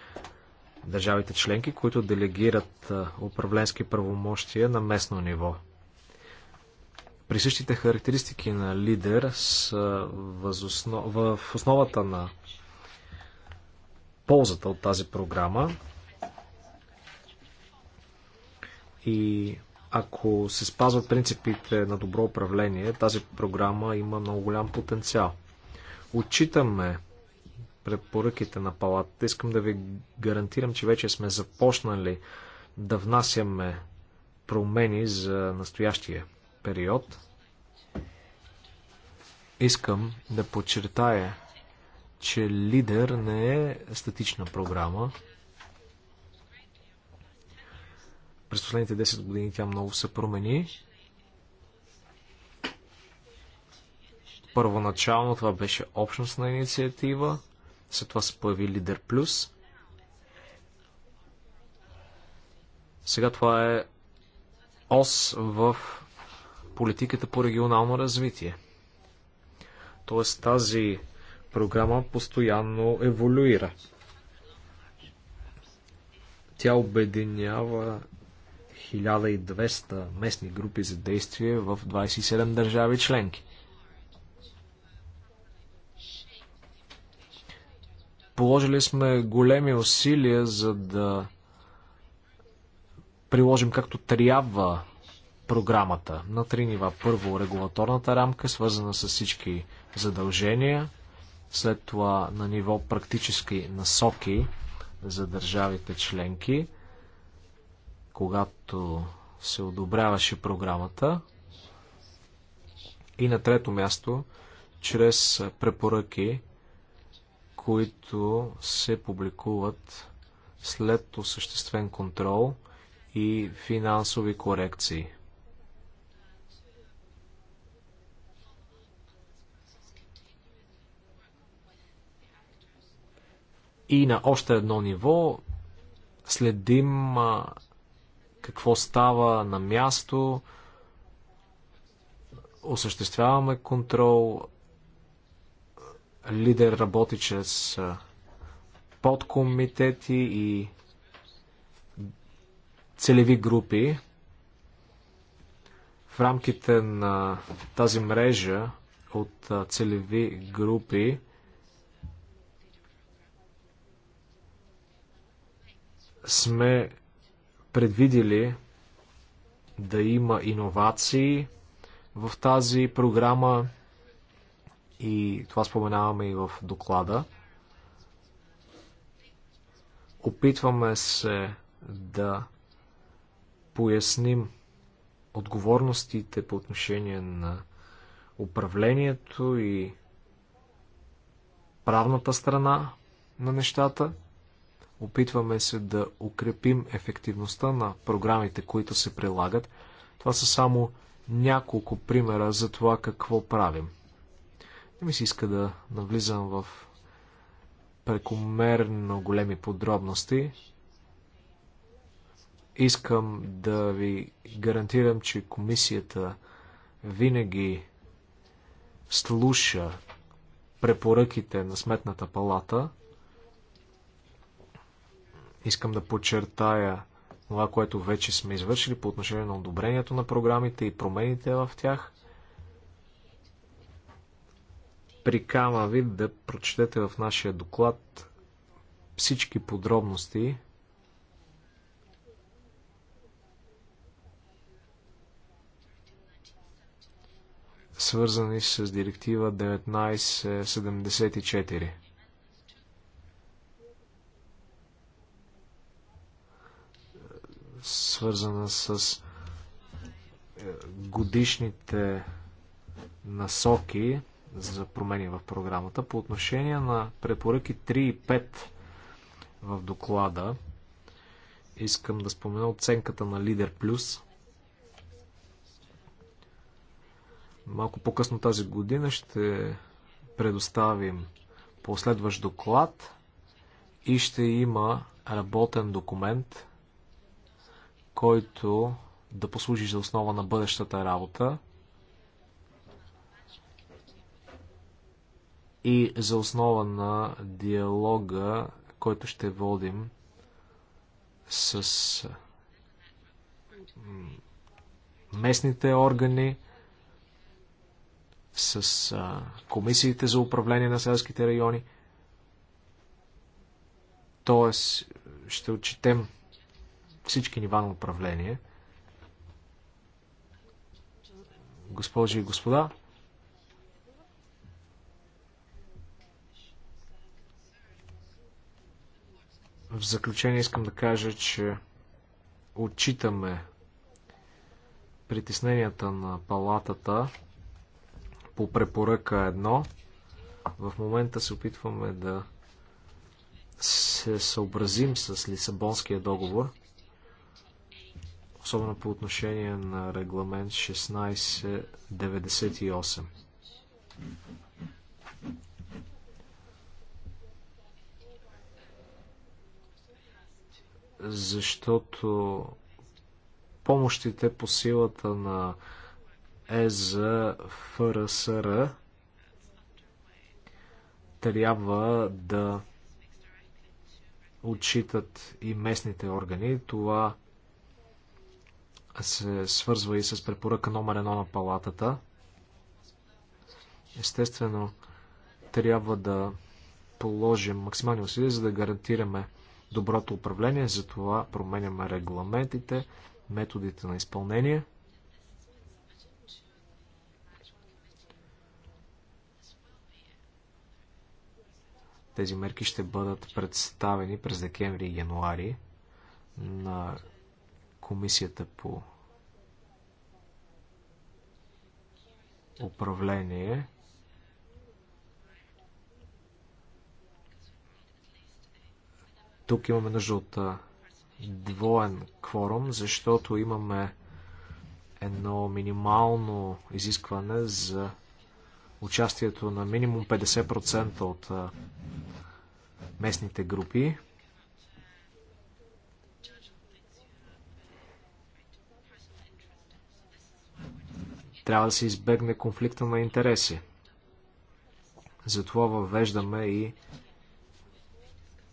държавите членки, които делегират управленски правомощия на местно ниво при същите характеристики на лидер са в основата на ползата от тази програма. И ако се спазват принципите на добро управление, тази програма има много голям потенциал. Отчитаме препоръките на палатата. Искам да ви гарантирам, че вече сме започнали да внасяме промени за настоящия период. Искам да подчертая, че лидер не е статична програма. През последните 10 години тя много се промени. Първоначално това беше общностна инициатива, след това се появи Лидер Плюс. Сега това е ОС в политиката по регионално развитие. Тоест тази програма постоянно еволюира. Тя обединява 1200 местни групи за действие в 27 държави членки. Положили сме големи усилия за да приложим както трябва програмата на три нива. Първо, регулаторната рамка, свързана с всички задължения, след това на ниво практически насоки за държавите членки, когато се одобряваше програмата. И на трето място, чрез препоръки, които се публикуват след осъществен контрол и финансови корекции. И на още едно ниво следим какво става на място, осъществяваме контрол, лидер работи чрез подкомитети и целеви групи. В рамките на тази мрежа от целеви групи сме предвидили да има иновации в тази програма и това споменаваме и в доклада. Опитваме се да поясним отговорностите по отношение на управлението и правната страна на нещата – Опитваме се да укрепим ефективността на програмите, които се прилагат. Това са само няколко примера за това какво правим. Не ми се иска да навлизам в прекомерно големи подробности. Искам да ви гарантирам, че комисията винаги слуша препоръките на Сметната палата – Искам да подчертая това, което вече сме извършили по отношение на одобрението на програмите и промените в тях. Прикава ви да прочетете в нашия доклад всички подробности. свързани с директива 1974. свързана с е, годишните насоки за промени в програмата. По отношение на препоръки 3 и 5 в доклада, искам да спомена оценката на Лидер Плюс. Малко по-късно тази година ще предоставим последващ доклад и ще има работен документ който да послужи за основа на бъдещата работа и за основа на диалога, който ще водим с местните органи, с комисиите за управление на селските райони. Тоест, ще отчетем всички нива на управление. Госпожи и господа, в заключение искам да кажа, че отчитаме притесненията на палатата по препоръка 1. В момента се опитваме да се съобразим с Лисабонския договор особено по отношение на регламент 1698. Защото помощите по силата на ЕЗФРСР трябва да отчитат и местните органи. Това се свързва и с препоръка номер едно на палатата. Естествено, трябва да положим максимални усилия, за да гарантираме доброто управление, затова променяме регламентите, методите на изпълнение. Тези мерки ще бъдат представени през декември и януари на Комисията по управление. Тук имаме нужда от двоен кворум, защото имаме едно минимално изискване за участието на минимум 50% от местните групи. Трябва да се избегне конфликта на интереси. Затова въвеждаме и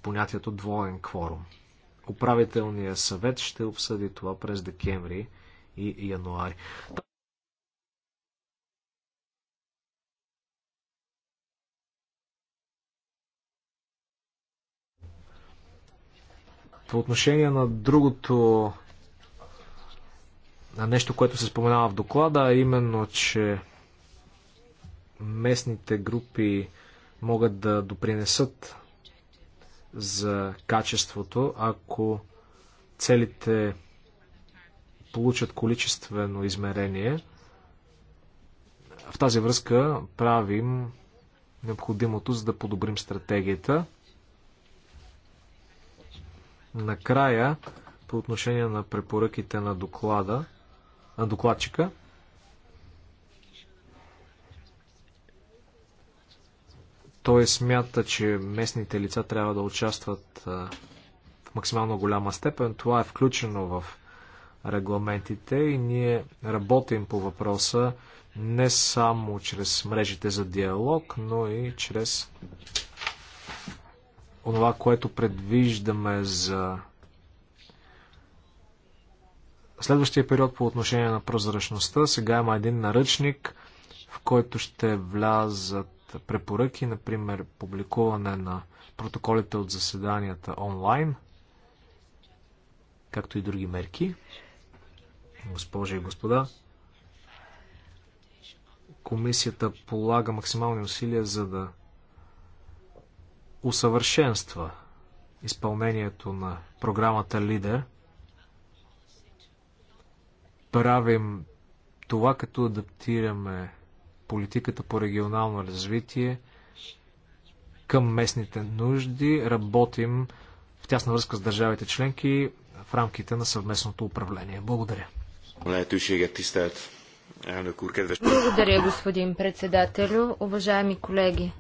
понятието двоен кворум. Управителният съвет ще обсъди това през декември и януари. По отношение на другото нещо, което се споменава в доклада, а именно, че местните групи могат да допринесат за качеството, ако целите получат количествено измерение. В тази връзка правим необходимото, за да подобрим стратегията. Накрая, по отношение на препоръките на доклада, на докладчика. Той смята, че местните лица трябва да участват в максимално голяма степен. Това е включено в регламентите и ние работим по въпроса не само чрез мрежите за диалог, но и чрез онова, което предвиждаме за следващия период по отношение на прозрачността. Сега има един наръчник, в който ще влязат препоръки, например публикуване на протоколите от заседанията онлайн, както и други мерки. Госпожи и господа, комисията полага максимални усилия за да усъвършенства изпълнението на програмата Лидер – правим това, като адаптираме политиката по регионално развитие към местните нужди, работим в тясна връзка с държавите членки в рамките на съвместното управление. Благодаря. Благодаря, господин председателю. Уважаеми колеги,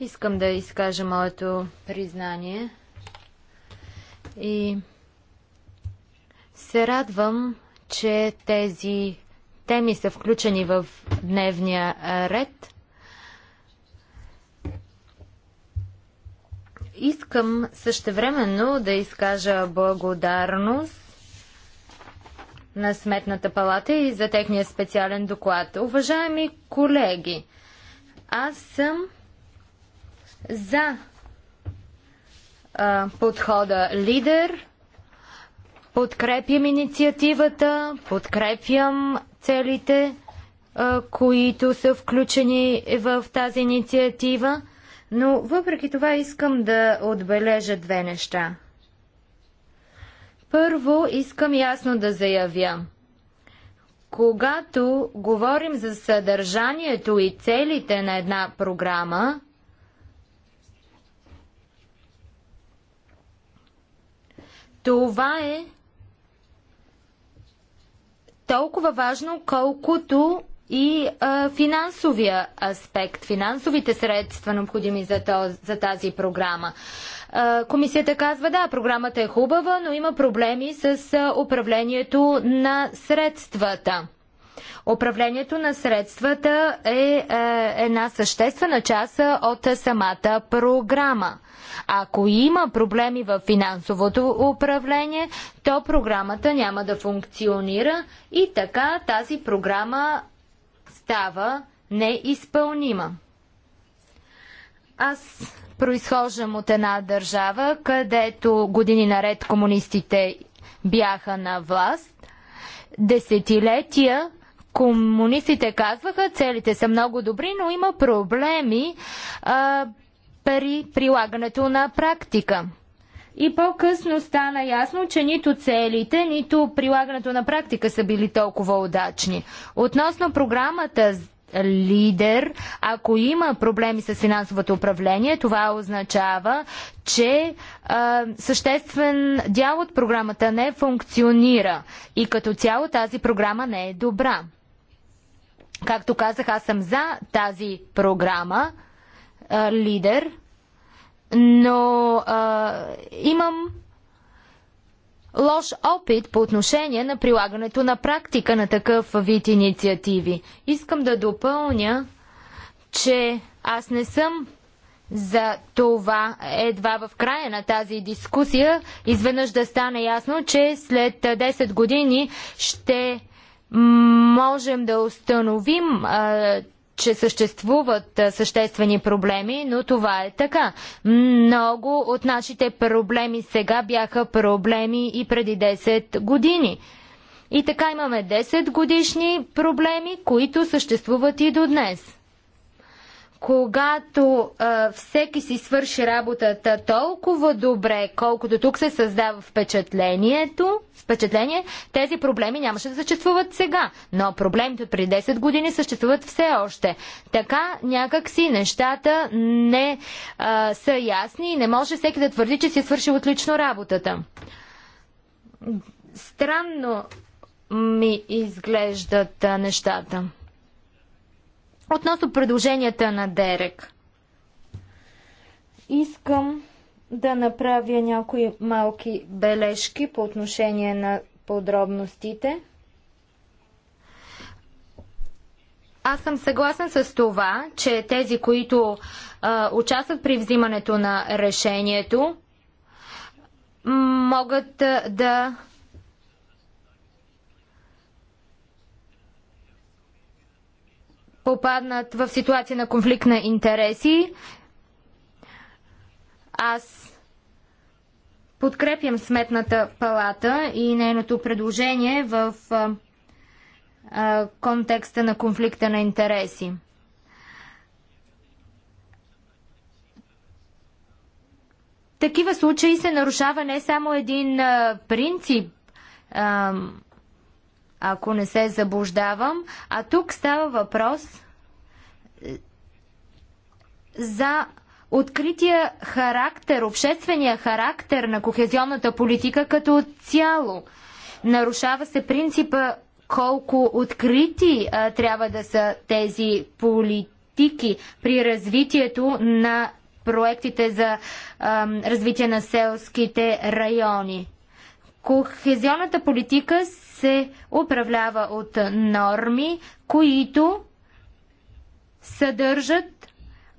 искам да изкажа моето признание и се радвам, че тези теми са включени в дневния ред. Искам същевременно да изкажа благодарност на Сметната палата и за техния специален доклад. Уважаеми колеги, аз съм за подхода лидер. Подкрепям инициативата, подкрепям целите, които са включени в тази инициатива, но въпреки това искам да отбележа две неща. Първо искам ясно да заявя. Когато говорим за съдържанието и целите на една програма, Това е толкова важно, колкото и а, финансовия аспект, финансовите средства, необходими за, то, за тази програма. А, комисията казва, да, програмата е хубава, но има проблеми с управлението на средствата. Управлението на средствата е, е една съществена част от самата програма. Ако има проблеми в финансовото управление, то програмата няма да функционира и така тази програма става неизпълнима. Аз произхождам от една държава, където години наред комунистите бяха на власт. Десетилетия комунистите казваха, целите са много добри, но има проблеми а, при прилагането на практика. И по-късно стана ясно, че нито целите, нито прилагането на практика са били толкова удачни. Относно програмата лидер, ако има проблеми с финансовото управление, това означава, че а, съществен дял от програмата не функционира и като цяло тази програма не е добра. Както казах, аз съм за тази програма, а, лидер, но а, имам лош опит по отношение на прилагането на практика на такъв вид инициативи. Искам да допълня, че аз не съм за това едва в края на тази дискусия изведнъж да стане ясно, че след 10 години ще можем да установим, че съществуват съществени проблеми, но това е така. Много от нашите проблеми сега бяха проблеми и преди 10 години. И така имаме 10 годишни проблеми, които съществуват и до днес когато а, всеки си свърши работата толкова добре, колкото тук се създава впечатлението, впечатление, тези проблеми нямаше да съществуват сега. Но проблемите от преди 10 години съществуват все още. Така някак си нещата не а, са ясни и не може всеки да твърди, че си е свършил отлично работата. Странно ми изглеждат а, нещата. Относно предложенията на Дерек. Искам да направя някои малки бележки по отношение на подробностите. Аз съм съгласен с това, че тези, които а, участват при взимането на решението, могат да попаднат в ситуация на конфликт на интереси. Аз подкрепям Сметната палата и нейното предложение в контекста на конфликта на интереси. такива случаи се нарушава не само един а, принцип, а, ако не се заблуждавам. А тук става въпрос е, за открития характер, обществения характер на кохезионната политика като цяло. Нарушава се принципа колко открити а, трябва да са тези политики при развитието на проектите за а, развитие на селските райони. Кохезионната политика се управлява от норми, които съдържат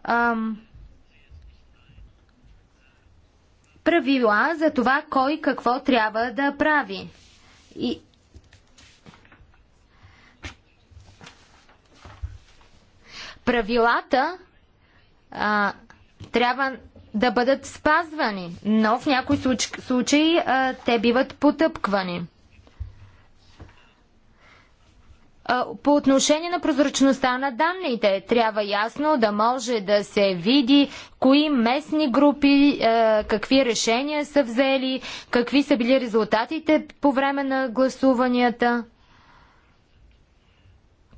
ам, правила за това кой какво трябва да прави. И правилата а, трябва да бъдат спазвани, но в някои случаи те биват потъпквани. По отношение на прозрачността на данните, трябва ясно да може да се види кои местни групи, какви решения са взели, какви са били резултатите по време на гласуванията,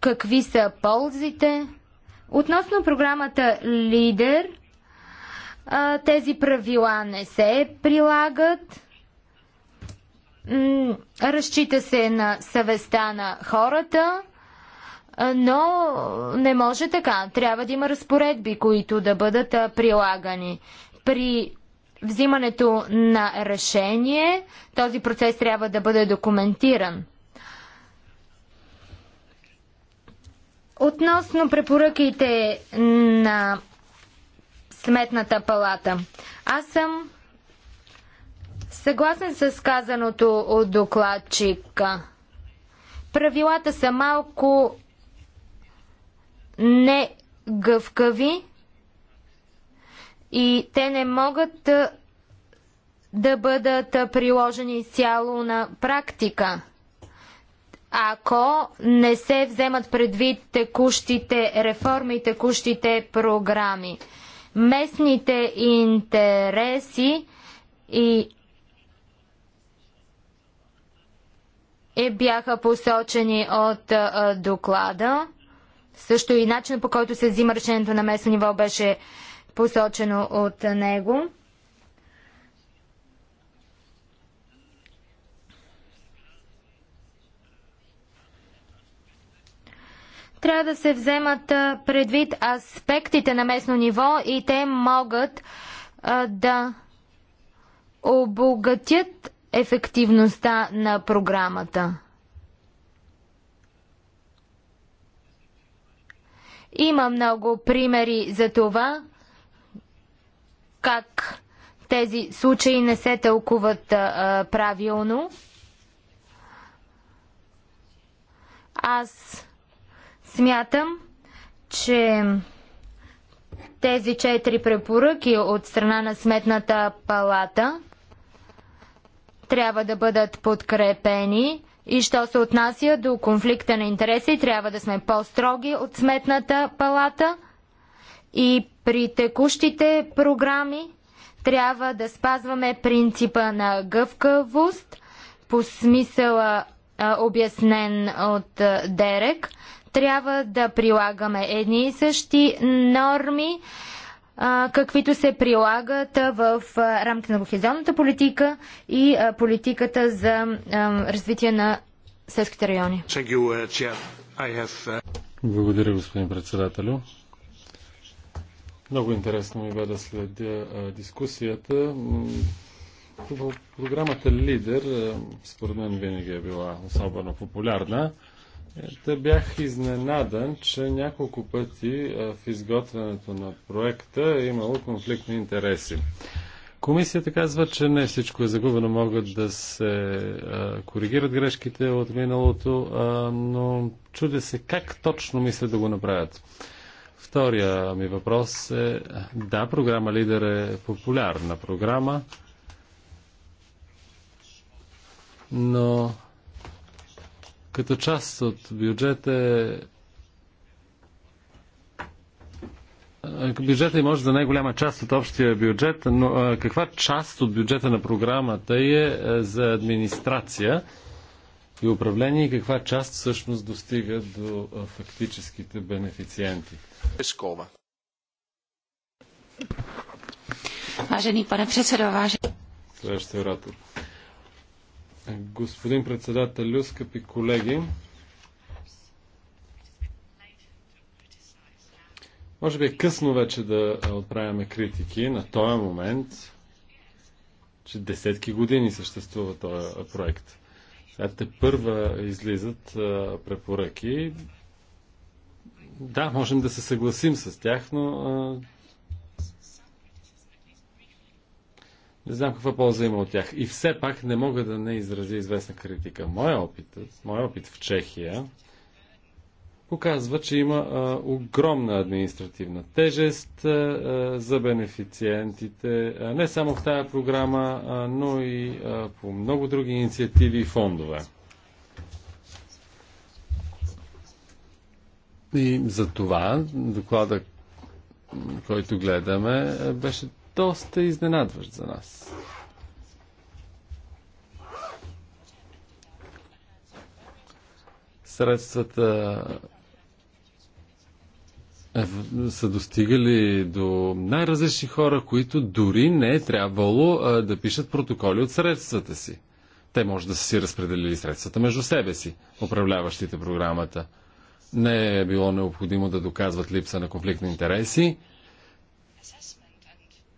какви са ползите. Относно програмата Лидер – тези правила не се прилагат. Разчита се на съвестта на хората, но не може така. Трябва да има разпоредби, които да бъдат прилагани. При взимането на решение този процес трябва да бъде документиран. Относно препоръките на Сметната палата. Аз съм съгласен с казаното от докладчика. Правилата са малко не гъвкави и те не могат да бъдат приложени изцяло на практика. Ако не се вземат предвид текущите реформи и текущите програми местните интереси и е бяха посочени от а, доклада. Също и начинът по който се взима решението на местно ниво беше посочено от него. Трябва да се вземат предвид аспектите на местно ниво и те могат а, да обогатят ефективността на програмата. Има много примери за това, как тези случаи не се тълкуват а, правилно. Аз Смятам, че тези четири препоръки от страна на Сметната палата трябва да бъдат подкрепени. И що се отнася до конфликта на интереси, трябва да сме по-строги от Сметната палата. И при текущите програми трябва да спазваме принципа на гъвкавост по смисъла обяснен от Дерек – трябва да прилагаме едни и същи норми, каквито се прилагат в рамките на кохезионната политика и политиката за развитие на селските райони. Uh, uh, Благодаря, господин председателю. Много интересно ми бе да следя дискусията. Програмата Лидер, според мен, винаги е била особено популярна. Та бях изненадан, че няколко пъти в изготвянето на проекта е имало конфликт на интереси. Комисията казва, че не всичко е загубено, могат да се коригират грешките от миналото, но чудя се как точно мислят да го направят. Втория ми въпрос е, да, програма Лидер е популярна програма, но като част от бюджета е, е Бюджета и е, може за е най-голяма част от общия бюджет, но каква част от бюджета на програмата е за администрация и управление и каква част всъщност достига до фактическите бенефициенти? Пескова. Важени пане председател, важен... Следващия оратор. Господин председател, скъпи колеги, може би е късно вече да отправяме критики на този момент, че десетки години съществува този проект. Сега те първа излизат препоръки. Да, можем да се съгласим с тях, но Не знам каква полза има от тях. И все пак не мога да не изразя известна критика. Моя опит, моя опит в Чехия показва, че има а, огромна административна тежест а, за бенефициентите, а, не само в тая програма, а, но и а, по много други инициативи и фондове. И за това доклада, който гледаме, беше доста изненадващ за нас. Средствата е, са достигали до най-различни хора, които дори не е трябвало е, да пишат протоколи от средствата си. Те може да са си разпределили средствата между себе си, управляващите програмата. Не е било необходимо да доказват липса на конфликт на интереси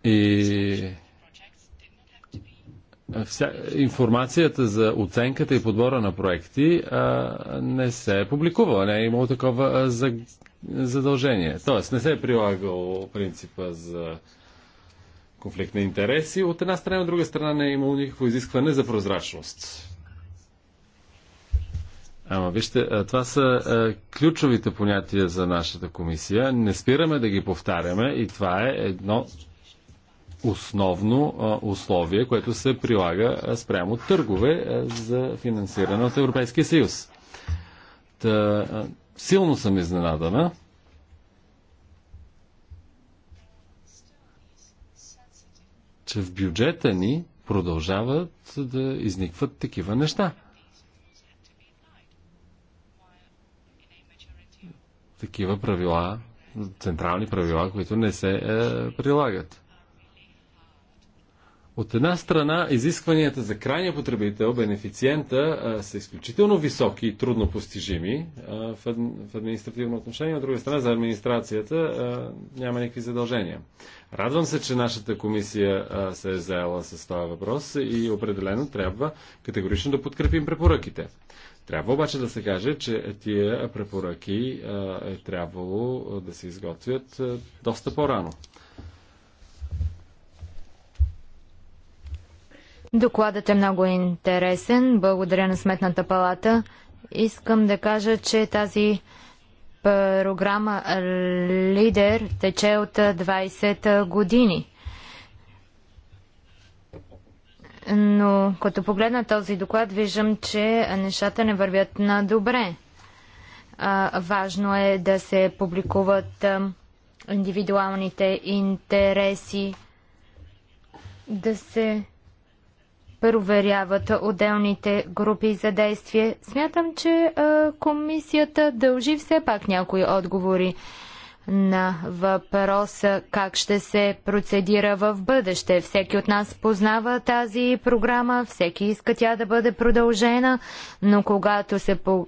и вся, информацията за оценката и подбора на проекти а, не се е публикувала, не е имало такова а, за, задължение. Тоест, не се е прилагал принципа за конфликт на интереси. От една страна, от друга страна не е имало никакво изискване за прозрачност. Ама вижте, това са а, ключовите понятия за нашата комисия. Не спираме да ги повтаряме и това е едно основно условие, което се прилага спрямо търгове за финансиране от Европейския съюз. Та, силно съм изненадана. че в бюджета ни продължават да изникват такива неща. Такива правила, централни правила, които не се е, прилагат. От една страна, изискванията за крайния потребител, бенефициента, са изключително високи и трудно постижими в административно отношение. От друга страна, за администрацията няма никакви задължения. Радвам се, че нашата комисия се е заела с това въпрос и определено трябва категорично да подкрепим препоръките. Трябва обаче да се каже, че тия препоръки е трябвало да се изготвят доста по-рано. Докладът е много интересен. Благодаря на Сметната палата. Искам да кажа, че тази програма Лидер тече от 20 години. Но като погледна този доклад, виждам, че нещата не вървят на добре. важно е да се публикуват индивидуалните интереси, да се проверяват отделните групи за действие. Смятам, че а, комисията дължи все пак някои отговори на въпроса как ще се процедира в бъдеще. Всеки от нас познава тази програма, всеки иска тя да бъде продължена, но когато се по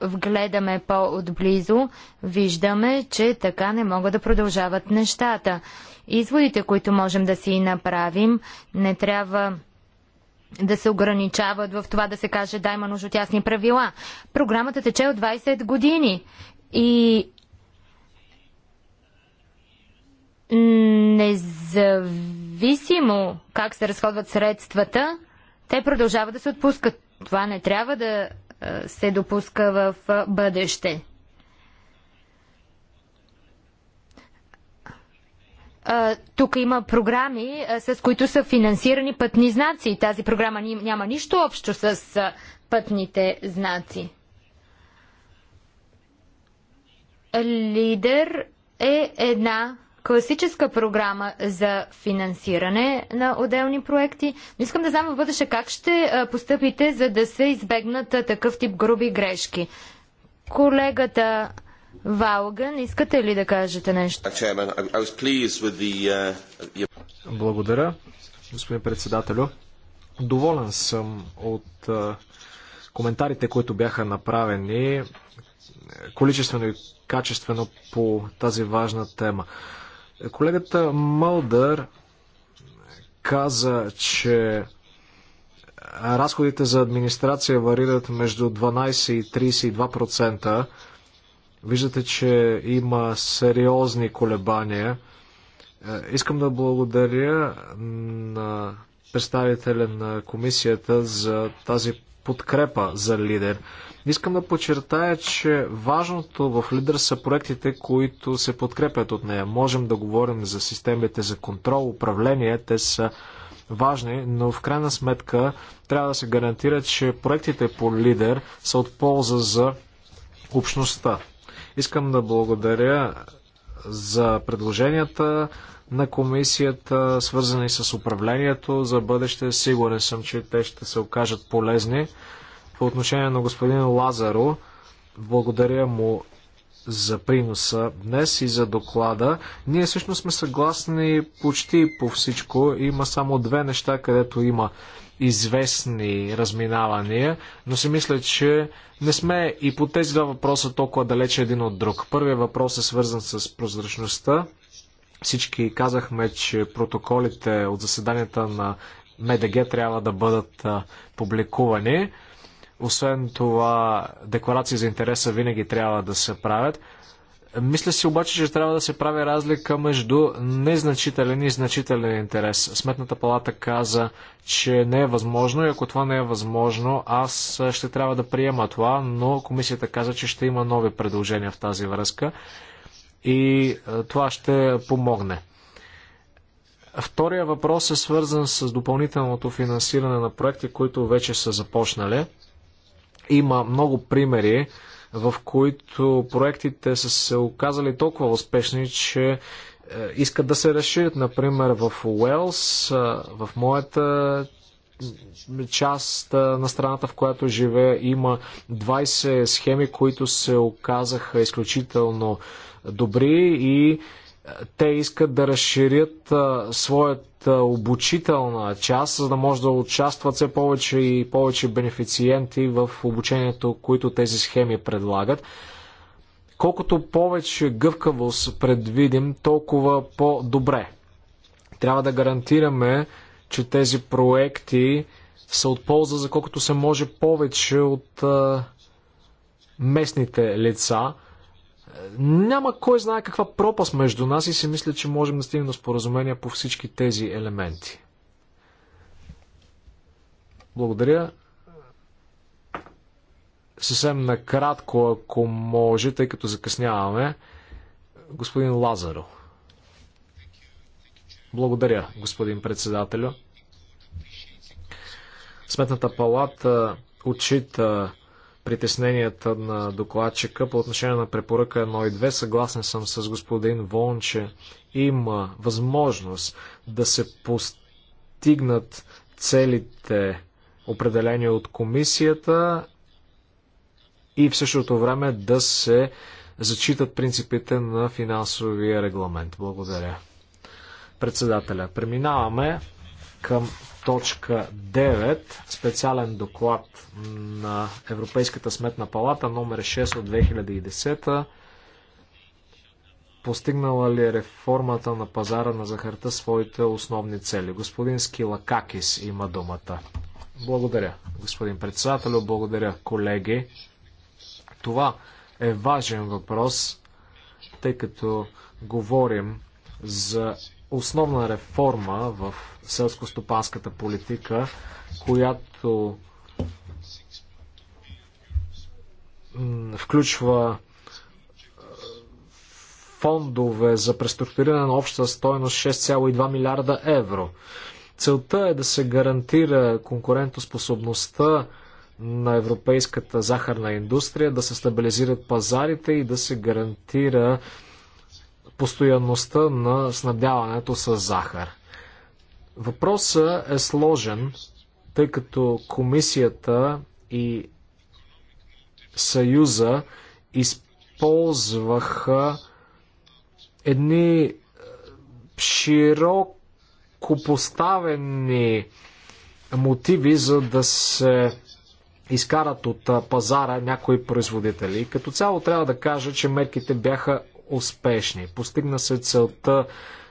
вгледаме по-отблизо, виждаме, че така не могат да продължават нещата. Изводите, които можем да си направим, не трябва да се ограничават в това да се каже да има нужда от ясни правила. Програмата тече от 20 години и независимо как се разходват средствата, те продължават да се отпускат. Това не трябва да се допуска в бъдеще. тук има програми, с които са финансирани пътни знаци. Тази програма няма нищо общо с пътните знаци. Лидер е една класическа програма за финансиране на отделни проекти. Но искам да знам в бъдеще как ще постъпите, за да се избегнат такъв тип груби грешки. Колегата Валган, искате ли да кажете нещо? Uh, Благодаря, господин председателю. Доволен съм от коментарите, които бяха направени количествено и качествено по тази важна тема. Колегата Мълдър каза, че разходите за администрация варират между 12 и 32%. Виждате, че има сериозни колебания. Е, искам да благодаря на представителя на комисията за тази подкрепа за лидер. Искам да подчертая, че важното в лидер са проектите, които се подкрепят от нея. Можем да говорим за системите за контрол, управление, те са важни, но в крайна сметка трябва да се гарантира, че проектите по лидер са от полза за общността. Искам да благодаря за предложенията на комисията, свързани с управлението за бъдеще. Сигурен съм, че те ще се окажат полезни. По отношение на господин Лазаро, благодаря му за приноса днес и за доклада. Ние всъщност сме съгласни почти по всичко. Има само две неща, където има известни разминавания, но си мисля, че не сме и по тези два въпроса толкова далече един от друг. Първият въпрос е свързан с прозрачността. Всички казахме, че протоколите от заседанията на МДГ трябва да бъдат публикувани. Освен това, декларации за интереса винаги трябва да се правят. Мисля си обаче, че трябва да се прави разлика между незначителен и значителен интерес. Сметната палата каза, че не е възможно и ако това не е възможно, аз ще трябва да приема това, но комисията каза, че ще има нови предложения в тази връзка и е, това ще помогне. Втория въпрос е свързан с допълнителното финансиране на проекти, които вече са започнали. Има много примери в които проектите са се оказали толкова успешни, че е, искат да се разширят. Например, в Уелс, е, в моята част е, на страната, в която живея, има 20 схеми, които се оказаха изключително добри и те искат да разширят своят е обучителна част, за да може да участват все повече и повече бенефициенти в обучението, които тези схеми предлагат. Колкото повече гъвкавост предвидим, толкова по-добре. Трябва да гарантираме, че тези проекти са от полза за колкото се може повече от местните лица – няма кой знае каква пропаст между нас и си мисля, че можем да стигнем до споразумения по всички тези елементи. Благодаря. Съвсем накратко, ако може, тъй като закъсняваме, господин Лазаро. Благодаря, господин председателю. Сметната палата отчита притесненията на докладчика по отношение на препоръка 1 и 2. Съгласен съм с господин Волн, че има възможност да се постигнат целите определени от комисията и в същото време да се зачитат принципите на финансовия регламент. Благодаря. Председателя, преминаваме към точка 9, специален доклад на Европейската сметна палата, номер 6 от 2010. Постигнала ли е реформата на пазара на захарта своите основни цели? Господин Скилакакис има думата. Благодаря, господин председател, благодаря, колеги. Това е важен въпрос, тъй като говорим за основна реформа в селско-стопанската политика, която включва фондове за преструктуриране на обща стойност 6,2 милиарда евро. Целта е да се гарантира конкурентоспособността на европейската захарна индустрия, да се стабилизират пазарите и да се гарантира постоянността на снабдяването с захар. Въпросът е сложен, тъй като комисията и Съюза използваха едни е, широко поставени мотиви, за да се изкарат от пазара някои производители. Като цяло трябва да кажа, че мерките бяха успешни. Постигна се целта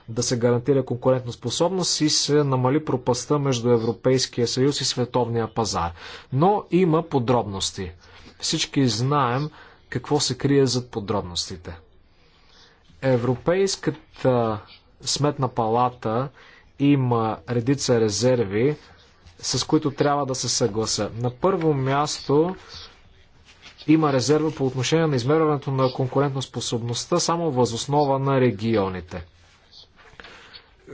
да се гарантира конкурентоспособност и се намали пропаста между Европейския съюз и световния пазар. Но има подробности. Всички знаем какво се крие зад подробностите. Европейската сметна палата има редица резерви, с които трябва да се съгласа. На първо място има резерва по отношение на измерването на конкурентоспособността само възоснова на регионите.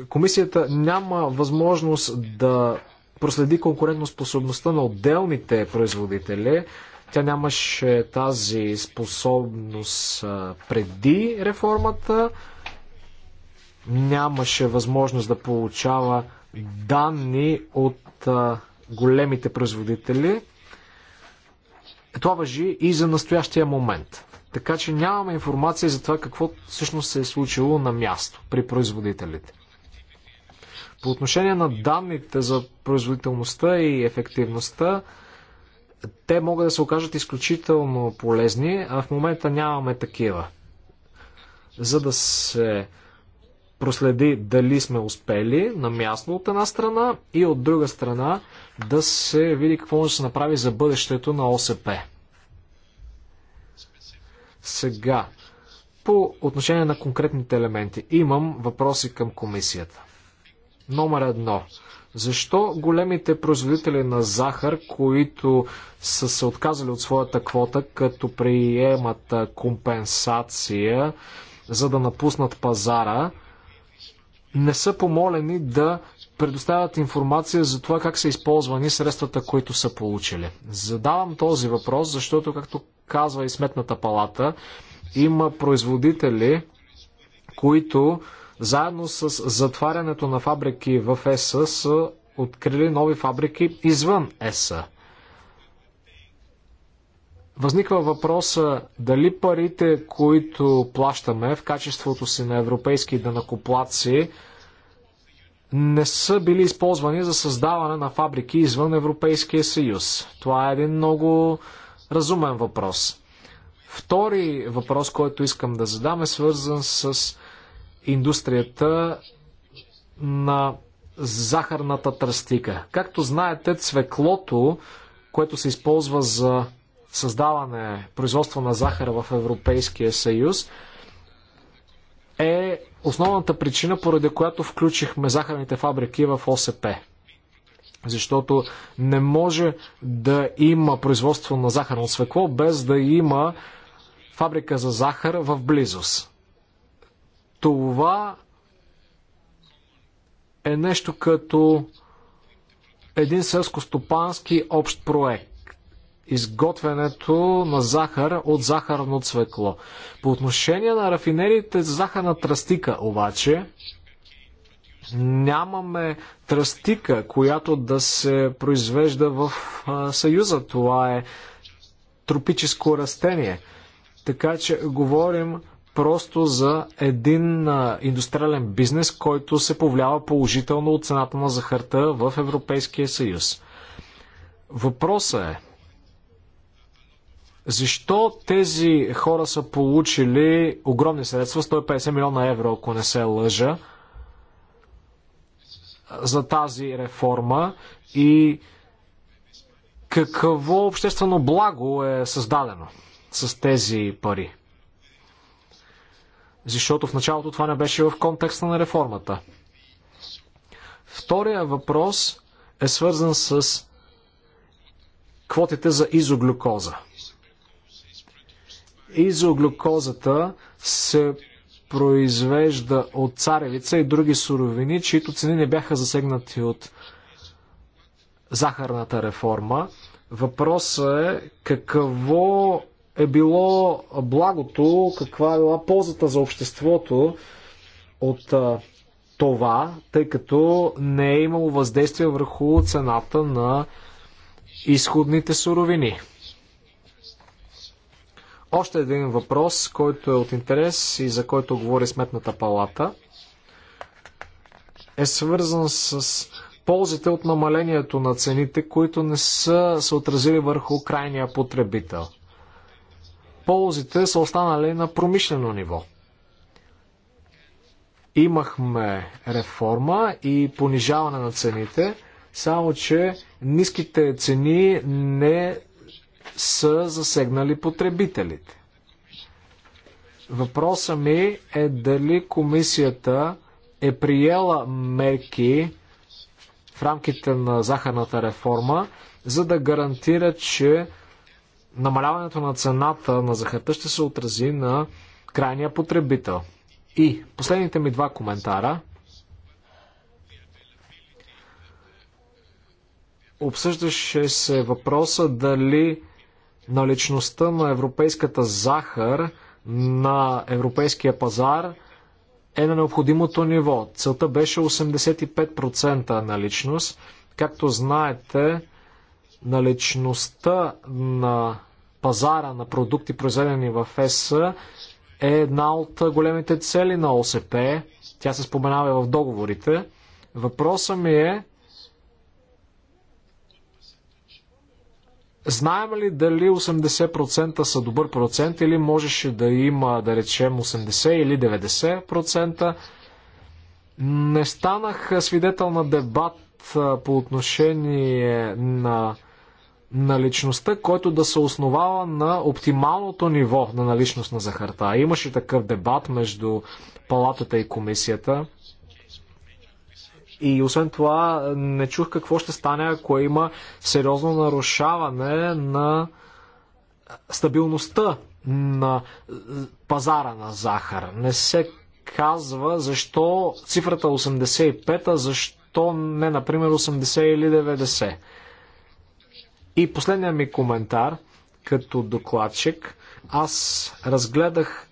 Комисията няма възможност да проследи конкурентоспособността на отделните производители. Тя нямаше тази способност преди реформата. Нямаше възможност да получава данни от големите производители това въжи и за настоящия момент. Така че нямаме информация за това какво всъщност се е случило на място при производителите. По отношение на данните за производителността и ефективността, те могат да се окажат изключително полезни, а в момента нямаме такива. За да се проследи дали сме успели на място от една страна и от друга страна да се види какво може да се направи за бъдещето на ОСП. Сега, по отношение на конкретните елементи, имам въпроси към комисията. Номер едно. Защо големите производители на захар, които са се отказали от своята квота, като приемат компенсация, за да напуснат пазара, не са помолени да предоставят информация за това как са използвани средствата, които са получили. Задавам този въпрос, защото, както казва и Сметната палата, има производители, които заедно с затварянето на фабрики в ЕСА са открили нови фабрики извън ЕСА. Възниква въпроса дали парите, които плащаме в качеството си на европейски данакоплаци, не са били използвани за създаване на фабрики извън Европейския съюз. Това е един много разумен въпрос. Втори въпрос, който искам да задам е свързан с индустрията на захарната тръстика. Както знаете, цвеклото, което се използва за създаване, производство на захара в Европейския съюз е основната причина, поради която включихме захарните фабрики в ОСП. Защото не може да има производство на захарно свекло без да има фабрика за захар в близост. Това е нещо като един селско-стопански общ проект изготвянето на захар от захарно цвекло. По отношение на рафинериите за захарна тръстика обаче, нямаме тръстика, която да се произвежда в Съюза. Това е тропическо растение. Така че говорим просто за един индустриален бизнес, който се повлиява положително от цената на захарта в Европейския съюз. Въпросът е, защо тези хора са получили огромни средства, 150 милиона евро, ако не се лъжа, за тази реформа и какво обществено благо е създадено с тези пари? Защото в началото това не беше в контекста на реформата. Втория въпрос е свързан с квотите за изоглюкоза изоглюкозата се произвежда от царевица и други суровини, чието цени не бяха засегнати от захарната реформа. Въпросът е какво е било благото, каква е била ползата за обществото от а, това, тъй като не е имало въздействие върху цената на изходните суровини. Още един въпрос, който е от интерес и за който говори Сметната палата, е свързан с ползите от намалението на цените, които не са се отразили върху крайния потребител. Ползите са останали на промишлено ниво. Имахме реформа и понижаване на цените, само че ниските цени не са засегнали потребителите. Въпросът ми е дали комисията е приела мерки в рамките на захарната реформа, за да гарантира, че намаляването на цената на захарта ще се отрази на крайния потребител. И последните ми два коментара. Обсъждаше се въпроса дали наличността на европейската захар на европейския пазар е на необходимото ниво. Целта беше 85% наличност. Както знаете, наличността на пазара на продукти, произведени в ЕС, е една от големите цели на ОСП. Тя се споменава и в договорите. Въпросът ми е Знаем ли дали 80% са добър процент или можеше да има, да речем, 80 или 90%? Не станах свидетел на дебат по отношение на наличността, който да се основава на оптималното ниво на наличност на захарта. Имаше такъв дебат между палатата и комисията. И освен това, не чух какво ще стане, ако има сериозно нарушаване на стабилността на пазара на захар. Не се казва защо цифрата 85, та защо не, например, 80 или 90. И последният ми коментар, като докладчик, аз разгледах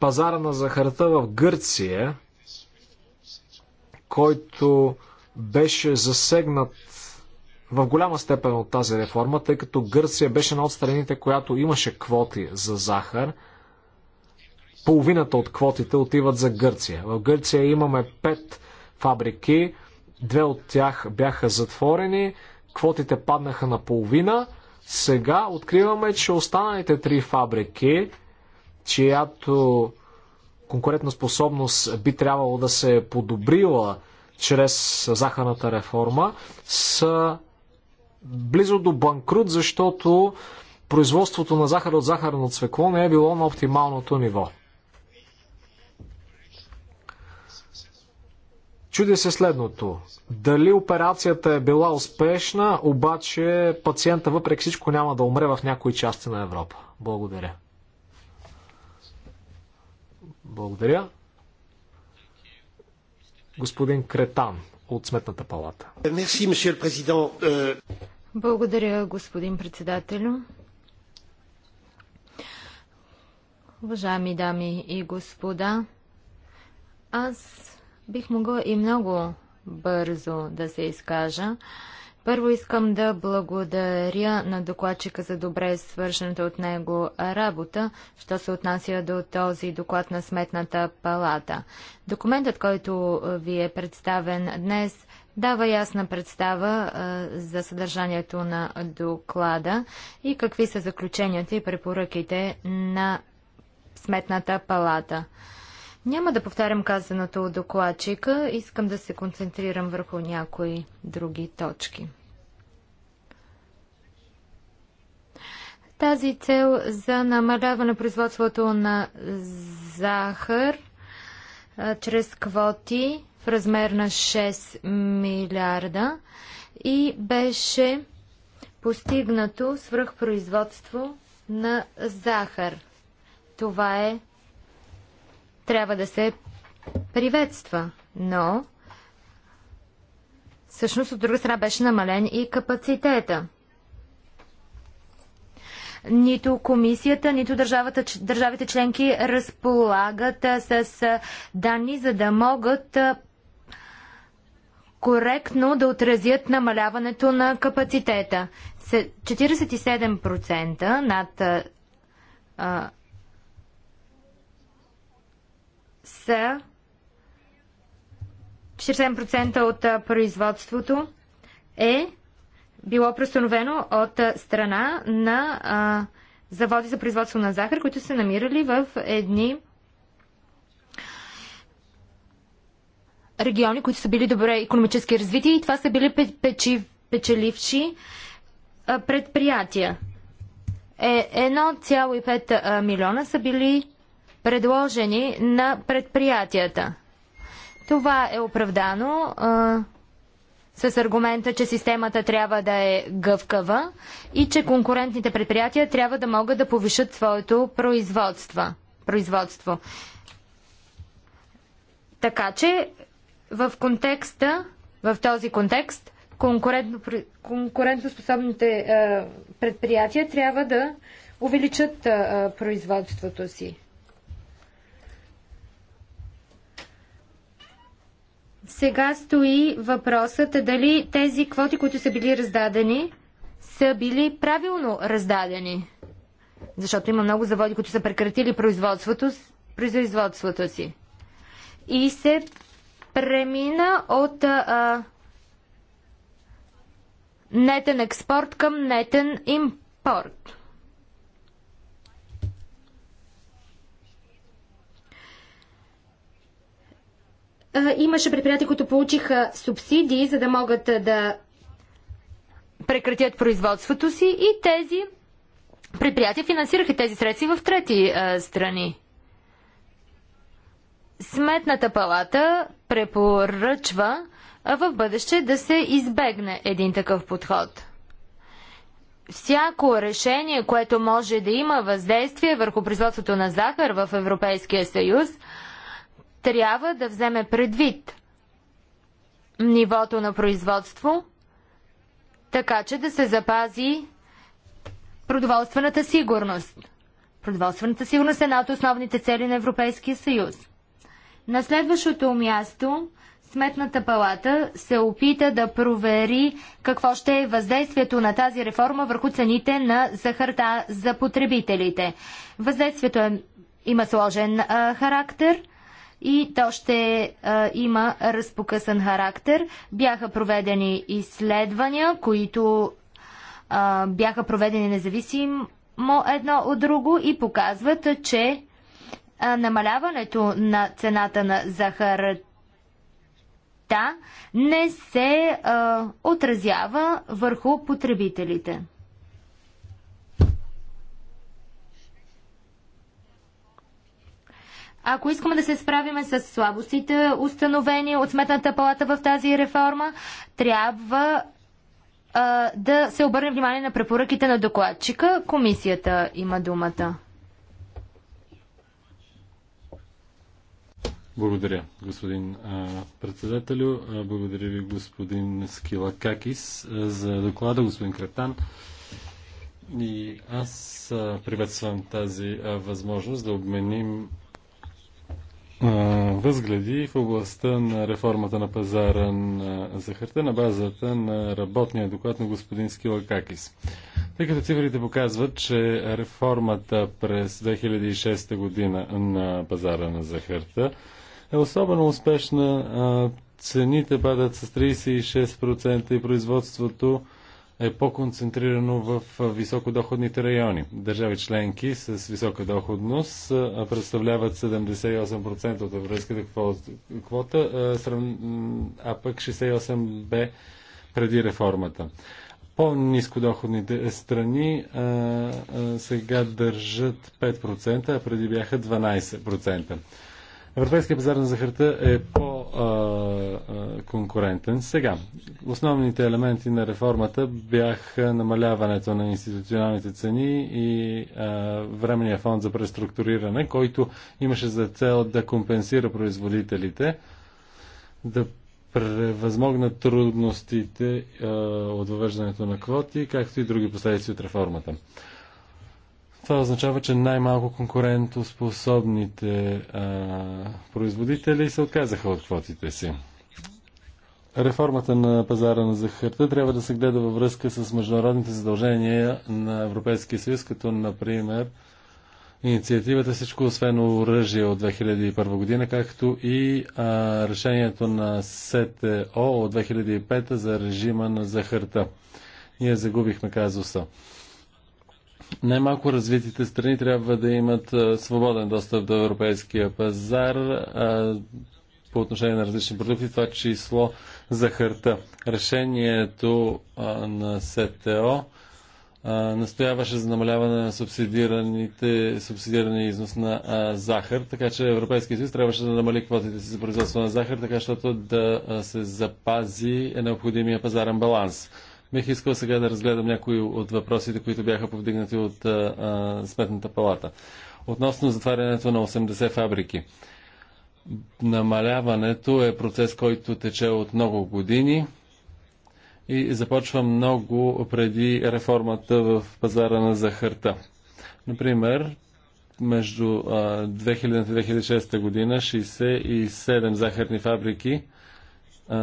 пазара на захарта в Гърция, който беше засегнат в голяма степен от тази реформа, тъй като Гърция беше една от страните, която имаше квоти за захар. Половината от квотите отиват за Гърция. В Гърция имаме пет фабрики, две от тях бяха затворени, квотите паднаха на половина. Сега откриваме, че останалите три фабрики, чиято конкурентоспособност би трябвало да се е подобрила чрез захарната реформа, са близо до банкрут, защото производството на захар от захарно цвекло не е било на оптималното ниво. Чуди се следното. Дали операцията е била успешна, обаче пациента въпреки всичко няма да умре в някои части на Европа. Благодаря. Благодаря. Господин Кретан от Сметната палата. Е, благодаря, господин председателю. Уважаеми дами и господа, аз бих могла и много бързо да се изкажа. Първо искам да благодаря на докладчика за добре свършената от него работа, що се отнася до този доклад на Сметната палата. Документът, който ви е представен днес, дава ясна представа за съдържанието на доклада и какви са заключенията и препоръките на Сметната палата. Няма да повтарям казаното от докладчика, искам да се концентрирам върху някои други точки. Тази цел за намаляване на производството на захар а, чрез квоти в размер на 6 милиарда и беше постигнато свръхпроизводство на захар. Това е трябва да се приветства, но всъщност от друга страна беше намален и капацитета. Нито комисията, нито държавата, държавите членки разполагат с данни, за да могат коректно да отразят намаляването на капацитета. 47% над а, са 47% от производството е било престановено от страна на а, заводи за производство на захар, които се намирали в едни региони, които са били добре економически развити и това са били печи, печеливши а, предприятия. Е, 1,5 милиона са били предложени на предприятията. Това е оправдано. А, с аргумента, че системата трябва да е гъвкава и че конкурентните предприятия трябва да могат да повишат своето производство. Така че в контекста, в този контекст, конкурентно, конкурентоспособните е, предприятия трябва да увеличат е, производството си. Сега стои въпросът дали тези квоти, които са били раздадени, са били правилно раздадени. Защото има много заводи, които са прекратили производството, производството си. И се премина от а, нетен експорт към нетен импорт. Имаше предприятия, които получиха субсидии, за да могат да прекратят производството си и тези предприятия финансираха тези средства в трети а, страни. Сметната палата препоръчва в бъдеще да се избегне един такъв подход. Всяко решение, което може да има въздействие върху производството на захар в Европейския съюз, трябва да вземе предвид нивото на производство, така че да се запази продоволствената сигурност. Продоволствената сигурност е една от основните цели на Европейския съюз. На следващото място Сметната палата се опита да провери какво ще е въздействието на тази реформа върху цените на захарта за потребителите. Въздействието е, има сложен а, характер – и то ще а, има разпокъсан характер. Бяха проведени изследвания, които а, бяха проведени независимо едно от друго и показват, че а, намаляването на цената на захарта не се а, отразява върху потребителите. Ако искаме да се справиме с слабостите, установени от Сметната палата в тази реформа, трябва а, да се обърне внимание на препоръките на докладчика. Комисията има думата. Благодаря, господин а, председателю. А, благодаря ви, господин Скилакакис, а, за доклада, господин Кретан. И аз приветствам тази възможност да обменим възгледи в областта на реформата на пазара на захарта на базата на работния доклад на господин Скила Какис. Тъй като цифрите показват, че реформата през 2006 година на пазара на захарта е особено успешна. Цените падат с 36% и производството е по-концентрирано в високодоходните райони. Държави членки с висока доходност представляват 78% от европейската квота, а пък 68% бе преди реформата. По-низкодоходните страни а, а, сега държат 5%, а преди бяха 12%. Европейския пазар на захарта е по-конкурентен. Сега, основните елементи на реформата бяха намаляването на институционалните цени и временния фонд за преструктуриране, който имаше за цел да компенсира производителите, да превъзмогнат трудностите от въвеждането на квоти, както и други последици от реформата. Това означава, че най-малко конкурентоспособните а, производители се отказаха от квотите си. Реформата на пазара на захарта трябва да се гледа във връзка с международните задължения на Европейския съюз, като например инициативата Всичко освен оръжие от 2001 година, както и а, решението на СТО от 2005 за режима на захарта. Ние загубихме казуса най-малко развитите страни трябва да имат свободен достъп до европейския пазар по отношение на различни продукти, това число за харта. Решението на СТО настояваше за намаляване на субсидираните, субсидирани износ на а, захар, така че Европейския съюз трябваше да намали квотите си за производство на захар, така защото да се запази необходимия пазарен баланс. Бих искал сега да разгледам някои от въпросите, които бяха повдигнати от а, Сметната палата. Относно затварянето на 80 фабрики. Намаляването е процес, който тече от много години и започва много преди реформата в пазара на захарта. Например, между 2000 и 2006 година 67 захарни фабрики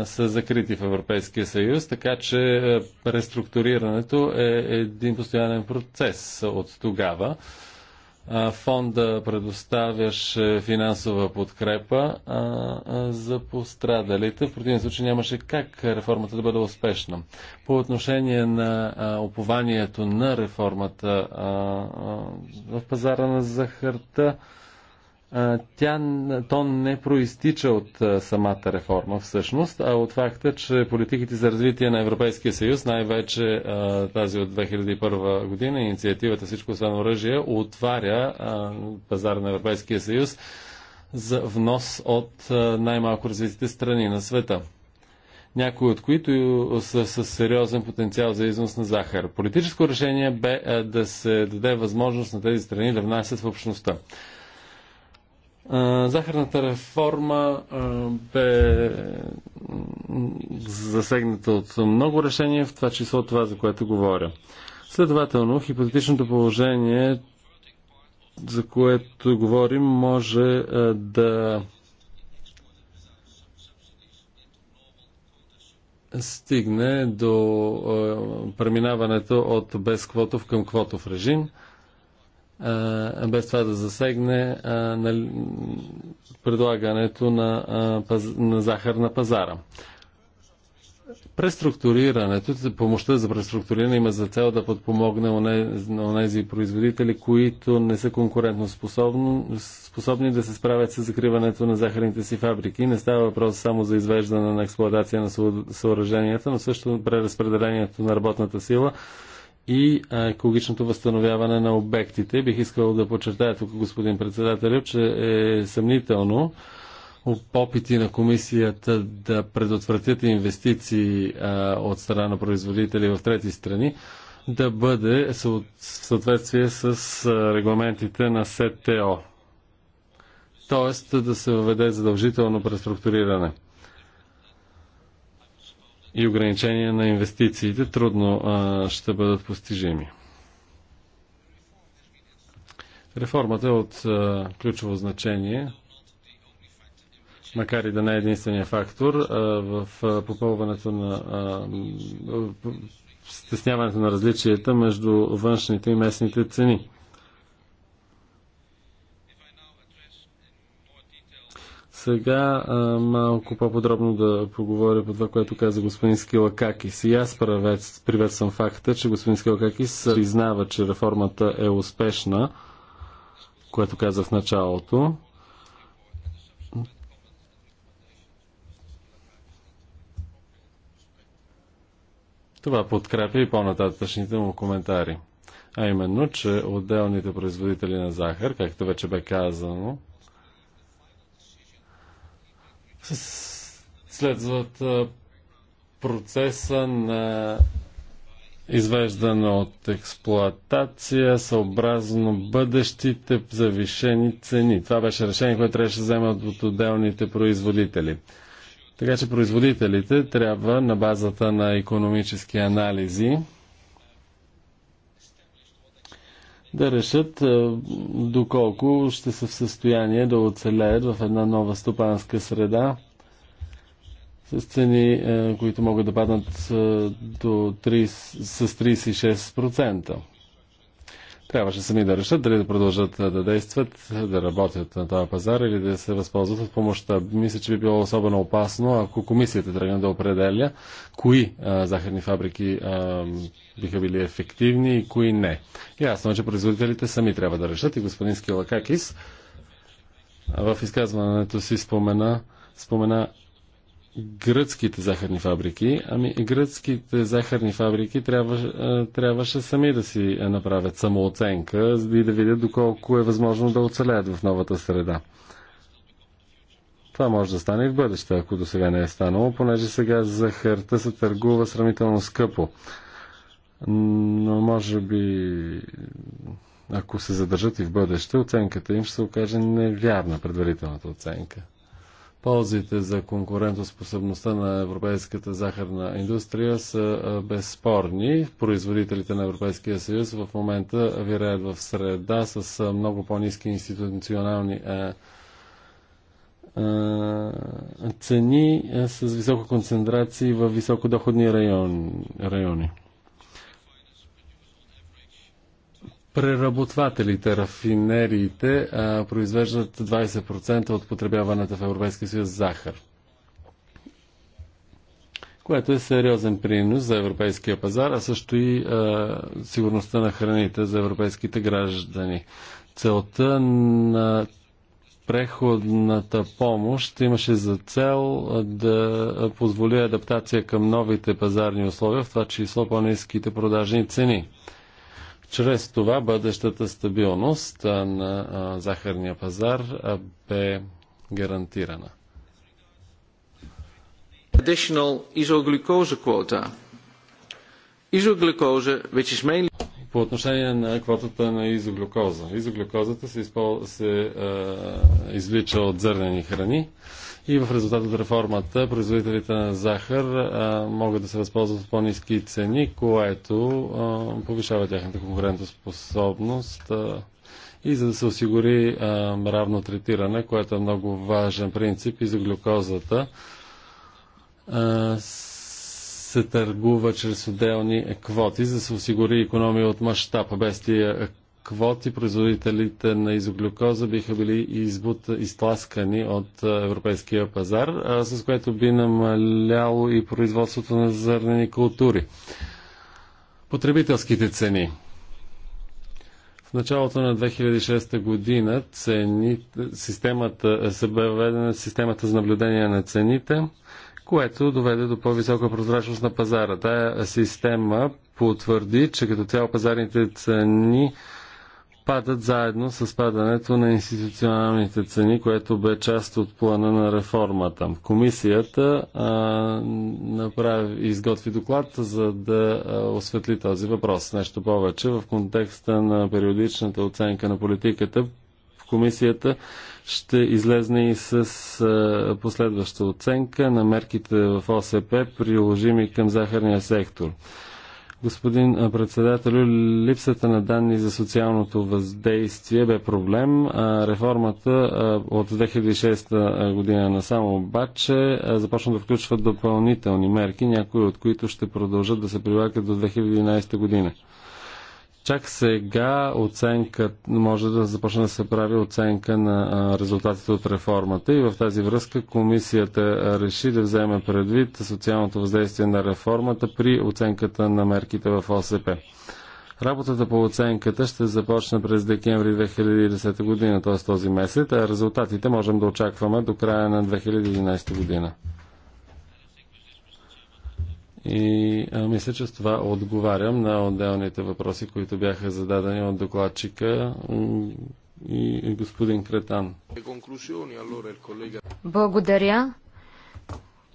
са закрити в Европейския съюз, така че преструктурирането е един постоянен процес от тогава. Фонда предоставяше финансова подкрепа за пострадалите. В противен случай нямаше как реформата да бъде успешна. По отношение на опованието на реформата в пазара на захарта, тя, то не проистича от самата реформа всъщност, а от факта, че политиките за развитие на Европейския съюз, най-вече тази от 2001 година, инициативата Всичко освен оръжие, отваря пазара на Европейския съюз за внос от най-малко развитите страни на света някои от които са с сериозен потенциал за износ на захар. Политическо решение бе да се даде възможност на тези страни да внасят в общността. Захарната реформа бе засегната от много решения, в това число това, за което говоря. Следователно, хипотетичното положение, за което говорим, може да стигне до преминаването от безквотов към квотов режим – без това да засегне на нали, предлагането на, на захар на пазара. Преструктурирането, помощта за преструктуриране има за цел да подпомогне на тези производители, които не са конкурентно способни да се справят с закриването на захарните си фабрики. Не става въпрос само за извеждане на експлоатация на съоръженията, но също преразпределението на работната сила и екологичното възстановяване на обектите. Бих искал да подчертая тук, господин председател, че е съмнително опити на комисията да предотвратят инвестиции а, от страна на производители в трети страни да бъде в съответствие с регламентите на СТО. Тоест да се въведе задължително преструктуриране и ограничения на инвестициите трудно а, ще бъдат постижими. Реформата е от а, ключово значение, макар и да не е единствения фактор, а, в а, попълването на а, стесняването на различията между външните и местните цени. Сега а, малко по-подробно да поговоря по това, което каза господин Скилакакис. И аз приветствам факта, че господин Скилакакис признава, че реформата е успешна, което каза в началото. Това подкрепя и по-нататъчните му коментари. А именно, че отделните производители на захар, както вече бе казано, следват процеса на извеждане от експлоатация съобразно бъдещите завишени цени. Това беше решение, което трябваше да вземат от отделните производители. Така че производителите трябва на базата на економически анализи да решат е, доколко ще са в състояние да оцелеят в една нова стопанска среда с цени, е, които могат да паднат е, до 30, с 36% трябваше сами да решат дали да продължат да действат, да работят на този пазар или да се възползват от помощта. Мисля, че би било особено опасно, ако комисията тръгне да определя кои а, захарни фабрики а, биха били ефективни и кои не. Ясно е, че производителите сами трябва да решат и господин Скилакакис в изказването си спомена, спомена гръцките захарни фабрики. Ами гръцките захарни фабрики трябваше, трябваше сами да си направят самооценка и да видят доколко е възможно да оцелеят в новата среда. Това може да стане и в бъдеще, ако до сега не е станало, понеже сега захарта се търгува сравнително скъпо. Но може би, ако се задържат и в бъдеще, оценката им ще се окаже невярна, предварителната оценка. Ползите за конкурентоспособността на европейската захарна индустрия са безспорни. Производителите на Европейския съюз в момента виреят в среда с много по-низки институционални цени с висока концентрации в високодоходни район, райони. преработвателите, рафинериите а, произвеждат 20% от потребяваната в Европейския съюз захар което е сериозен принос за европейския пазар, а също и а, сигурността на храните за европейските граждани. Целта на преходната помощ имаше за цел да позволи адаптация към новите пазарни условия, в това число по-низките продажни цени. Чрез това бъдещата стабилност на захарния пазар бе гарантирана. По отношение на квотата на изоглюкоза. Изоглюкозата се, се излича от зърнени храни. И в резултат от реформата производителите на захар могат да се възползват от по-низки цени, което повишава тяхната конкурентоспособност. и за да се осигури равно третиране, което е много важен принцип и за глюкозата, се търгува чрез отделни квоти, за да се осигури економия от мащаб. Без тия квоти производителите на изоглюкоза биха били избут, изтласкани от европейския пазар, с което би намаляло и производството на зърнени култури. Потребителските цени. В началото на 2006 година цени, системата, се бе въведена системата за наблюдение на цените, което доведе до по-висока прозрачност на пазара. Тая система потвърди, че като цяло пазарните цени падат заедно с падането на институционалните цени, което бе част от плана на реформата. Комисията а, направи, изготви доклад, за да осветли този въпрос. Нещо повече в контекста на периодичната оценка на политиката, комисията ще излезне и с а, последваща оценка на мерките в ОСП, приложими към захарния сектор. Господин председател, липсата на данни за социалното въздействие бе проблем. Реформата от 2006 година на само обаче започна да включва допълнителни мерки, някои от които ще продължат да се прилагат до 2011 година. Чак сега оценка, може да започне да се прави оценка на резултатите от реформата и в тази връзка комисията реши да вземе предвид социалното въздействие на реформата при оценката на мерките в ОСП. Работата по оценката ще започне през декември 2010 година, т.е. този месец, а резултатите можем да очакваме до края на 2011 година. И а, мисля, че с това отговарям на отделните въпроси, които бяха зададени от докладчика и господин Кретан. Благодаря.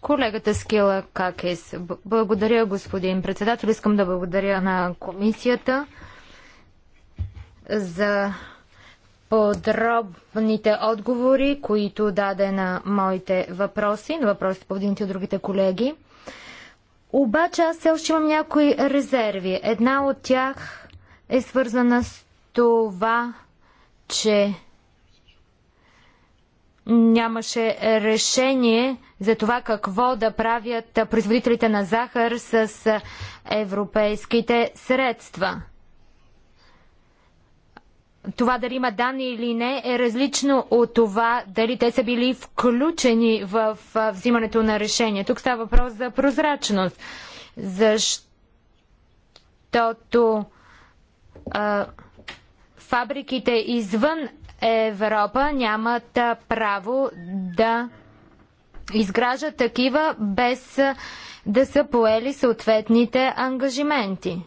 Колегата Скила Какес. Благодаря, господин председател. Искам да благодаря на комисията за подробните отговори, които даде на моите въпроси, на въпросите повдигнати от другите колеги. Обаче аз все още имам някои резерви. Една от тях е свързана с това, че нямаше решение за това какво да правят производителите на захар с европейските средства това дали има данни или не е различно от това дали те са били включени в взимането на решение. Тук става въпрос за прозрачност, защото а, фабриките извън Европа нямат право да изграждат такива без да са поели съответните ангажименти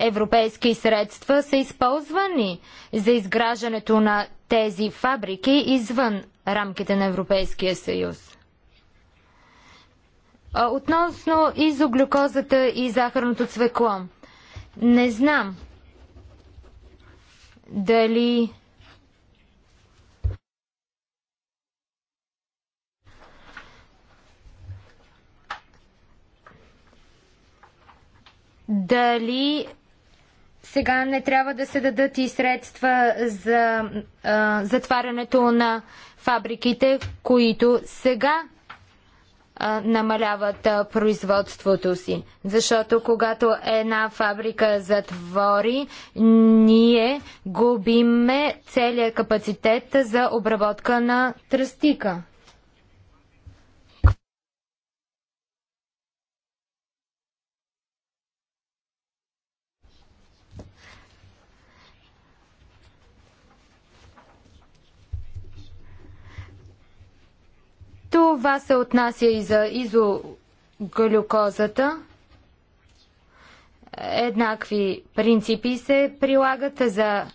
европейски средства са използвани за изграждането на тези фабрики извън рамките на Европейския съюз. Относно изоглюкозата и захарното цвекло. Не знам дали дали сега не трябва да се дадат и средства за а, затварянето на фабриките, които сега а, намаляват а, производството си. Защото когато една фабрика затвори, ние губиме целият капацитет за обработка на тръстика. Това се отнася и за изоглюкозата. Еднакви принципи се прилагат за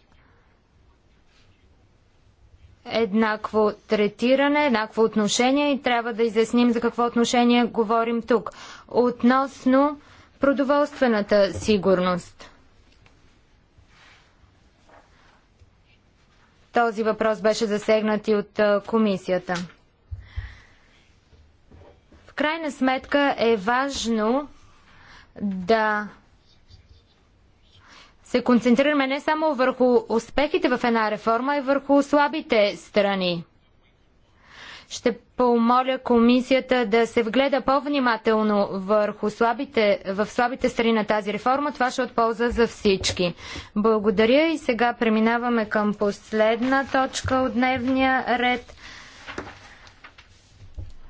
еднакво третиране, еднакво отношение и трябва да изясним за какво отношение говорим тук. Относно продоволствената сигурност. Този въпрос беше засегнат и от комисията крайна сметка е важно да се концентрираме не само върху успехите в една реформа, а и върху слабите страни. Ще помоля комисията да се вгледа по-внимателно върху слабите, в слабите страни на тази реформа. Това ще е от полза за всички. Благодаря и сега преминаваме към последна точка от дневния ред.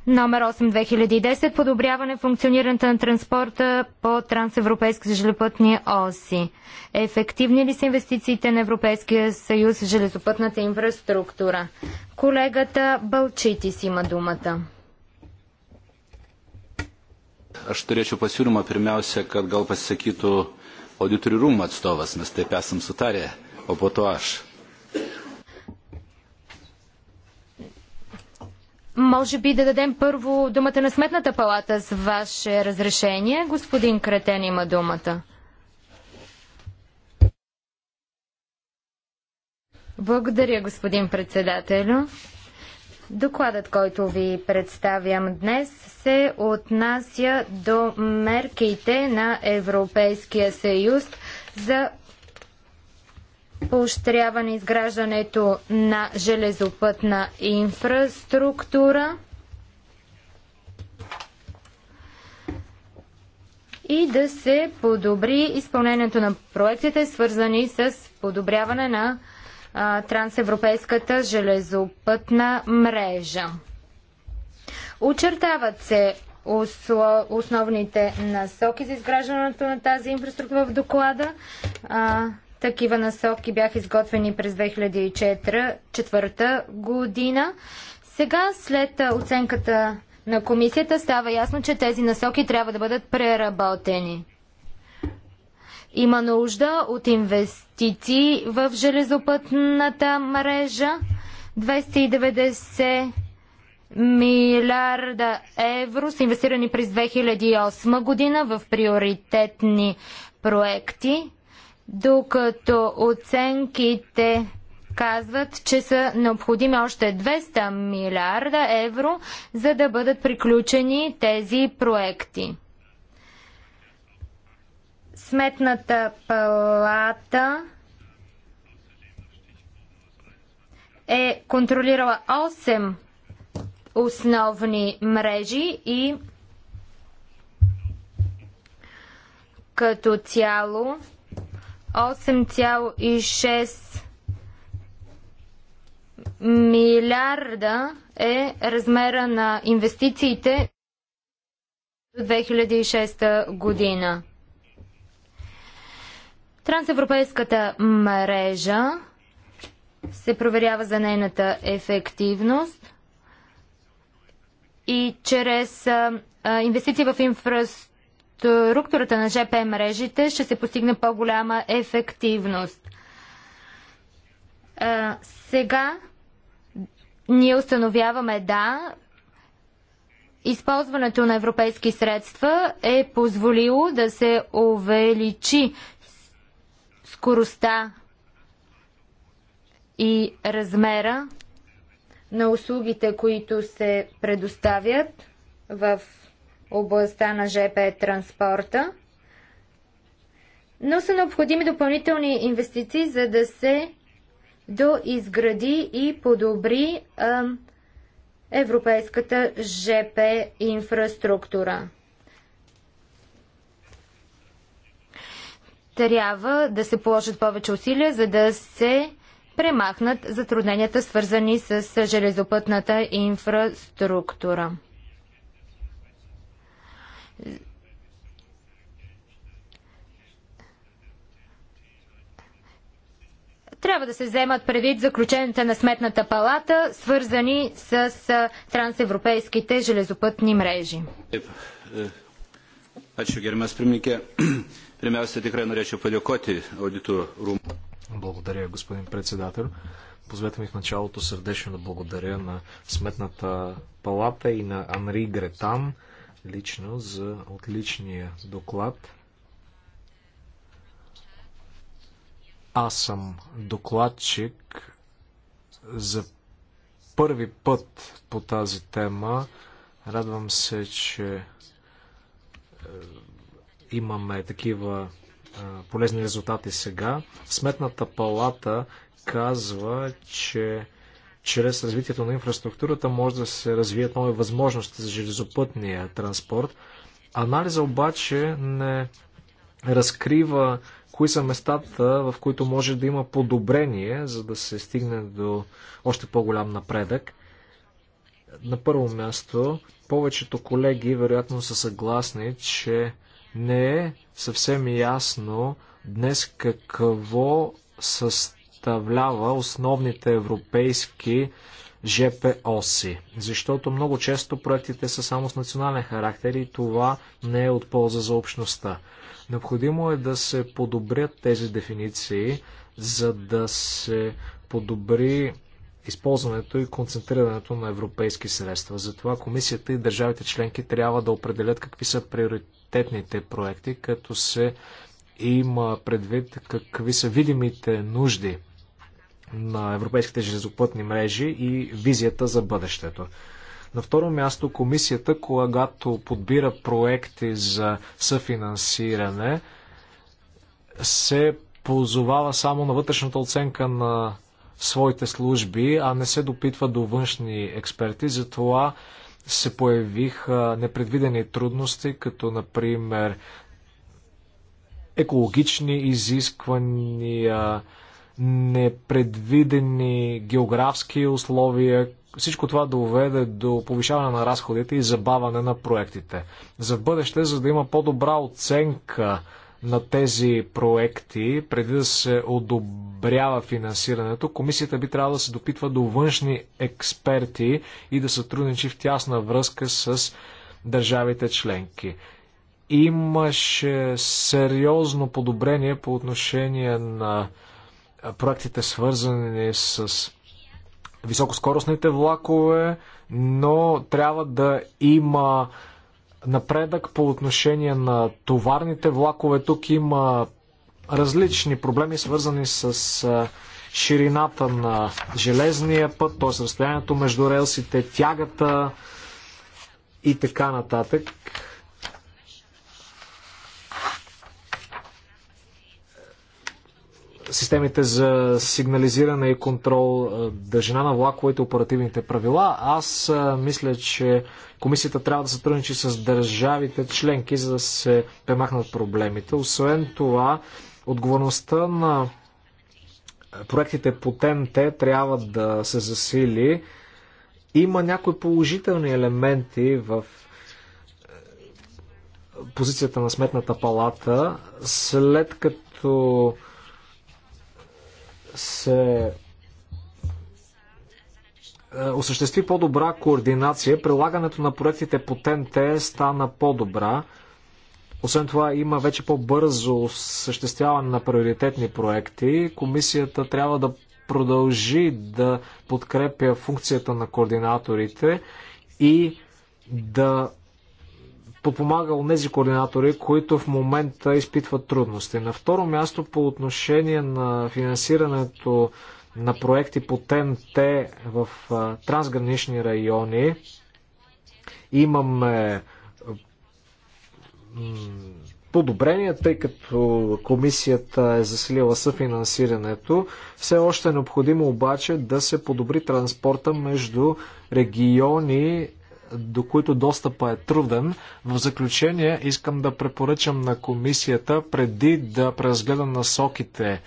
Номер 8 2010 подобряване функционирането на транспорта по трансевропейски железопътни оси. Ефективни ли са инвестициите на Европейския съюз в железопътната инфраструктура? Колегата си има думата. Аз ще речу pirmiausia, kad gal pasisakytų auditorių rūmų atstovas, mes taip съм sutarę, а po to Може би да дадем първо думата на Сметната палата с ваше разрешение. Господин Кретен има думата. Благодаря, господин председателю. Докладът, който ви представям днес, се отнася до мерките на Европейския съюз за поощряване изграждането на железопътна инфраструктура и да се подобри изпълнението на проектите, свързани с подобряване на а, трансевропейската железопътна мрежа. Очертават се осло, основните насоки за изграждането на тази инфраструктура в доклада. А, такива насоки бяха изготвени през 2004 година. Сега, след оценката на комисията, става ясно, че тези насоки трябва да бъдат преработени. Има нужда от инвестиции в железопътната мрежа. 290 милиарда евро са инвестирани през 2008 година в приоритетни проекти докато оценките казват, че са необходими още 200 милиарда евро, за да бъдат приключени тези проекти. Сметната палата е контролирала 8 основни мрежи и като цяло 8,6 милиарда е размера на инвестициите до 2006 година. Трансевропейската мрежа се проверява за нейната ефективност и чрез инвестиции в инфраструктура структурата на ЖП мрежите ще се постигне по-голяма ефективност. А, сега ние установяваме да, използването на европейски средства е позволило да се увеличи скоростта и размера на услугите, които се предоставят в областта на ЖП транспорта, но са необходими допълнителни инвестиции, за да се доизгради и подобри а, европейската ЖП инфраструктура. Трябва да се положат повече усилия, за да се премахнат затрудненията, свързани с железопътната инфраструктура трябва да се вземат предвид заключенията на Сметната палата, свързани с трансевропейските железопътни мрежи. Благодаря, господин председател. Позвете ми в началото сърдечно да благодаря на Сметната палата и на Анри Гретан лично за отличния доклад. Аз съм докладчик за първи път по тази тема. Радвам се, че е, имаме такива е, полезни резултати сега. Сметната палата казва, че чрез развитието на инфраструктурата може да се развият нови възможности за железопътния транспорт. Анализа обаче не разкрива кои са местата, в които може да има подобрение, за да се стигне до още по-голям напредък. На първо място, повечето колеги вероятно са съгласни, че не е съвсем ясно днес какво със представлява основните европейски ЖП оси. Защото много често проектите са само с национален характер и това не е от полза за общността. Необходимо е да се подобрят тези дефиниции, за да се подобри използването и концентрирането на европейски средства. Затова комисията и държавите членки трябва да определят какви са приоритетните проекти, като се има предвид какви са видимите нужди на европейските железопътни мрежи и визията за бъдещето. На второ място, комисията, когато подбира проекти за съфинансиране, се позовава само на вътрешната оценка на своите служби, а не се допитва до външни експерти. Затова се появиха непредвидени трудности, като например екологични изисквания, непредвидени географски условия. Всичко това доведе до повишаване на разходите и забаване на проектите. За бъдеще, за да има по-добра оценка на тези проекти, преди да се одобрява финансирането, комисията би трябвало да се допитва до външни експерти и да сътрудничи в тясна връзка с държавите членки. Имаше сериозно подобрение по отношение на проектите свързани с високоскоростните влакове, но трябва да има напредък по отношение на товарните влакове. Тук има различни проблеми, свързани с ширината на железния път, т.е. разстоянието между релсите, тягата и така нататък. системите за сигнализиране и контрол, дължина на влаковете, оперативните правила. Аз мисля, че комисията трябва да сътрудничи с държавите членки, за да се премахнат проблемите. Освен това, отговорността на проектите по ТНТ трябва да се засили. Има някои положителни елементи в позицията на Сметната палата, след като се е, осъществи по-добра координация, прилагането на проектите по ТНТ стана по-добра. Освен това има вече по-бързо осъществяване на приоритетни проекти. Комисията трябва да продължи да подкрепя функцията на координаторите и да подпомага тези координатори, които в момента изпитват трудности. На второ място по отношение на финансирането на проекти по ТНТ в трансгранични райони имаме подобрения, тъй като комисията е заселила съфинансирането. Все още е необходимо обаче да се подобри транспорта между региони до които достъпа е труден. В заключение искам да препоръчам на комисията преди да преразгледа насоките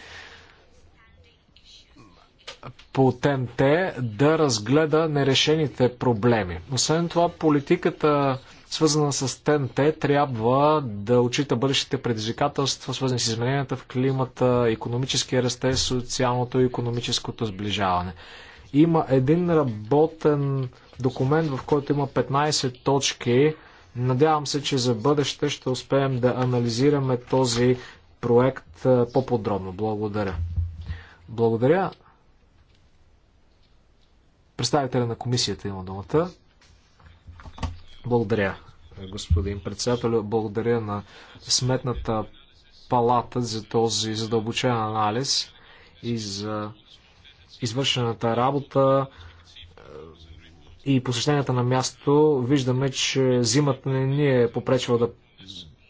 по ТНТ да разгледа нерешените проблеми. Освен това, политиката свързана с ТНТ трябва да учита бъдещите предизвикателства, свързани с измененията в климата, економическия растеж, социалното и економическото сближаване. Има един работен документ, в който има 15 точки. Надявам се, че за бъдеще ще успеем да анализираме този проект по-подробно. Благодаря. Благодаря. Представителя на комисията има думата. Благодаря, господин председател. Благодаря на Сметната палата за този задълбочен анализ и за извършената работа и посещенията на място, виждаме, че зимата не ни е попречила да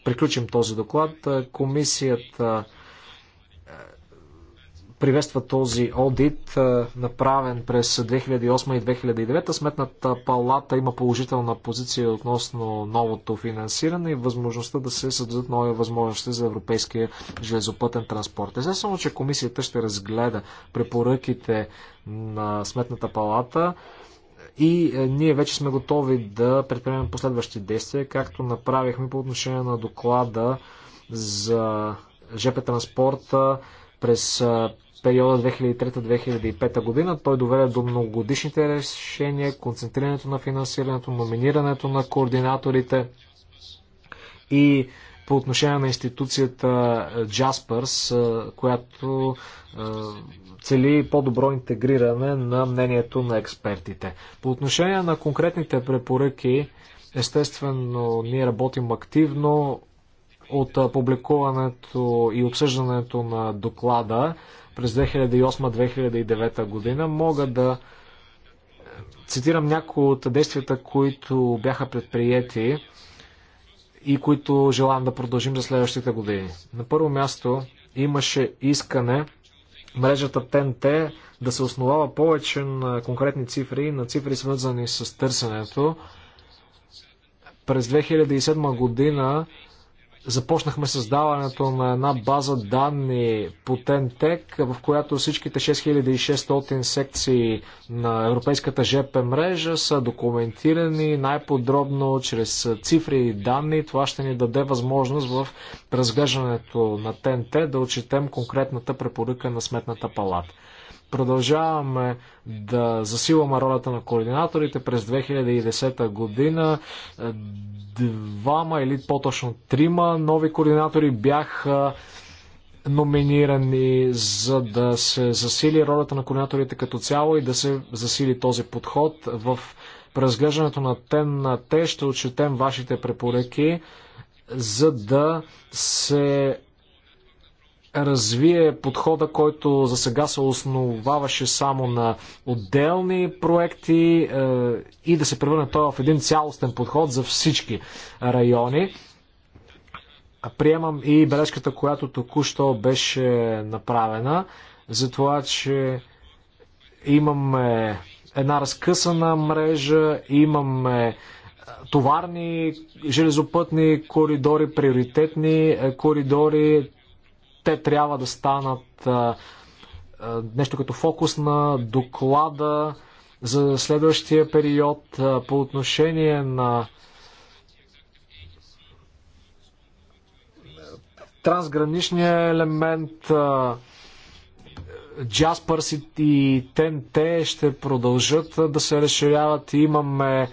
приключим този доклад. Комисията приветства този одит, направен през 2008 и 2009. Сметната палата има положителна позиция относно новото финансиране и възможността да се създадат нови възможности за европейския железопътен транспорт. Естествено, че комисията ще разгледа препоръките на Сметната палата и е, ние вече сме готови да предприемем последващи действия, както направихме по отношение на доклада за ЖП транспорта през е, периода 2003-2005 година. Той доведе до многогодишните решения, концентрирането на финансирането, номинирането на координаторите и по отношение на институцията е, Jaspers, е, която е, цели по-добро интегриране на мнението на експертите. По отношение на конкретните препоръки, естествено, ние работим активно от публикуването и обсъждането на доклада през 2008-2009 година. Мога да цитирам някои от действията, които бяха предприяти и които желаем да продължим за следващите години. На първо място имаше искане мрежата ТНТ да се основава повече на конкретни цифри, на цифри свързани с търсенето. През 2007 година започнахме създаването на една база данни по ТЕНТЕК, в която всичките 6600 секции на Европейската ЖП мрежа са документирани най-подробно чрез цифри и данни. Това ще ни даде възможност в разглеждането на ТНТ да отчетем конкретната препоръка на Сметната палата. Продължаваме да засилваме ролята на координаторите през 2010 година. Е, двама или по-точно трима нови координатори бяха номинирани, за да се засили ролята на координаторите като цяло и да се засили този подход. В разглеждането на тем на те ще отчетем вашите препоръки, за да се развие подхода, който за сега се основаваше само на отделни проекти е, и да се превърне той в един цялостен подход за всички райони. Приемам и бележката, която току-що беше направена, за това, че имаме една разкъсана мрежа, имаме е, товарни железопътни коридори, приоритетни е, коридори, те трябва да станат нещо като фокус на доклада за следващия период по отношение на трансграничния елемент Jaspers и TNT ще продължат да се разширяват. Имаме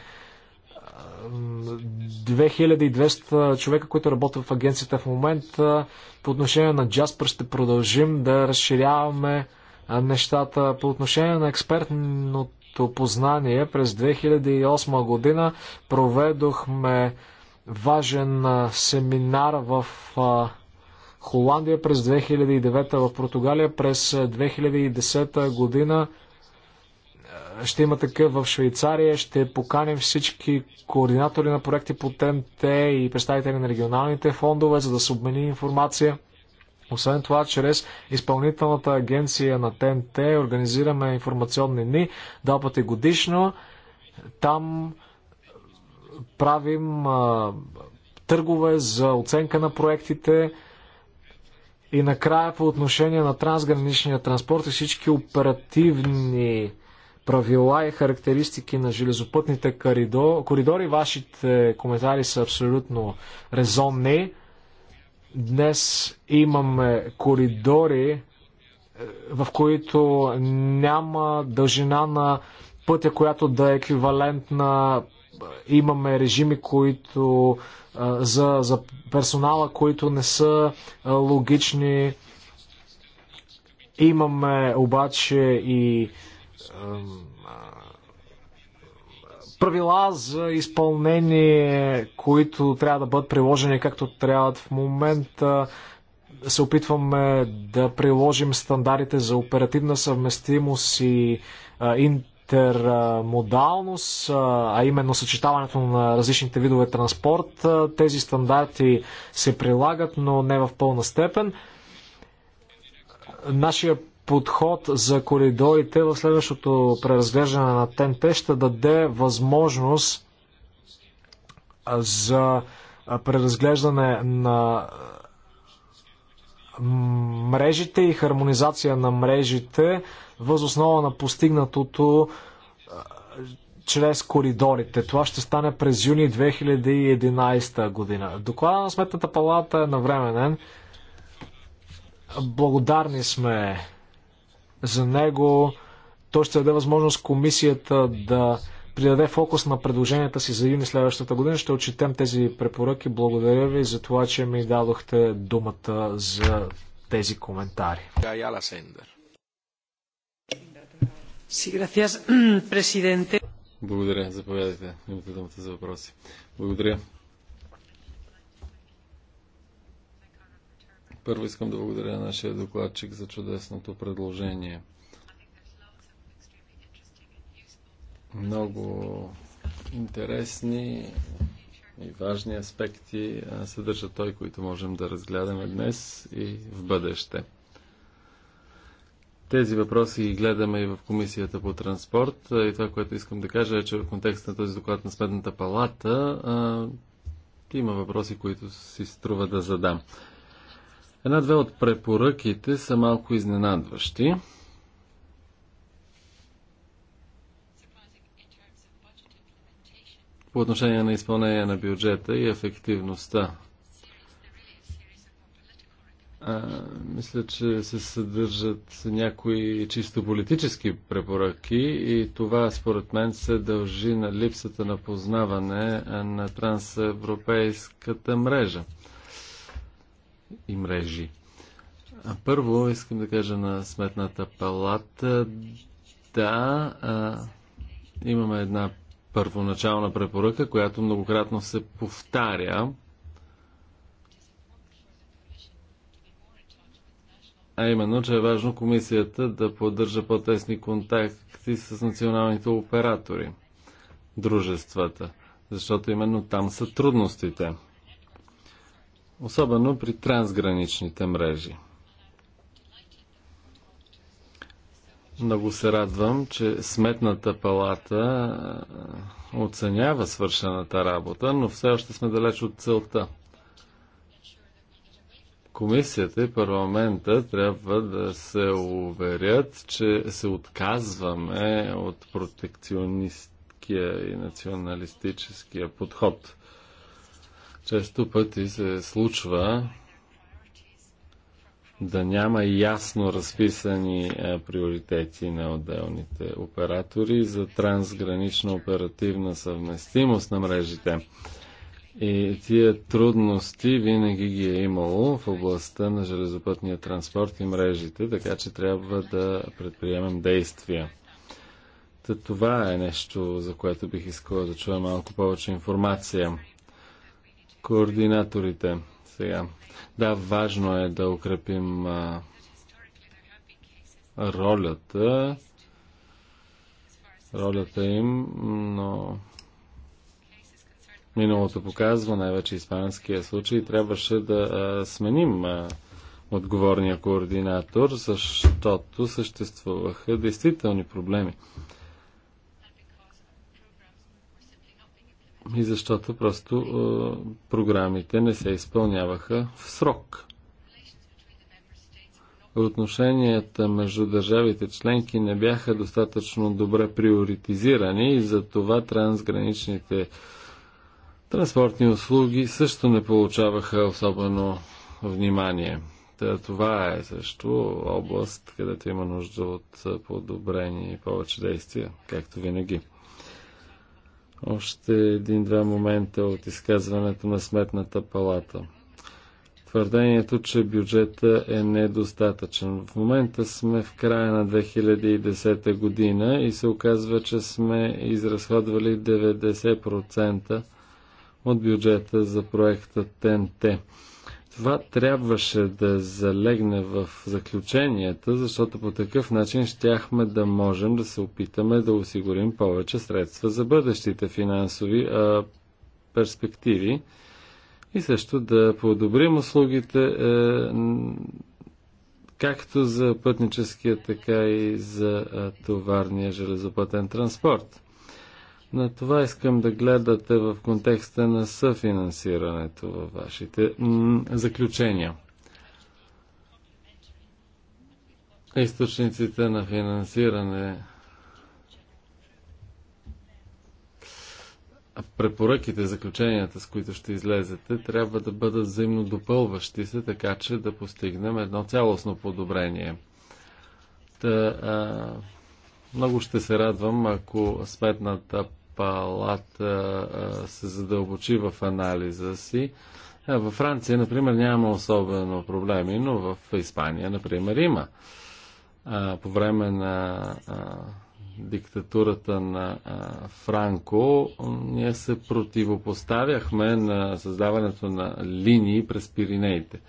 2200 човека, които работят в агенцията в момента. По отношение на Jasper ще продължим да разширяваме нещата. По отношение на експертното познание, през 2008 година проведохме важен семинар в Холандия през 2009 в Португалия през 2010 година ще има такъв в Швейцария. Ще поканим всички координатори на проекти по ТНТ и представители на регионалните фондове, за да се обмени информация. Освен това, чрез изпълнителната агенция на ТНТ организираме информационни дни, два пъти годишно. Там правим а, търгове за оценка на проектите и накрая по отношение на трансграничния транспорт и всички оперативни правила и характеристики на железопътните коридори. Вашите коментари са абсолютно резонни. Днес имаме коридори, е, в които няма дължина на пътя, която да е еквивалентна. Имаме режими, които е, за, за персонала, които не са е, логични. Имаме обаче и правила за изпълнение, които трябва да бъдат приложени както трябва. В момента се опитваме да приложим стандартите за оперативна съвместимост и интермодалност, а именно съчетаването на различните видове транспорт. Тези стандарти се прилагат, но не в пълна степен. Нашия подход за коридорите в следващото преразглеждане на ТНТ ще даде възможност за преразглеждане на мрежите и хармонизация на мрежите въз основа на постигнатото чрез коридорите. Това ще стане през юни 2011 година. Доклада на Сметната палата е навременен. Благодарни сме за него. Той ще даде възможност комисията да придаде фокус на предложенията си за юни следващата година. Ще отчетем тези препоръки. Благодаря ви за това, че ми дадохте думата за тези коментари. Благодаря. Заповядайте. Имате думата за въпроси. Благодаря. Първо искам да благодаря на нашия докладчик за чудесното предложение. Много интересни и важни аспекти съдържа той, които можем да разгледаме днес и в бъдеще. Тези въпроси ги гледаме и в Комисията по транспорт. И това, което искам да кажа е, че в контекст на този доклад на Сметната палата а, има въпроси, които си струва да задам. Една-две от препоръките са малко изненадващи. По отношение на изпълнение на бюджета и ефективността. А, мисля, че се съдържат някои чисто политически препоръки и това според мен се дължи на липсата на познаване на трансевропейската мрежа и мрежи. Първо искам да кажа на Сметната палата, да, а, имаме една първоначална препоръка, която многократно се повтаря. А именно, че е важно комисията да поддържа по-тесни контакти с националните оператори, дружествата, защото именно там са трудностите особено при трансграничните мрежи. Много се радвам, че Сметната палата оценява свършената работа, но все още сме далеч от целта. Комисията и парламента трябва да се уверят, че се отказваме от протекционисткия и националистическия подход. Често пъти се случва да няма ясно разписани е, приоритети на отделните оператори за трансгранична оперативна съвместимост на мрежите. И тия трудности винаги ги е имало в областта на железопътния транспорт и мрежите, така че трябва да предприемем действия. Та това е нещо, за което бих искала да чуя малко повече информация. Координаторите. Сега. Да, важно е да укрепим а, ролята, ролята им, но миналото показва, най-вече испанския случай, трябваше да а, сменим а, отговорния координатор, защото съществуваха действителни проблеми. и защото просто е, програмите не се изпълняваха в срок. Отношенията между държавите членки не бяха достатъчно добре приоритизирани и за това трансграничните транспортни услуги също не получаваха особено внимание. това е също област, където има нужда от е, подобрение и повече действия, както винаги. Още един-два момента от изказването на Сметната палата. Твърдението, че бюджета е недостатъчен. В момента сме в края на 2010 година и се оказва, че сме изразходвали 90% от бюджета за проекта ТНТ това трябваше да залегне в заключенията, защото по такъв начин щяхме да можем да се опитаме да осигурим повече средства за бъдещите финансови а, перспективи и също да подобрим услугите е, както за пътническия, така и за товарния железопътен транспорт. На това искам да гледате в контекста на съфинансирането във вашите заключения. Източниците на финансиране препоръките, заключенията, с които ще излезете, трябва да бъдат взаимно допълващи се, така че да постигнем едно цялостно подобрение. Та, а, много ще се радвам, ако сметната палата се задълбочи в анализа си. Във Франция, например, няма особено проблеми, но в Испания, например, има. По време на диктатурата на Франко, ние се противопоставяхме на създаването на линии през Пиринеите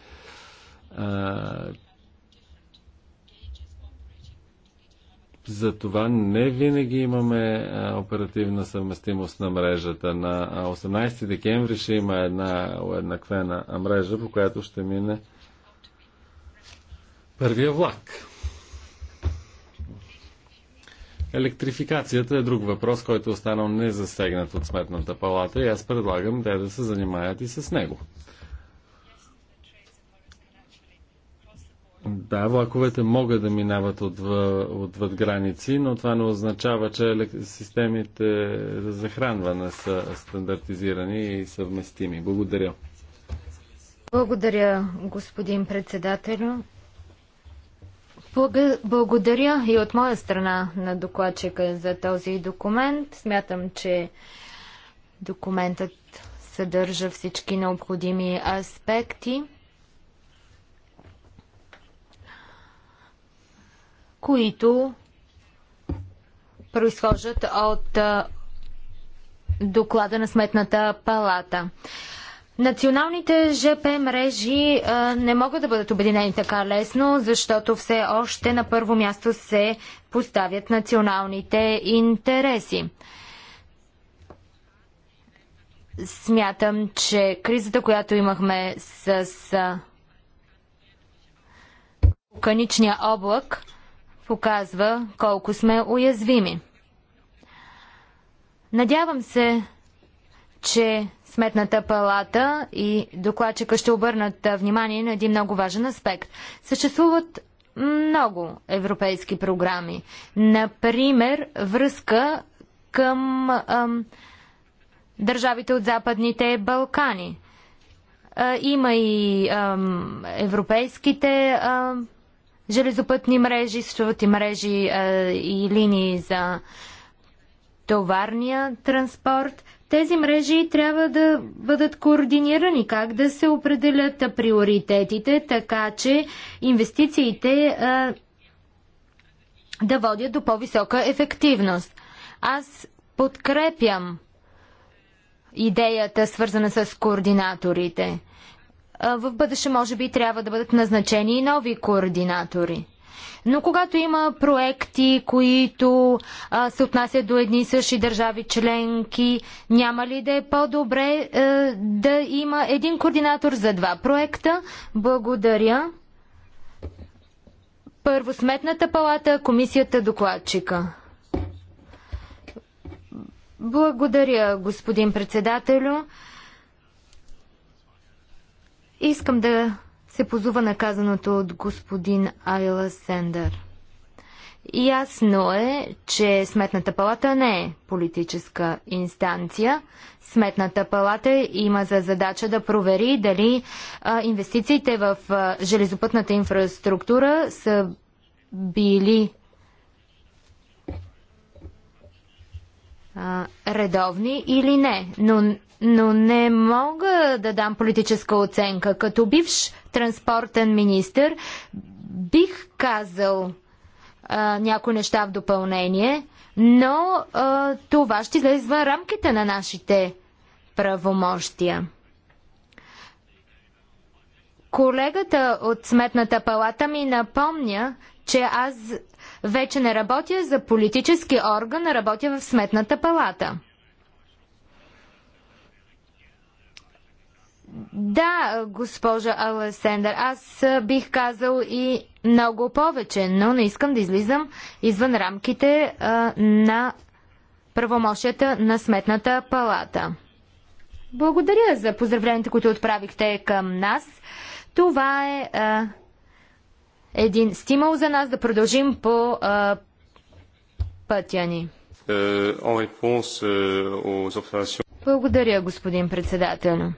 Затова не винаги имаме оперативна съвместимост на мрежата. На 18 декември ще има една уеднаквена мрежа, по която ще мине първия влак. Електрификацията е друг въпрос, който е останал незасегнат от сметната палата и аз предлагам те да се занимаят и с него. Да, влаковете могат да минават отвъд, граници, но това не означава, че системите за захранване са стандартизирани и съвместими. Благодаря. Благодаря, господин председател. Благодаря и от моя страна на докладчика за този документ. Смятам, че документът съдържа всички необходими аспекти. които произхождат от доклада на Сметната палата. Националните ЖП мрежи а, не могат да бъдат обединени така лесно, защото все още на първо място се поставят националните интереси. Смятам, че кризата, която имахме с вулканичния облак, показва колко сме уязвими. Надявам се, че Сметната палата и докладчика ще обърнат внимание на един много важен аспект. Съществуват много европейски програми. Например, връзка към ам, държавите от Западните Балкани. А, има и ам, европейските ам, железопътни мрежи, съществуват и мрежи а, и линии за товарния транспорт. Тези мрежи трябва да бъдат координирани, как да се определят приоритетите, така че инвестициите а, да водят до по-висока ефективност. Аз подкрепям идеята, свързана с координаторите в бъдеще може би трябва да бъдат назначени и нови координатори. Но когато има проекти, които а, се отнасят до едни и същи държави членки, няма ли да е по-добре е, да има един координатор за два проекта? Благодаря. Първо Сметната палата, комисията докладчика. Благодаря, господин председателю. Искам да се позова на казаното от господин Айла Сендър. Ясно е, че Сметната палата не е политическа инстанция. Сметната палата има за задача да провери дали а, инвестициите в а, железопътната инфраструктура са били редовни или не. Но, но не мога да дам политическа оценка. Като бивш транспортен министр бих казал а, някои неща в допълнение, но а, това ще излезе извън рамките на нашите правомощия. Колегата от Сметната палата ми напомня, че аз вече не работя за политически орган, а работя в Сметната палата. Да, госпожа Алесендър, аз бих казал и много повече, но не искам да излизам извън рамките а, на правомощията на Сметната палата. Благодаря за поздравленията, които отправихте към нас. Това е а, един стимул за нас да продължим по а, пътя ни. Е, е, Благодаря, господин председател.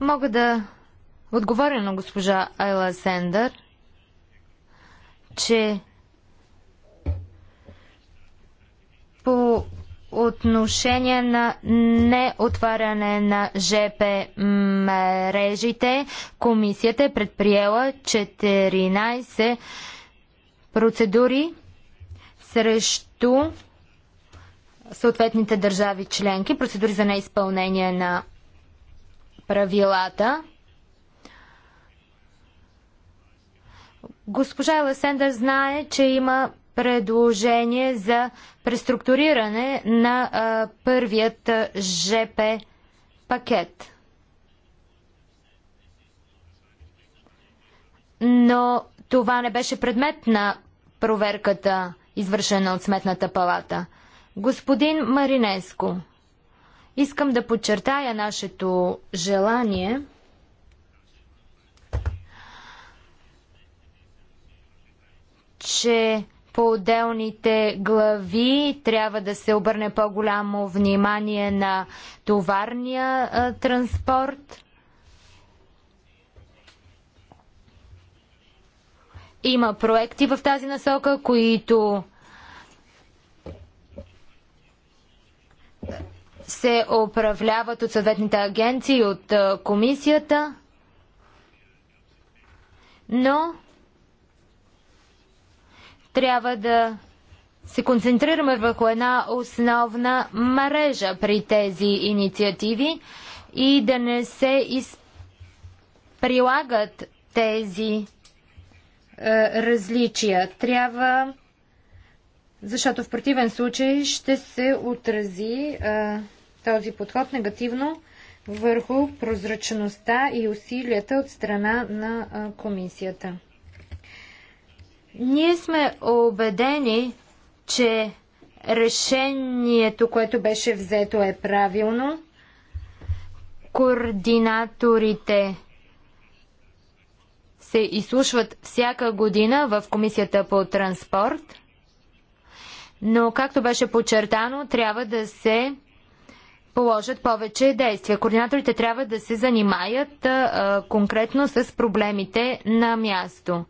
Мога да отговоря на госпожа Айла Сендър, че по отношение на неотваряне на ЖП мрежите, комисията е предприела 14 процедури срещу съответните държави членки, процедури за неизпълнение на правилата. Госпожа Елесендър знае, че има предложение за преструктуриране на а, първият ЖП пакет. Но това не беше предмет на проверката, извършена от Сметната палата. Господин Маринеско, искам да подчертая нашето желание че по отделните глави трябва да се обърне по-голямо внимание на товарния а, транспорт. Има проекти в тази насока, които се управляват от съветните агенции, от комисията, но трябва да се концентрираме върху една основна мрежа при тези инициативи и да не се из... прилагат тези е, различия. Трябва, защото в противен случай ще се отрази е, този подход негативно върху прозрачността и усилията от страна на е, комисията. Ние сме убедени, че решението, което беше взето е правилно. Координаторите се изслушват всяка година в Комисията по транспорт, но както беше подчертано, трябва да се положат повече действия. Координаторите трябва да се занимаят а, конкретно с проблемите на място.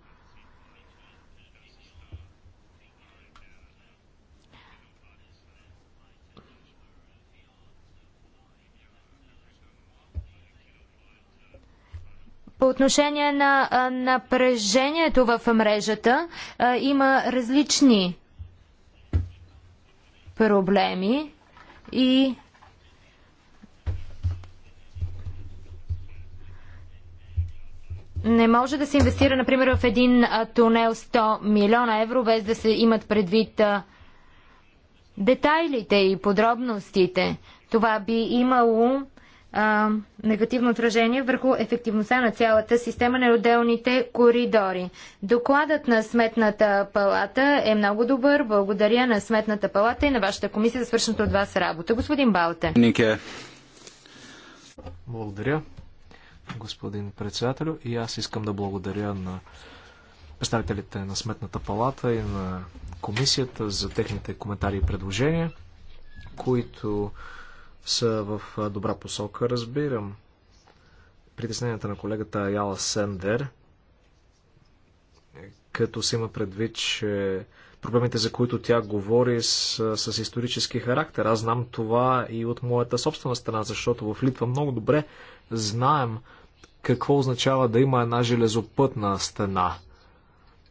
По отношение на напрежението в мрежата има различни проблеми и не може да се инвестира, например, в един тунел 100 милиона евро, без да се имат предвид детайлите и подробностите. Това би имало а, негативно отражение върху ефективността на цялата система на отделните коридори. Докладът на Сметната палата е много добър. Благодаря на Сметната палата и на вашата комисия за свършната от вас работа. Господин Балте. Благодаря, господин председател, И аз искам да благодаря на представителите на Сметната палата и на комисията за техните коментари и предложения, които са в добра посока. Разбирам притесненията на колегата Яла Сендер, като се има предвид, че проблемите, за които тя говори, са с исторически характер. Аз знам това и от моята собствена страна, защото в Литва много добре знаем какво означава да има една железопътна стена,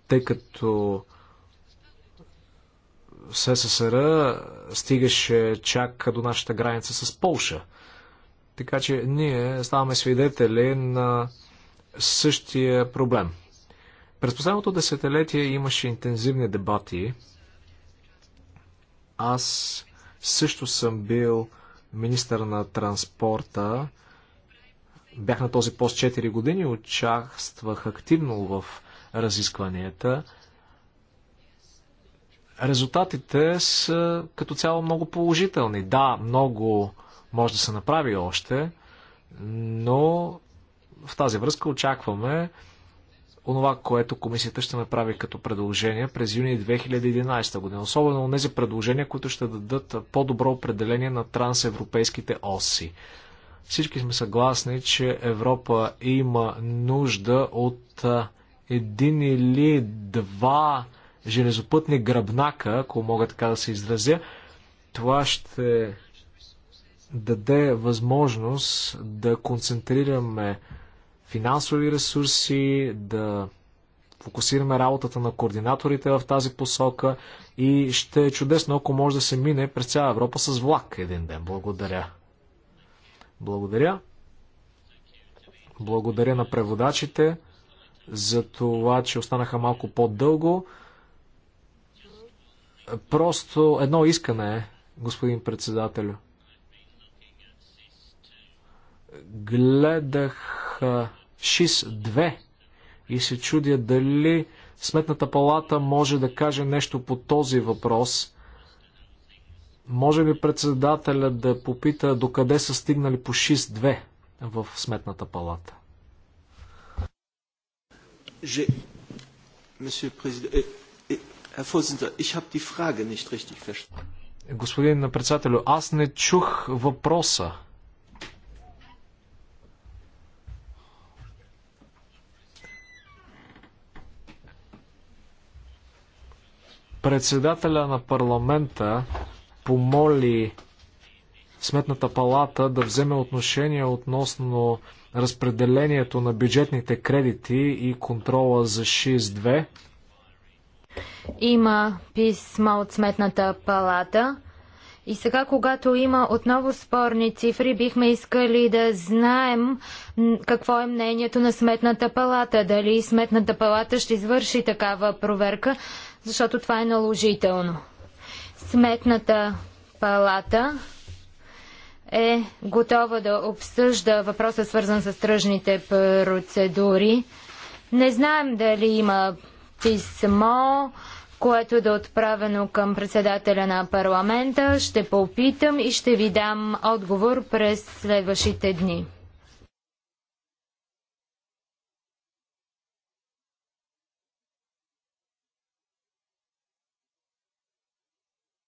тъй като СССР стигаше чак до нашата граница с Полша. Така че ние ставаме свидетели на същия проблем. През последното десетилетие имаше интензивни дебати. Аз също съм бил министър на транспорта. Бях на този пост 4 години, участвах активно в разискванията. Резултатите са като цяло много положителни. Да, много може да се направи още, но в тази връзка очакваме онова, което комисията ще направи като предложение през юни 2011 година. Особено тези предложения, които ще дадат по-добро определение на трансевропейските оси. Всички сме съгласни, че Европа има нужда от един или два железопътни гръбнака, ако мога така да се изразя, това ще даде възможност да концентрираме финансови ресурси, да фокусираме работата на координаторите в тази посока и ще е чудесно, ако може да се мине през цяла Европа с влак един ден. Благодаря. Благодаря. Благодаря на преводачите за това, че останаха малко по-дълго. Просто едно искане господин председателю. Гледах ШИС-2 и се чудя дали Сметната палата може да каже нещо по този въпрос. Може ли председателя да попита докъде са стигнали по ШИС-2 в Сметната палата? Monsieur Président, Господин председател, аз не чух въпроса. Председателя на парламента помоли Сметната палата да вземе отношение относно разпределението на бюджетните кредити и контрола за 6-2. Има писма от Сметната палата. И сега, когато има отново спорни цифри, бихме искали да знаем какво е мнението на Сметната палата. Дали Сметната палата ще извърши такава проверка, защото това е наложително. Сметната палата е готова да обсъжда въпроса, свързан с тръжните процедури. Не знаем дали има писмо, което е да е отправено към председателя на парламента. Ще попитам и ще ви дам отговор през следващите дни.